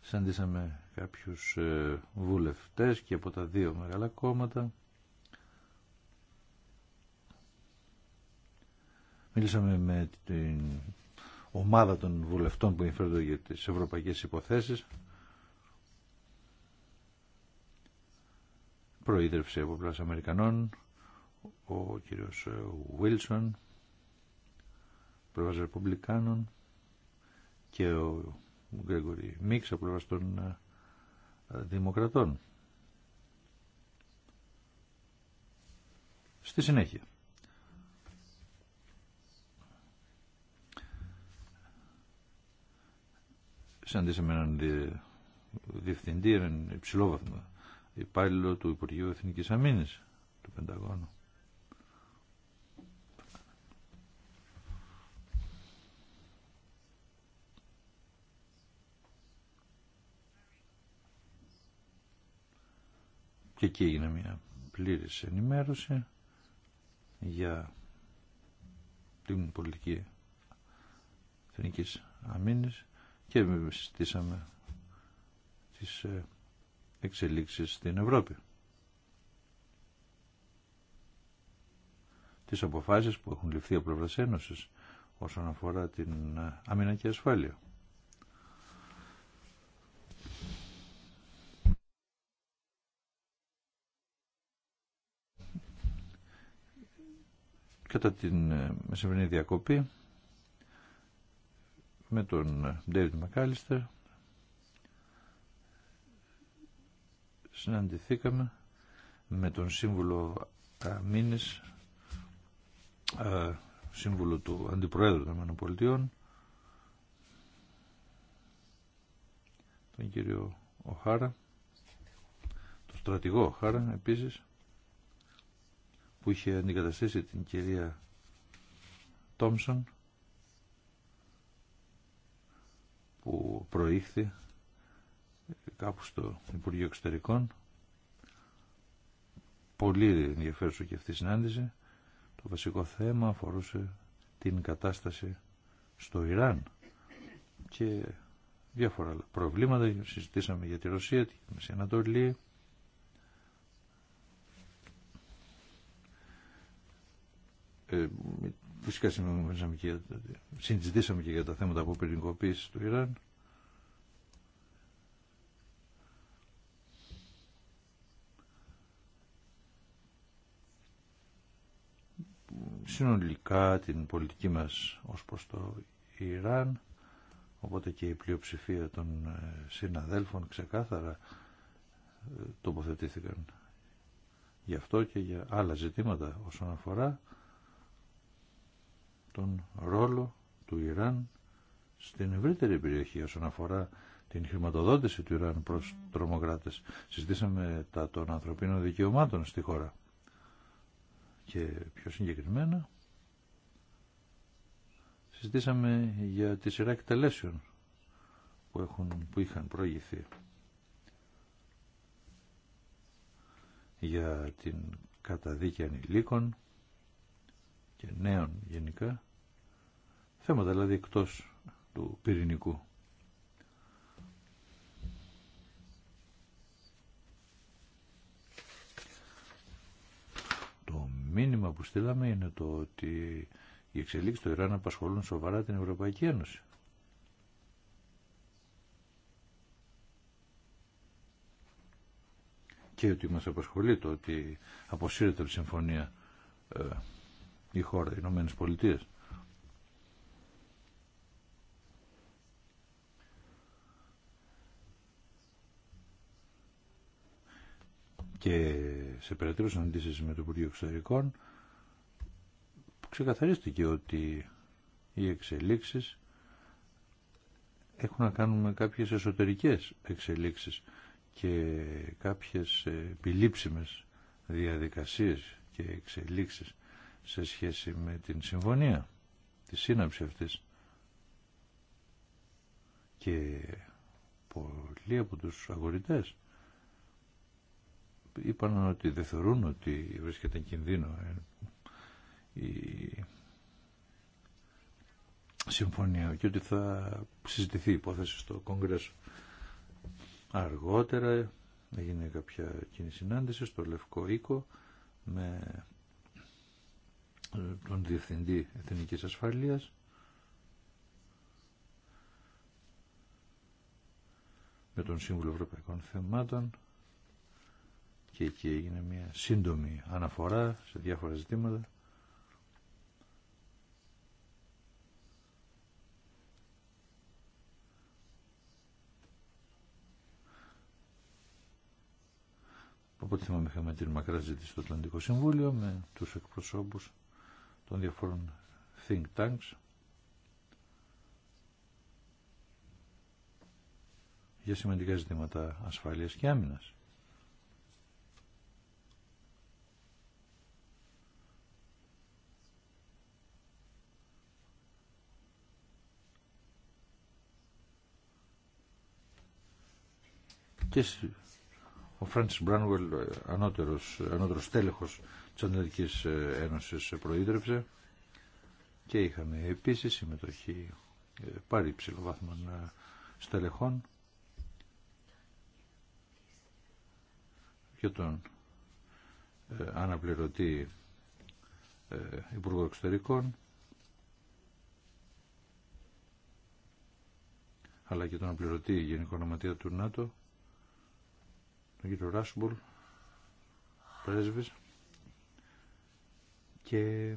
Σαντίσαμε κάποιους ε, βουλευτές και από τα δύο μεγάλα κόμματα. Μίλησαμε με την ομάδα των βουλευτών που ενδιαφέρονται για τις ευρωπαϊκές υποθέσεις. προείδρευσε από πλασά Αμερικανών ο κύριος Βίλσον πλευράς Ρεπομπλικάνων και ο Γκρέγορη Μίξ από πλευράς των ε, Δημοκρατών. Στη συνέχεια. Συναντήσαμε έναν ε, διευθυντή, έναν υψηλό βαθμό υπάλληλο του Υπουργείου Εθνικής Αμήνης του Πενταγώνου. Και εκεί έγινε μια πλήρης ενημέρωση για την πολιτική εθνικής αμήνης και στήσαμε τις ε, εξελίξεις στην Ευρώπη. Τις αποφάσεις που έχουν ληφθεί από πλευράς Ένωσης όσον αφορά την άμυνα και ασφάλεια. Κατά την ε, μεσημερινή διακοπή με τον David Μακάλιστερ συναντηθήκαμε με τον σύμβουλο α, ε, σύμβουλο του Αντιπροέδρου των Μανοπολτιών τον κύριο Οχάρα, τον στρατηγό Οχάρα επίσης, που είχε αντικαταστήσει την κυρία Τόμσον, που προήχθη κάπου στο Υπουργείο Εξωτερικών. Πολύ ενδιαφέρουσα και αυτή η συνάντηση. Το βασικό θέμα αφορούσε την κατάσταση στο Ιράν και διάφορα προβλήματα. Συζητήσαμε για τη Ρωσία, τη Μέση Ανατολή. Ε, φυσικά συζητήσαμε και για τα θέματα από του Ιράν συνολικά την πολιτική μας ως προς το Ιράν οπότε και η πλειοψηφία των ε, συναδέλφων ξεκάθαρα ε, τοποθετήθηκαν γι' αυτό και για άλλα ζητήματα όσον αφορά τον ρόλο του Ιράν στην ευρύτερη περιοχή όσον αφορά την χρηματοδότηση του Ιράν προς τρομοκράτες. Συζητήσαμε τα των ανθρωπίνων δικαιωμάτων στη χώρα και πιο συγκεκριμένα συζητήσαμε για τη σειρά εκτελέσεων που, έχουν, που είχαν προηγηθεί για την καταδίκη ανηλίκων και νέων γενικά θέματα δηλαδή εκτός του πυρηνικού μήνυμα που στείλαμε είναι το ότι οι εξελίξει του Ιράν απασχολούν σοβαρά την Ευρωπαϊκή Ένωση. Και ότι μας απασχολεί το ότι αποσύρεται από τη συμφωνία ε, η χώρα, οι Ηνωμένες Πολιτείες. και σε περαιτέρω συναντήσει με το Υπουργείο Εξωτερικών ξεκαθαρίστηκε ότι οι εξελίξεις έχουν να κάνουν με κάποιες εσωτερικές εξελίξεις και κάποιες επιλήψιμες διαδικασίες και εξελίξεις σε σχέση με την συμφωνία, τη σύναψη αυτής. Και πολλοί από τους αγορητές είπαν ότι δεν θεωρούν ότι βρίσκεται κινδύνο ε, η συμφωνία και ότι θα συζητηθεί η υπόθεση στο Κόγκρεσο. Αργότερα έγινε κάποια κοινή συνάντηση στο Λευκό Οίκο με ε, τον Διευθυντή Εθνικής Ασφαλείας με τον Σύμβουλο Ευρωπαϊκών Θεμάτων και εκεί έγινε μια σύντομη αναφορά σε διάφορα ζητήματα. ό,τι θυμάμαι είχαμε την μακρά ζήτηση στο Ατλαντικό Συμβούλιο με τους εκπροσώπους των διαφόρων think tanks για σημαντικά ζητήματα ασφάλειας και άμυνας. και ο Φράντσις Μπράνουελ, ανώτερος, ανώτερος τέλεχος της Ένωση ε, Ένωσης, ε, προείδρευσε και είχαμε επίσης συμμετοχή ε, πάρει ψηλοβάθμων στελεχών και τον αναπληρωτή Υπουργό Εξωτερικών αλλά και τον αναπληρωτή Γενικό Νοματία του ΝΑΤΟ τον κύριο Ράσμπολ, πρέσβης και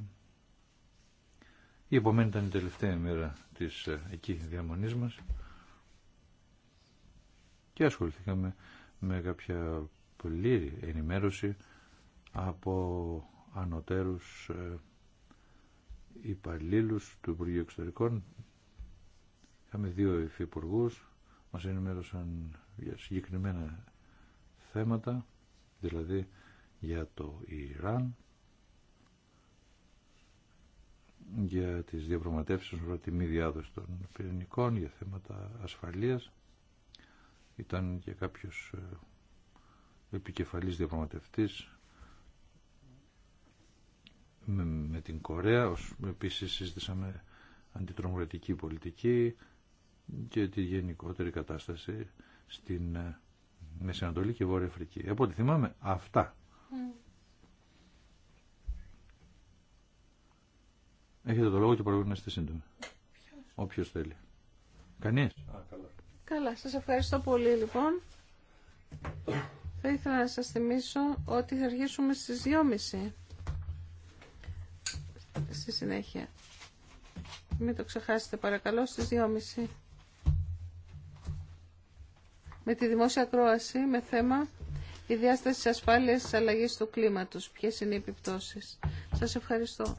η επομένη ήταν η τελευταία μέρα της ε, εκεί διαμονής μας και ασχοληθήκαμε με κάποια πλήρη ενημέρωση από ανωτέρους ε, υπαλλήλου του Υπουργείου Εξωτερικών. Είχαμε δύο υφυπουργούς, μας ενημέρωσαν για συγκεκριμένα θέματα, δηλαδή για το Ιράν, για τις διαπραγματεύσεις με τη μη διάδοση των πυρηνικών, για θέματα ασφαλείας. Ήταν και κάποιος ε, επικεφαλής διαπραγματευτής με, την Κορέα, ως, επίσης συζητήσαμε αντιτρομοκρατική πολιτική και τη γενικότερη κατάσταση στην ε, Μεσανατολή και Βόρεια Αφρική. Από ό,τι θυμάμαι, αυτά. Έχετε το λόγο και παρακολουθεί να είστε σύντομοι. Όποιο θέλει. Κανεί. Καλά.
καλά. Σας ευχαριστώ πολύ λοιπόν. Θα ήθελα να σας θυμίσω ότι θα αρχίσουμε στις 2.30 στη συνέχεια. Μην το ξεχάσετε παρακαλώ στις 2.30 με τη δημόσια ακρόαση με θέμα η διάσταση της ασφάλειας της αλλαγής του κλίματος. Ποιες είναι οι επιπτώσεις. Σας ευχαριστώ.